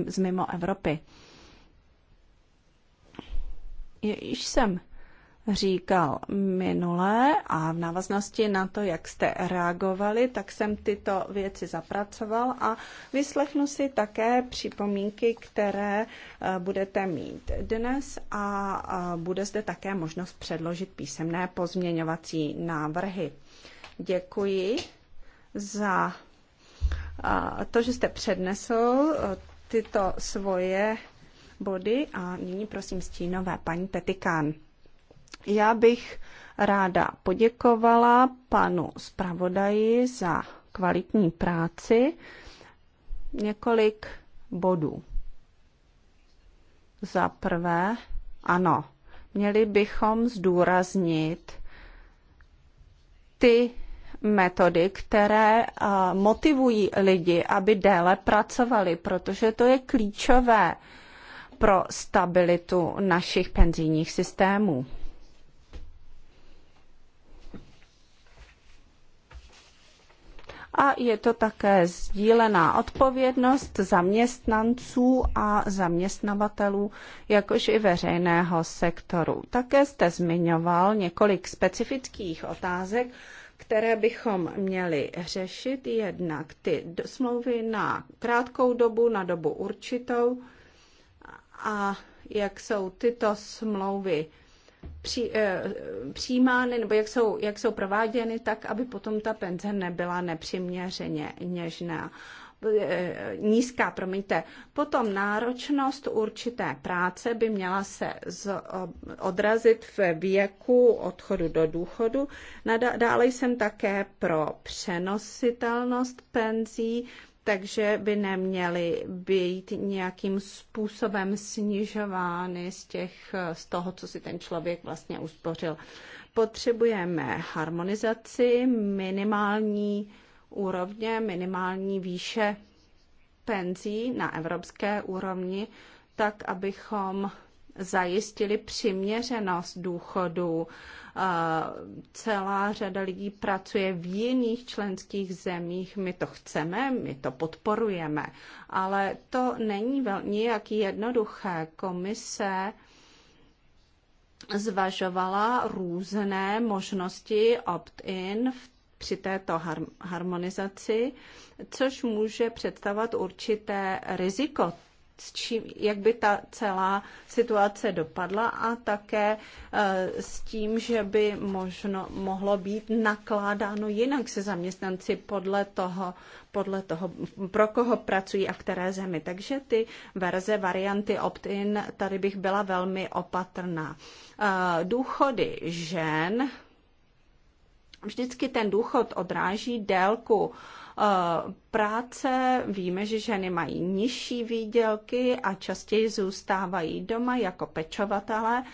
z mimo Evropy. Již jsem říkal minule a v návaznosti na to, jak jste reagovali, tak jsem tyto věci zapracoval a vyslechnu si také připomínky, které eh, budete mít dnes a eh, bude zde také možnost předložit písemné pozměňovací návrhy. Děkuji za eh, to, že jste přednesl tyto svoje body a nyní prosím stínové paní Petikán. Já bych ráda poděkovala panu zpravodaji za kvalitní práci. Několik bodů. Za prvé, ano, měli bychom zdůraznit ty metody, které eh, motivují lidi, aby déle pracovali, protože to je klíčové pro stabilitu našich penzijních systémů. a je to také sdílená odpovědnost zaměstnanců a zaměstnavatelů, jakož i veřejného sektoru. Také jste zmiňoval několik specifických otázek, které bychom měli řešit, jednak ty smlouvy na krátkou dobu, na dobu určitou a jak jsou tyto smlouvy při, eh, přijímány nebo jak jsou, jak jsou prováděny, tak aby potom ta penze nebyla nepřiměřeně něžná eh, nízká, promiňte. Potom náročnost určité práce by měla se odrazit v věku odchodu do důchodu. Dále jsem také pro přenositelnost penzí, takže by neměly být nějakým způsobem snižovány z, těch, z toho, co si ten člověk vlastně uspořil. Potřebujeme harmonizaci minimální úrovně, minimální výše penzí na evropské úrovni, tak abychom zajistili přiměřenost důchodů Celá řada lidí pracuje v jiných členských zemích. My to chceme, my to podporujeme, ale to není nějaký jednoduché. Komise zvažovala různé možnosti opt-in při této harmonizaci, což může představovat určité riziko s čím, jak by ta celá situace dopadla a také eh, s tím, že by možno mohlo být nakládáno jinak se zaměstnanci podle toho, podle toho, pro koho pracují a v které zemi. Takže ty verze, varianty opt-in, tady bych byla velmi opatrná. Eh, důchody žen, vždycky ten důchod odráží délku uh, práce. Víme, že ženy mají nižší výdělky a častěji zůstávají doma jako pečovatele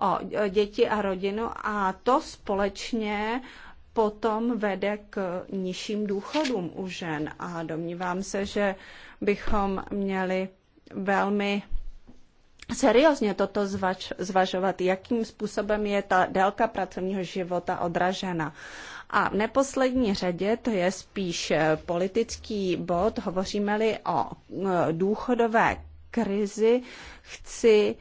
o děti a rodinu a to společně potom vede k nižším důchodům u žen a domnívám se, že bychom měli velmi seriózně toto zvaž, zvažovat, jakým způsobem je ta délka pracovního života odražena. A v neposlední řadě to je spíš eh, politický bod, hovoříme-li o eh, důchodové krizi, chci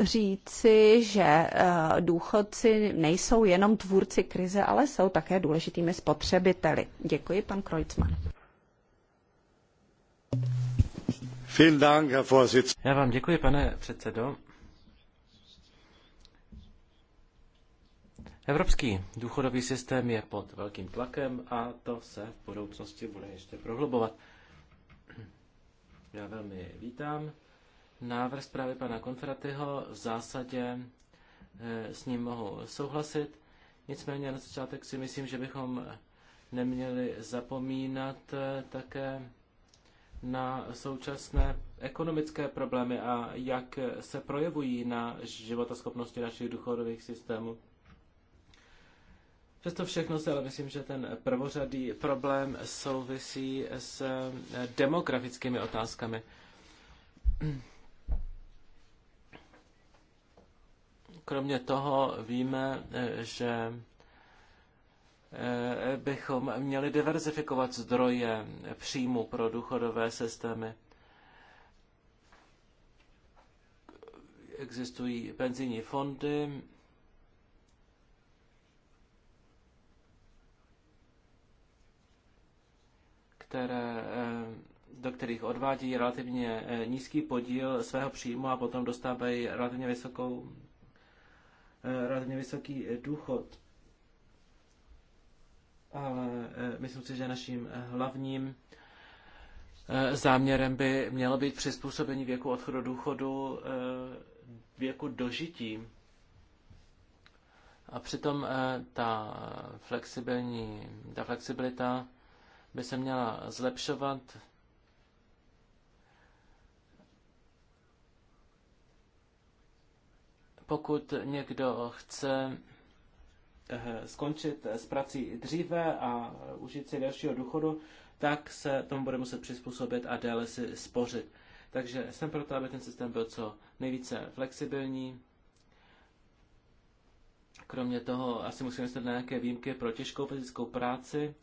říci, že eh, důchodci nejsou jenom tvůrci krize, ale jsou také důležitými spotřebiteli. Děkuji, pan Krojcman. Já vám děkuji, pane předsedo. Evropský důchodový systém je pod velkým tlakem a to se v budoucnosti bude ještě prohlubovat. Já velmi vítám návrh zprávy pana Konferatyho. V zásadě eh, s ním mohu souhlasit. Nicméně na začátek si myslím, že bychom neměli zapomínat eh, také na současné ekonomické problémy a jak se projevují na životaschopnosti našich důchodových systémů. Přesto všechno se ale myslím, že ten prvořadý problém souvisí s eh, demografickými otázkami. Kromě toho víme, eh, že eh, bychom měli diverzifikovat zdroje příjmu pro důchodové systémy. Existují penzijní fondy, které, eh, do kterých odvádí relativně eh, nízký podíl svého příjmu a potom dostávají relativně, vysokou, eh, relativně vysoký důchod. Ale myslím si, že naším hlavním záměrem by mělo být přizpůsobení věku odchodu důchodu věku dožití. A přitom ta flexibilní, ta flexibilita by se měla zlepšovat. Pokud někdo chce eh, skončit s prací dříve a užít si dalšího důchodu, tak se tomu bude muset přizpůsobit a déle si spořit. Takže jsem proto, aby ten systém byl co nejvíce flexibilní. Kromě toho asi musíme myslet na nějaké výjimky pro těžkou fyzickou práci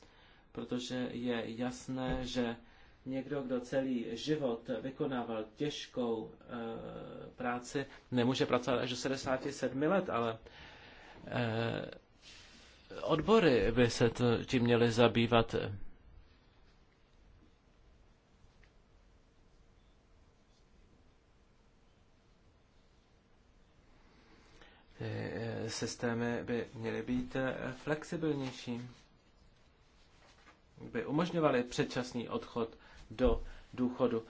protože je jasné, že někdo, kdo celý život vykonával těžkou e, práci, nemůže pracovat až do 67 let, ale e, odbory by se to, tím měly zabývat. Ty eh, systémy by měly být flexibilnější by umožňovaly předčasný odchod do důchodu.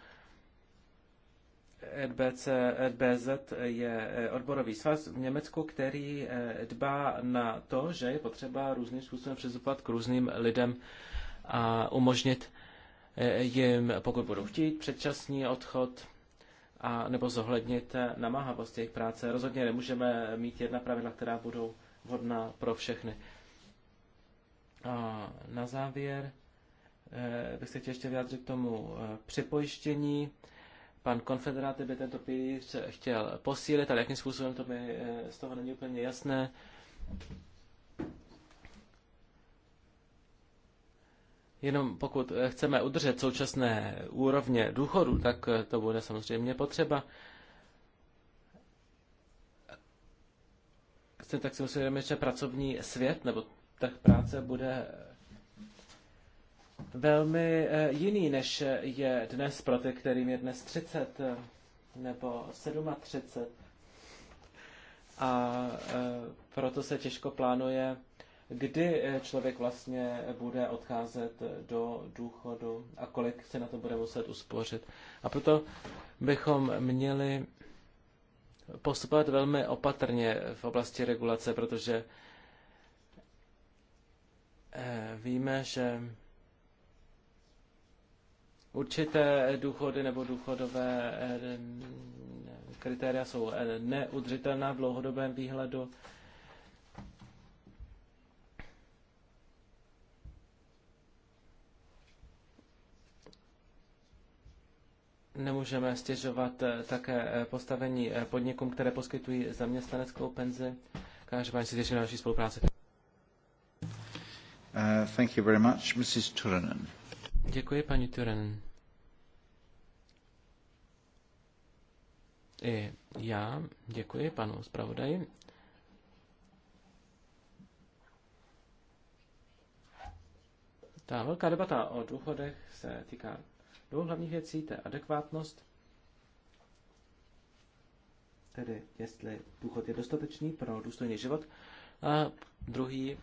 RBC, RBZ je eh, odborový svaz v Německu, který eh, dbá na to, že je potřeba různým způsobem přizupovat k různým lidem a umožnit eh, jim, pokud budou chtít, předčasný odchod a nebo zohlednit namáhavost jejich práce. Rozhodně nemůžeme mít jedna pravidla, která budou vhodná pro všechny na závěr eh, bych se chtěl ještě vyjádřit k tomu eh, připojištění. Pan konfederát by tento pilíř chtěl posílit, ale jakým způsobem to mi eh, z toho není úplně jasné. Jenom pokud chceme udržet současné úrovně důchodu, tak to bude samozřejmě potřeba. Chcete, tak si musíme že pracovní svět nebo trh práce bude velmi eh, jiný, než je dnes pro ty, kterým je dnes 30 eh, nebo 37. A eh, proto se těžko plánuje, kdy člověk vlastně bude odcházet do důchodu a kolik se na to bude muset uspořit. A proto bychom měli postupovat velmi opatrně v oblasti regulace, protože víme, že určité důchody nebo důchodové eh, kritéria jsou eh, neudržitelná v dlouhodobém výhledu. Nemůžeme stěžovat eh, také postavení podnikům, které poskytují zaměstnaneckou penzi. Každopádně si těším na další spolupráci. Uh, thank you very much, Mrs. Turunen. Děkuji, paní Turunen. I e, já děkuji panu zpravodaji. Ta velká debata o důchodech se týká dvou hlavních věcí, to je adekvátnost, tedy jestli důchod je dostatečný pro důstojný život, a druhý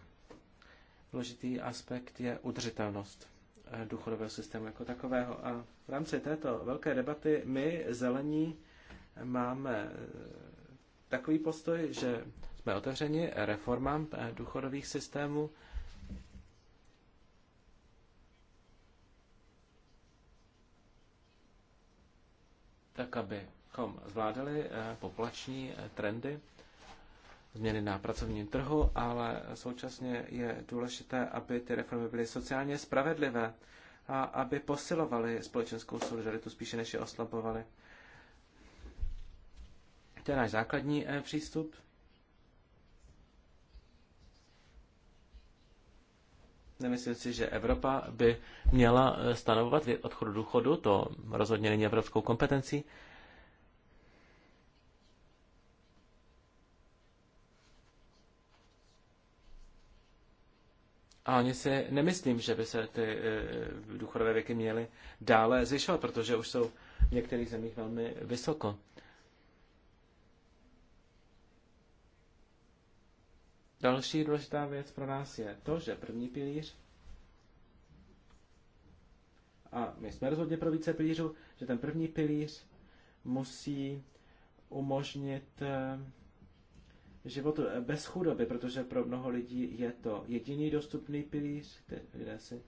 důležitý aspekt je udržitelnost e, důchodového systému jako takového. A v rámci této velké debaty my zelení máme eh, takový postoj, že jsme otevřeni reformám eh, důchodových systémů. tak, abychom zvládali eh, populační trendy, změny na pracovním trhu, ale současně je důležité, aby ty reformy byly sociálně spravedlivé a aby posilovaly společenskou solidaritu spíše než je oslabovaly. To je náš základní eh, přístup. Nemyslím si, že Evropa by měla eh, stanovovat věk odchodu důchodu, to rozhodně není evropskou kompetencí. A oni si nemyslím, že by se ty eh, důchodové věky měly dále zvyšovat, protože už jsou v některých zemích velmi vysoko. Další důležitá věc pro nás je to, že první pilíř, a my jsme rozhodně pro více pilířů, že ten první pilíř musí umožnit eh, život eh, bez chudoby, protože pro mnoho lidí je to jediný dostupný pilíř, kde si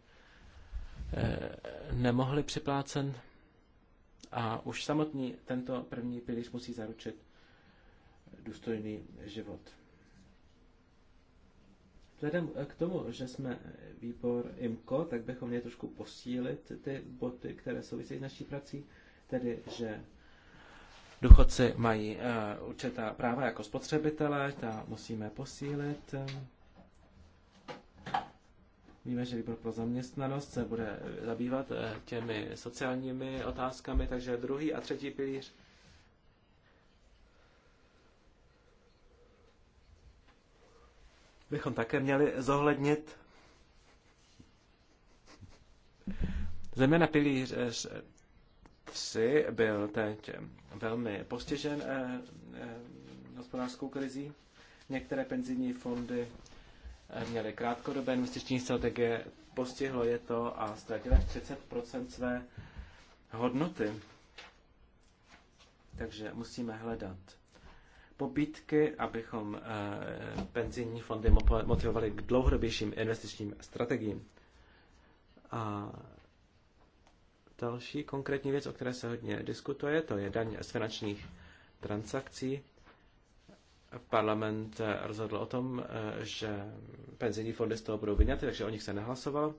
eh, nemohli připlácen. A už samotný tento první pilíř musí zaručit důstojný život. Vzhledem eh, k tomu, že jsme eh, výbor IMCO, tak bychom měli trošku posílit ty boty, které souvisí s naší prací, tedy že důchodci mají uh, určitá práva jako spotřebitelé, ta musíme posílit. Víme, že výbor pro zaměstnanost se bude zabývat těmi sociálními otázkami, takže druhý a třetí pilíř bychom také měli zohlednit. na pilíř si byl teď velmi postižen eh, eh, hospodářskou krizí. Některé penzijní fondy eh, měly krátkodobé investiční strategie, postihlo je to a ztratila 30 své hodnoty. Takže musíme hledat pobítky, abychom eh, penzijní fondy motivovali k dlouhodobějším investičním strategiím. A další konkrétní věc, o které se hodně diskutuje, to je daň z finančních transakcí. Parlament eh, rozhodl o tom, eh, že penzijní fondy z toho budou vyňaty, takže o nich se nehlasovalo.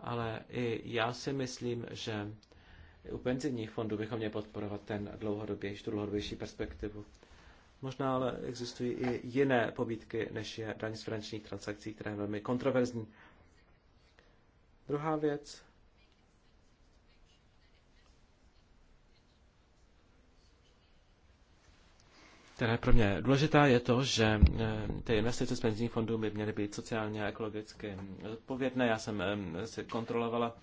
Ale i já si myslím, že u penzijních fondů bychom měli podporovat ten dlouhodobější, tu dlouhodobější perspektivu Možná ale existují i jiné pobídky, než je daň z finančních transakcí, která je velmi kontroverzní. Druhá věc. Které pro mě důležitá, je to, že eh, ty investice z penzijních fondů by měly být sociálně a ekologicky odpovědné. Já jsem si kontrolovala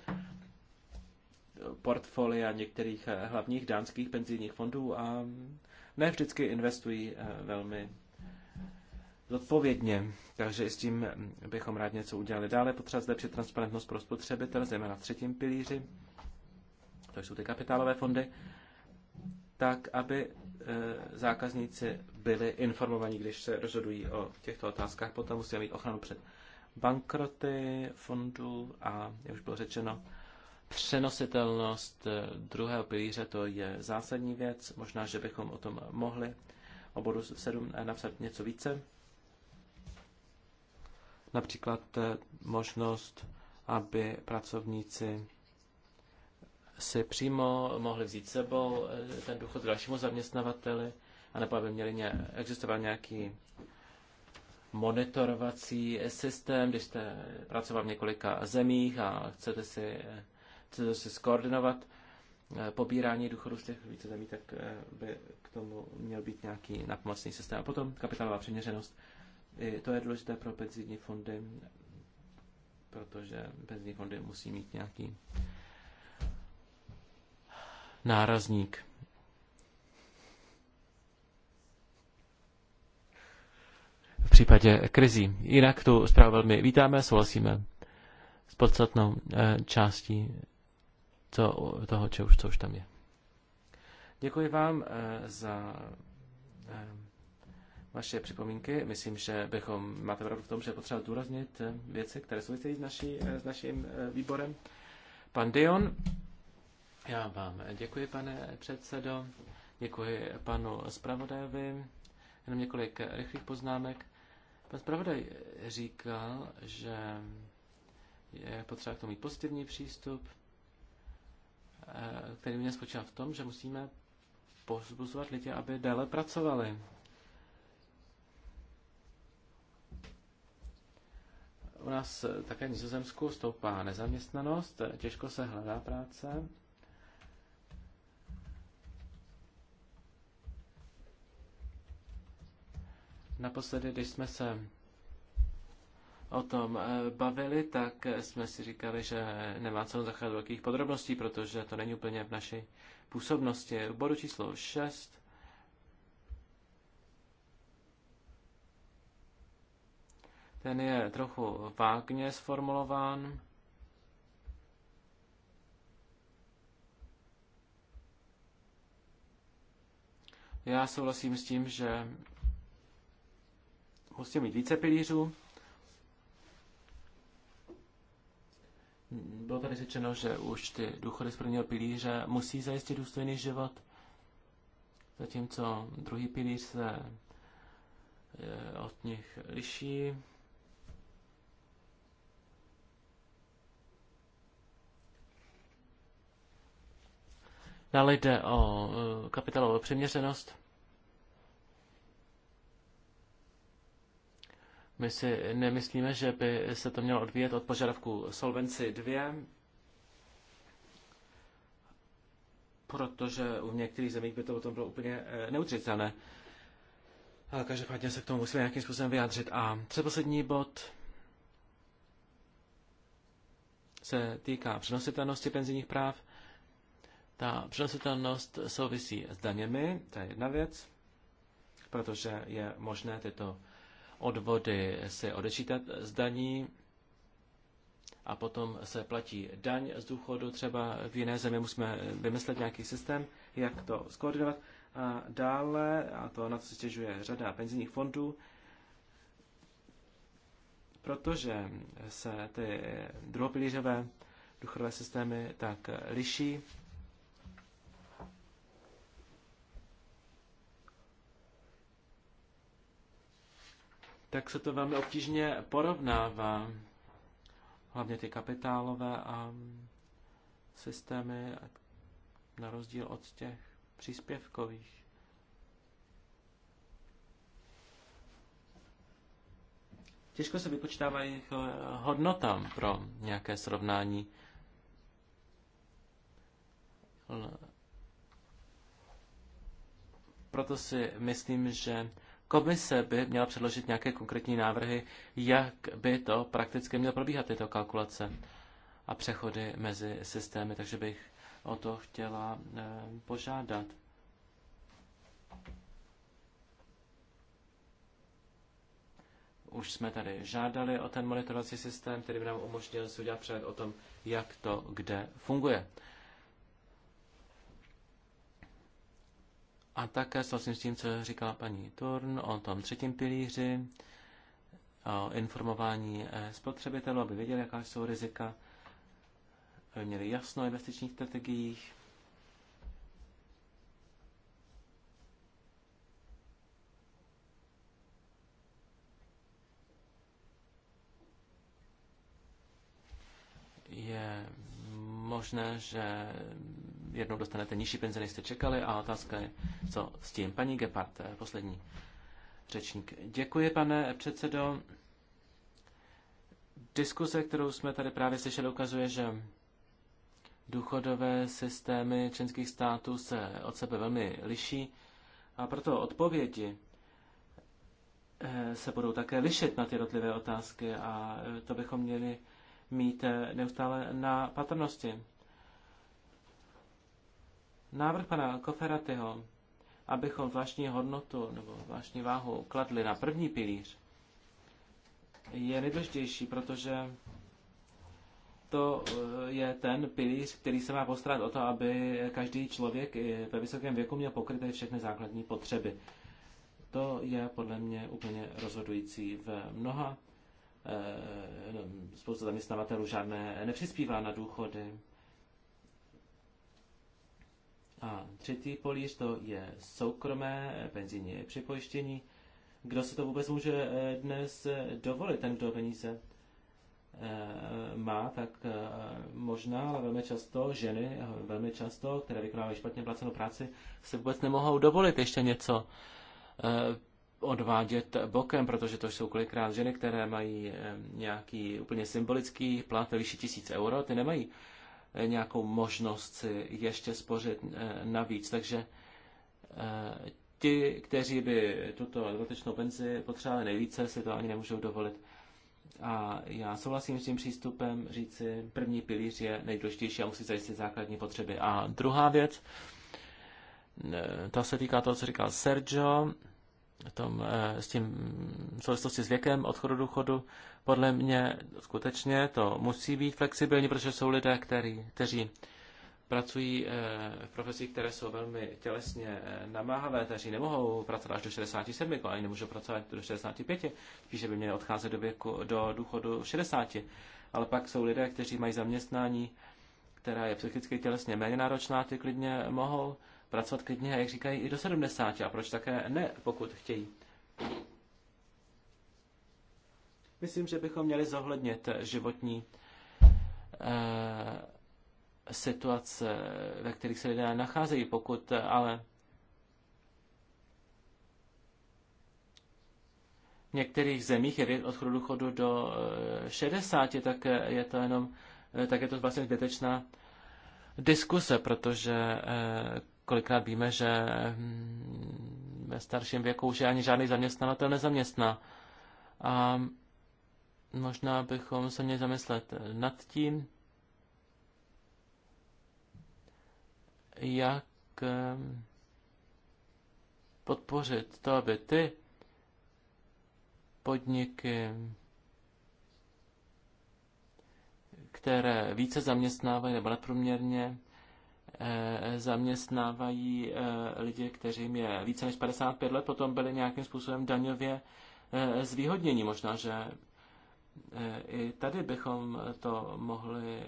portfolia některých eh, hlavních dánských penzijních fondů a ne vždycky investují eh, velmi zodpovědně. Takže i s tím bychom rád něco udělali. Dále potřeba zlepšit transparentnost pro spotřebitel, zejména na třetím pilíři, to jsou ty kapitálové fondy, tak, aby eh, zákazníci byli informovaní, když se rozhodují o těchto otázkách. Potom musíme mít ochranu před bankroty fondů a, jak už bylo řečeno, Přenositelnost eh, druhého pilíře to je zásadní věc. Možná, že bychom o tom mohli o bodu 7 eh, napsat něco více. Například eh, možnost, aby pracovníci si přímo mohli vzít sebou ten důchod dalšímu zaměstnavateli, anebo aby měli ně, existoval nějaký monitorovací systém, když jste pracoval v několika zemích a chcete si se skoordinovat eh, pobírání důchodu z těch více zemí, tak eh, by k tomu měl být nějaký napomocný systém. A potom kapitálová přiměřenost. I to je důležité pro penzijní fondy, protože penzijní fondy musí mít nějaký nárazník. V případě krizí. Jinak tu zprávu velmi vítáme, souhlasíme s podstatnou eh, částí co, toho, co už, co už tam je. Děkuji vám eh, za eh, vaše připomínky. Myslím, že bychom, máte pravdu v tom, že je potřeba důraznit eh, věci, které souvisejí s, naší, s naším výborem. Pan Dion, já vám děkuji, pane předsedo. Děkuji panu zpravodajovi. Jenom několik rychlých poznámek. Pan zpravodaj říkal, že je potřeba k tomu mít pozitivní přístup, Eh, který mě spočívá v tom, že musíme pozbuzovat lidi, aby déle pracovali. U nás eh, také v Nizozemsku stoupá nezaměstnanost, eh, těžko se hledá práce. Naposledy, když jsme se o tom eh, bavili, tak jsme si říkali, že nemá cenu zacházet do velkých podrobností, protože to není úplně v naší působnosti. Bodu číslo 6. Ten je trochu vágně sformulován. Já souhlasím s tím, že musí mít více pilířů. bylo tady řečeno, že už ty důchody z prvního pilíře musí zajistit důstojný život, zatímco druhý pilíř se e, od nich liší. Dále jde o e, kapitálovou přiměřenost. My si nemyslíme, že by se to mělo odvíjet od požadavku Solvency 2, protože u některých zemí by to potom bylo úplně eh, neutřitelné. Ale každopádně se k tomu musíme nějakým způsobem vyjádřit. A předposlední bod se týká přenositelnosti penzijních práv. Ta přenositelnost souvisí s daněmi, to je jedna věc, protože je možné tyto odvody se odečítat z daní a potom se platí daň z důchodu. Třeba v jiné zemi musíme vymyslet nějaký systém, jak to skoordinovat. A dále, a to na to se stěžuje řada penzijních fondů, protože se ty druhopilířové důchodové systémy tak liší, tak se to velmi obtížně porovnává. Hlavně ty kapitálové a systémy, na rozdíl od těch příspěvkových. Těžko se vypočítává jejich eh, hodnota pro nějaké srovnání. Proto si myslím, že Komise by měla předložit nějaké konkrétní návrhy, jak by to prakticky mělo probíhat, tyto kalkulace a přechody mezi systémy, takže bych o to chtěla eh, požádat. Už jsme tady žádali o ten monitorovací systém, který by nám umožnil si udělat přehled o tom, jak to kde funguje. A také souhlasím s tím, co říkala paní Turn o tom třetím pilíři, o informování eh, spotřebitelů, aby věděli, jaká jsou rizika, aby měli jasno o investičních strategiích. Je možné, že jednou dostanete nižší penze, než jste čekali a otázka je, co s tím. Paní Gepard, eh, poslední řečník. Děkuji, pane předsedo. Diskuse, kterou jsme tady právě slyšeli, ukazuje, že důchodové systémy členských států se od sebe velmi liší a proto odpovědi eh, se budou také lišit na ty jednotlivé otázky a eh, to bychom měli mít neustále na patrnosti. Návrh pana Koferatyho, abychom zvláštní hodnotu nebo zvláštní váhu kladli na první pilíř, je nejdůležitější, protože to eh, je ten pilíř, který se má postarat o to, aby každý člověk i ve vysokém věku měl pokryté všechny základní potřeby. To je podle mě úplně rozhodující v mnoha. Eh, no, spousta zaměstnavatelů žádné nepřispívá na důchody, a třetí pilíř to je soukromé penzijní připojištění. Kdo si to vůbec může eh, dnes eh, dovolit, ten, kdo peníze eh, má, tak možná, ale velmi často ženy, velmi často, které vykonávají špatně placenou práci, se vůbec nemohou dovolit ještě něco odvádět bokem, protože to jsou kolikrát ženy, které mají nějaký úplně symbolický plat ve výši tisíc euro, ty nemají nějakou možnost si ještě spořit eh, navíc. Takže eh, ti, kteří by tuto dodatečnou penzi potřebovali nejvíce, si to ani nemůžou dovolit. A já souhlasím s tím přístupem říci, první pilíř je nejdůležitější a musí zajistit základní potřeby. A druhá věc, eh, ta se týká toho, co říkal Sergio, tom, eh, s tím v souvislosti s věkem odchodu důchodu, podle mě skutečně to musí být flexibilní, protože jsou lidé, který, kteří pracují eh, v profesích, které jsou velmi tělesně eh, namáhavé, kteří nemohou pracovat až do 67, jako ani nemůžou pracovat do 65, spíše by měli odcházet do, věku, do důchodu 60. Ale pak jsou lidé, kteří mají zaměstnání, která je psychicky tělesně méně náročná, ty klidně mohou pracovat klidně, jak říkají, i do 70. A proč také ne, pokud chtějí? Myslím, že bychom měli zohlednit životní eh, situace, ve kterých se lidé nacházejí, pokud ale v některých zemích je věk odchodu do 60, eh, tak eh, je to jenom Eh, tak je to vlastně zbytečná diskuse, protože eh, kolikrát víme, že hm, ve starším věku už je ani žádný zaměstnavatel nezaměstná. A možná bychom se měli zamyslet nad tím, jak eh, podpořit to, aby ty podniky které více zaměstnávají nebo nadprůměrně eh, zaměstnávají eh, lidi, jim je více než 55 let, potom byli nějakým způsobem daňově eh, zvýhodnění. Možná, že i tady bychom to mohli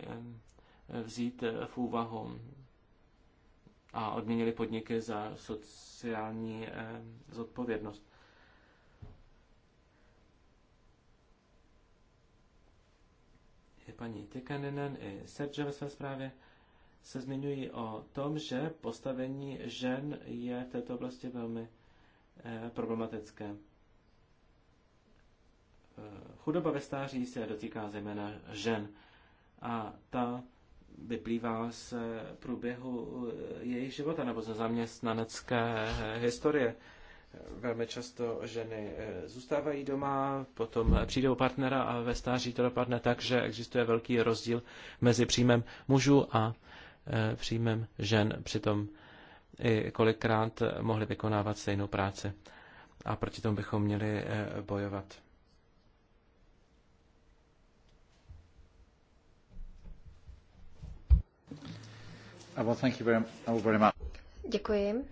vzít v úvahu a odměnili podniky za sociální zodpovědnost. i paní Tykaninen, i Serge ve své zprávě, se zmiňují o tom, že postavení žen je v této oblasti velmi eh, problematické. Eh, chudoba ve stáří se dotýká zejména žen a ta vyplývá z průběhu eh, jejich života nebo ze zaměstnanecké eh, historie. Velmi často ženy eh, zůstávají doma, potom přijdou partnera a ve stáří to dopadne tak, že existuje velký rozdíl mezi příjmem mužů a eh, příjmem žen. Přitom i kolikrát mohli vykonávat stejnou práci. A proti tomu bychom měli eh, bojovat. Uh, oh, Děkuji.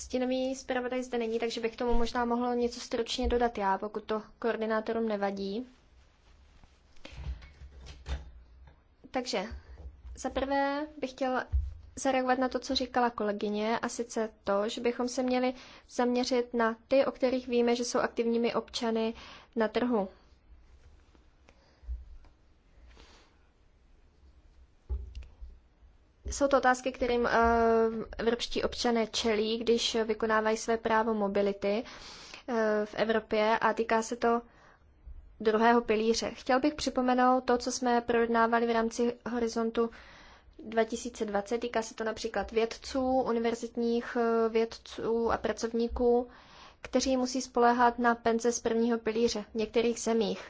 Stínový zpravodaj zde není, takže bych tomu možná mohlo něco stručně dodat já, pokud to koordinátorům nevadí. Takže za prvé bych chtěl zareagovat na to, co říkala kolegyně, a sice to, že bychom se měli zaměřit na ty, o kterých víme, že jsou aktivními občany na trhu Jsou to otázky, kterým eh, evropští občané čelí, když vykonávají své právo mobility eh, v Evropě a týká se to druhého pilíře. Chtěl bych připomenout to, co jsme projednávali v rámci horizontu 2020. Týká se to například vědců, univerzitních eh, vědců a pracovníků, kteří musí spoléhat na penze z prvního pilíře v některých zemích.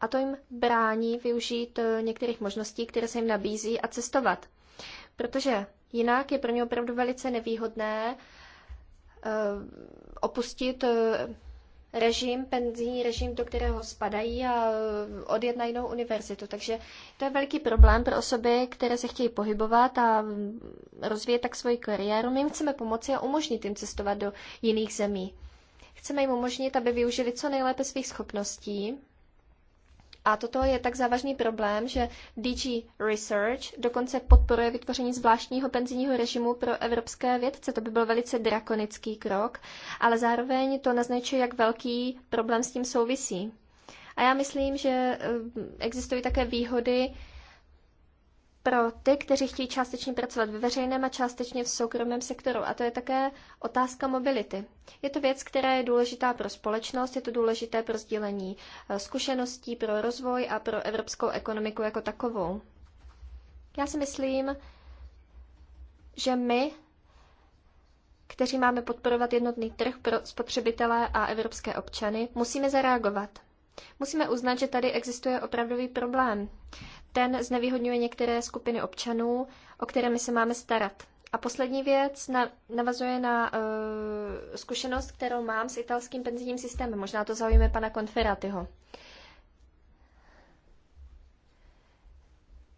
A to jim brání využít některých možností, které se jim nabízí a cestovat protože jinak je pro ně opravdu velice nevýhodné eh, opustit eh, režim, penzijní režim, do kterého spadají a eh, odjet na jinou univerzitu. Takže to je velký problém pro osoby, které se chtějí pohybovat a mm, rozvíjet tak svoji kariéru. My jim chceme pomoci a umožnit jim cestovat do jiných zemí. Chceme jim umožnit, aby využili co nejlépe svých schopností a toto je tak závažný problém, že DG Research dokonce podporuje vytvoření zvláštního penzijního režimu pro evropské vědce. To by byl velice drakonický krok, ale zároveň to naznačuje, jak velký problém s tím souvisí. A já myslím, že eh, existují také výhody pro ty, kteří chtějí částečně pracovat ve veřejném a částečně v soukromém sektoru. A to je také otázka mobility. Je to věc, která je důležitá pro společnost, je to důležité pro sdílení eh, zkušeností, pro rozvoj a pro evropskou ekonomiku jako takovou. Já si myslím, že my, kteří máme podporovat jednotný trh pro spotřebitele a evropské občany, musíme zareagovat. Musíme uznat, že tady existuje opravdový problém. Ten znevýhodňuje některé skupiny občanů, o které my se máme starat. A poslední věc navazuje na uh, zkušenost, kterou mám s italským penzijním systémem. Možná to zaujíme pana Konferatyho.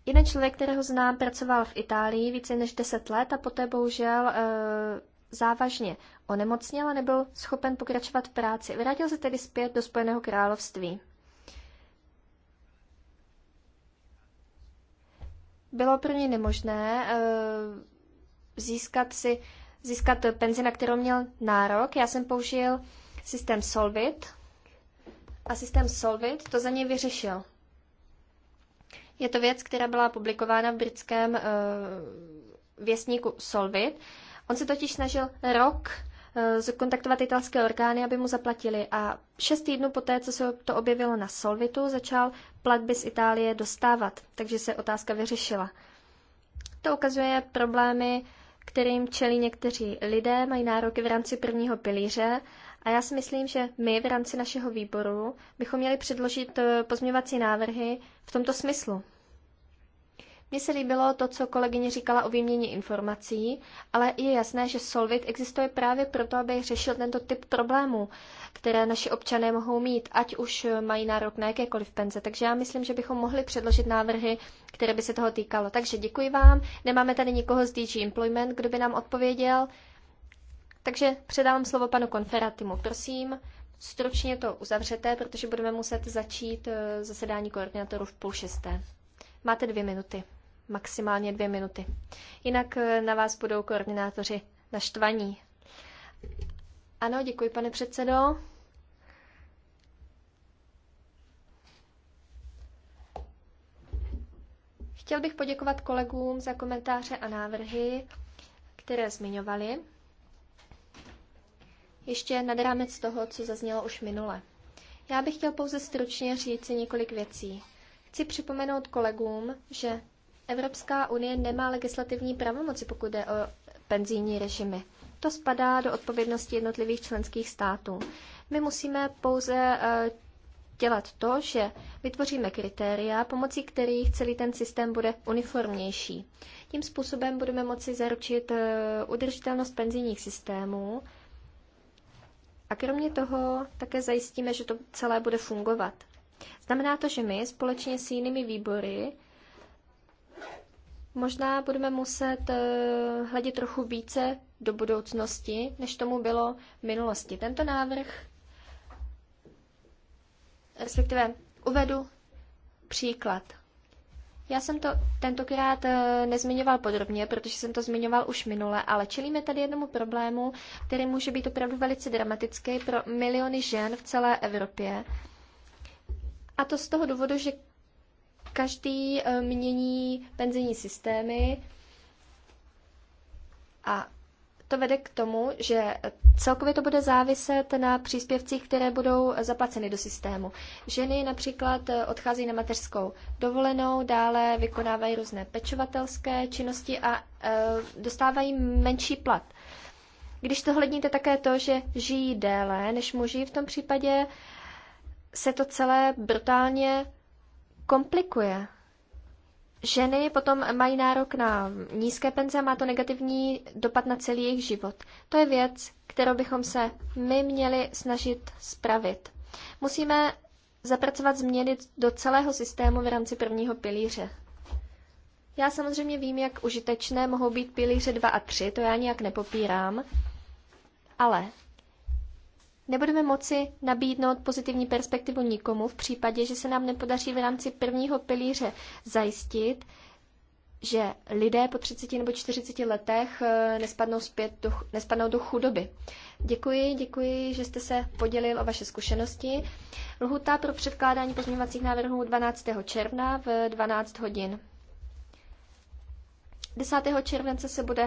Jeden člověk, kterého znám, pracoval v Itálii více než 10 let a poté bohužel eh, závažně onemocněl a nebyl schopen pokračovat v práci. Vrátil se tedy zpět do Spojeného království. Bylo pro ně nemožné uh, získat si získat penzi, na kterou měl nárok. Já jsem použil systém Solvit a systém Solvit to za něj vyřešil. Je to věc, která byla publikována v britském uh, věstníku Solvit On se totiž snažil rok eh, zkontaktovat italské orgány, aby mu zaplatili. A šest týdnů poté, co se to objevilo na Solvitu, začal platby z Itálie dostávat, takže se otázka vyřešila. To ukazuje problémy, kterým čelí někteří lidé, mají nároky v rámci prvního pilíře a já si myslím, že my v rámci našeho výboru bychom měli předložit eh, pozměňovací návrhy v tomto smyslu. Mně se líbilo to, co kolegyně říkala o výměně informací, ale je jasné, že Solvit existuje právě proto, aby řešil tento typ problémů, které naši občané mohou mít, ať už mají nárok na jakékoliv penze. Takže já myslím, že bychom mohli předložit návrhy, které by se toho týkalo. Takže děkuji vám. Nemáme tady nikoho z DG Employment, kdo by nám odpověděl. Takže předávám slovo panu Konferatimu. Prosím, stručně to uzavřete, protože budeme muset začít eh, zasedání koordinátorů v půl šesté. Máte dvě minuty maximálně dvě minuty. Jinak eh, na vás budou koordinátoři naštvaní. Ano, děkuji, pane předsedo. Chtěl bych poděkovat kolegům za komentáře a návrhy, které zmiňovali. Ještě nad rámec toho, co zaznělo už minule. Já bych chtěl pouze stručně si několik věcí. Chci připomenout kolegům, že Evropská unie nemá legislativní pravomoci, pokud jde o penzijní režimy. To spadá do odpovědnosti jednotlivých členských států. My musíme pouze e, dělat to, že vytvoříme kritéria, pomocí kterých celý ten systém bude uniformnější. Tím způsobem budeme moci zaručit e, udržitelnost penzijních systémů a kromě toho také zajistíme, že to celé bude fungovat. Znamená to, že my společně s jinými výbory Možná budeme muset eh, hledět trochu více do budoucnosti, než tomu bylo v minulosti. Tento návrh, respektive uvedu příklad. Já jsem to tentokrát eh, nezmiňoval podrobně, protože jsem to zmiňoval už minule, ale čelíme tady jednomu problému, který může být opravdu velice dramatický pro miliony žen v celé Evropě. A to z toho důvodu, že Každý eh, mění penzijní systémy a to vede k tomu, že celkově to bude záviset na příspěvcích, které budou zaplaceny do systému. Ženy například eh, odchází na mateřskou dovolenou, dále vykonávají různé pečovatelské činnosti a eh, dostávají menší plat. Když to hledníte také to, že žijí déle než muži, v tom případě se to celé brutálně komplikuje. Ženy potom mají nárok na nízké penze a má to negativní dopad na celý jejich život. To je věc, kterou bychom se my měli snažit spravit. Musíme zapracovat změny do celého systému v rámci prvního pilíře. Já samozřejmě vím, jak užitečné mohou být pilíře 2 a 3, to já nijak nepopírám, ale Nebudeme moci nabídnout pozitivní perspektivu nikomu v případě, že se nám nepodaří v rámci prvního pilíře zajistit, že lidé po 30 nebo 40 letech eh, nespadnou, zpět do, nespadnou do chudoby. Děkuji, děkuji, že jste se podělil o vaše zkušenosti. Lhuta pro předkládání pozměňovacích návrhů 12. června v 12 hodin. 10. července se bude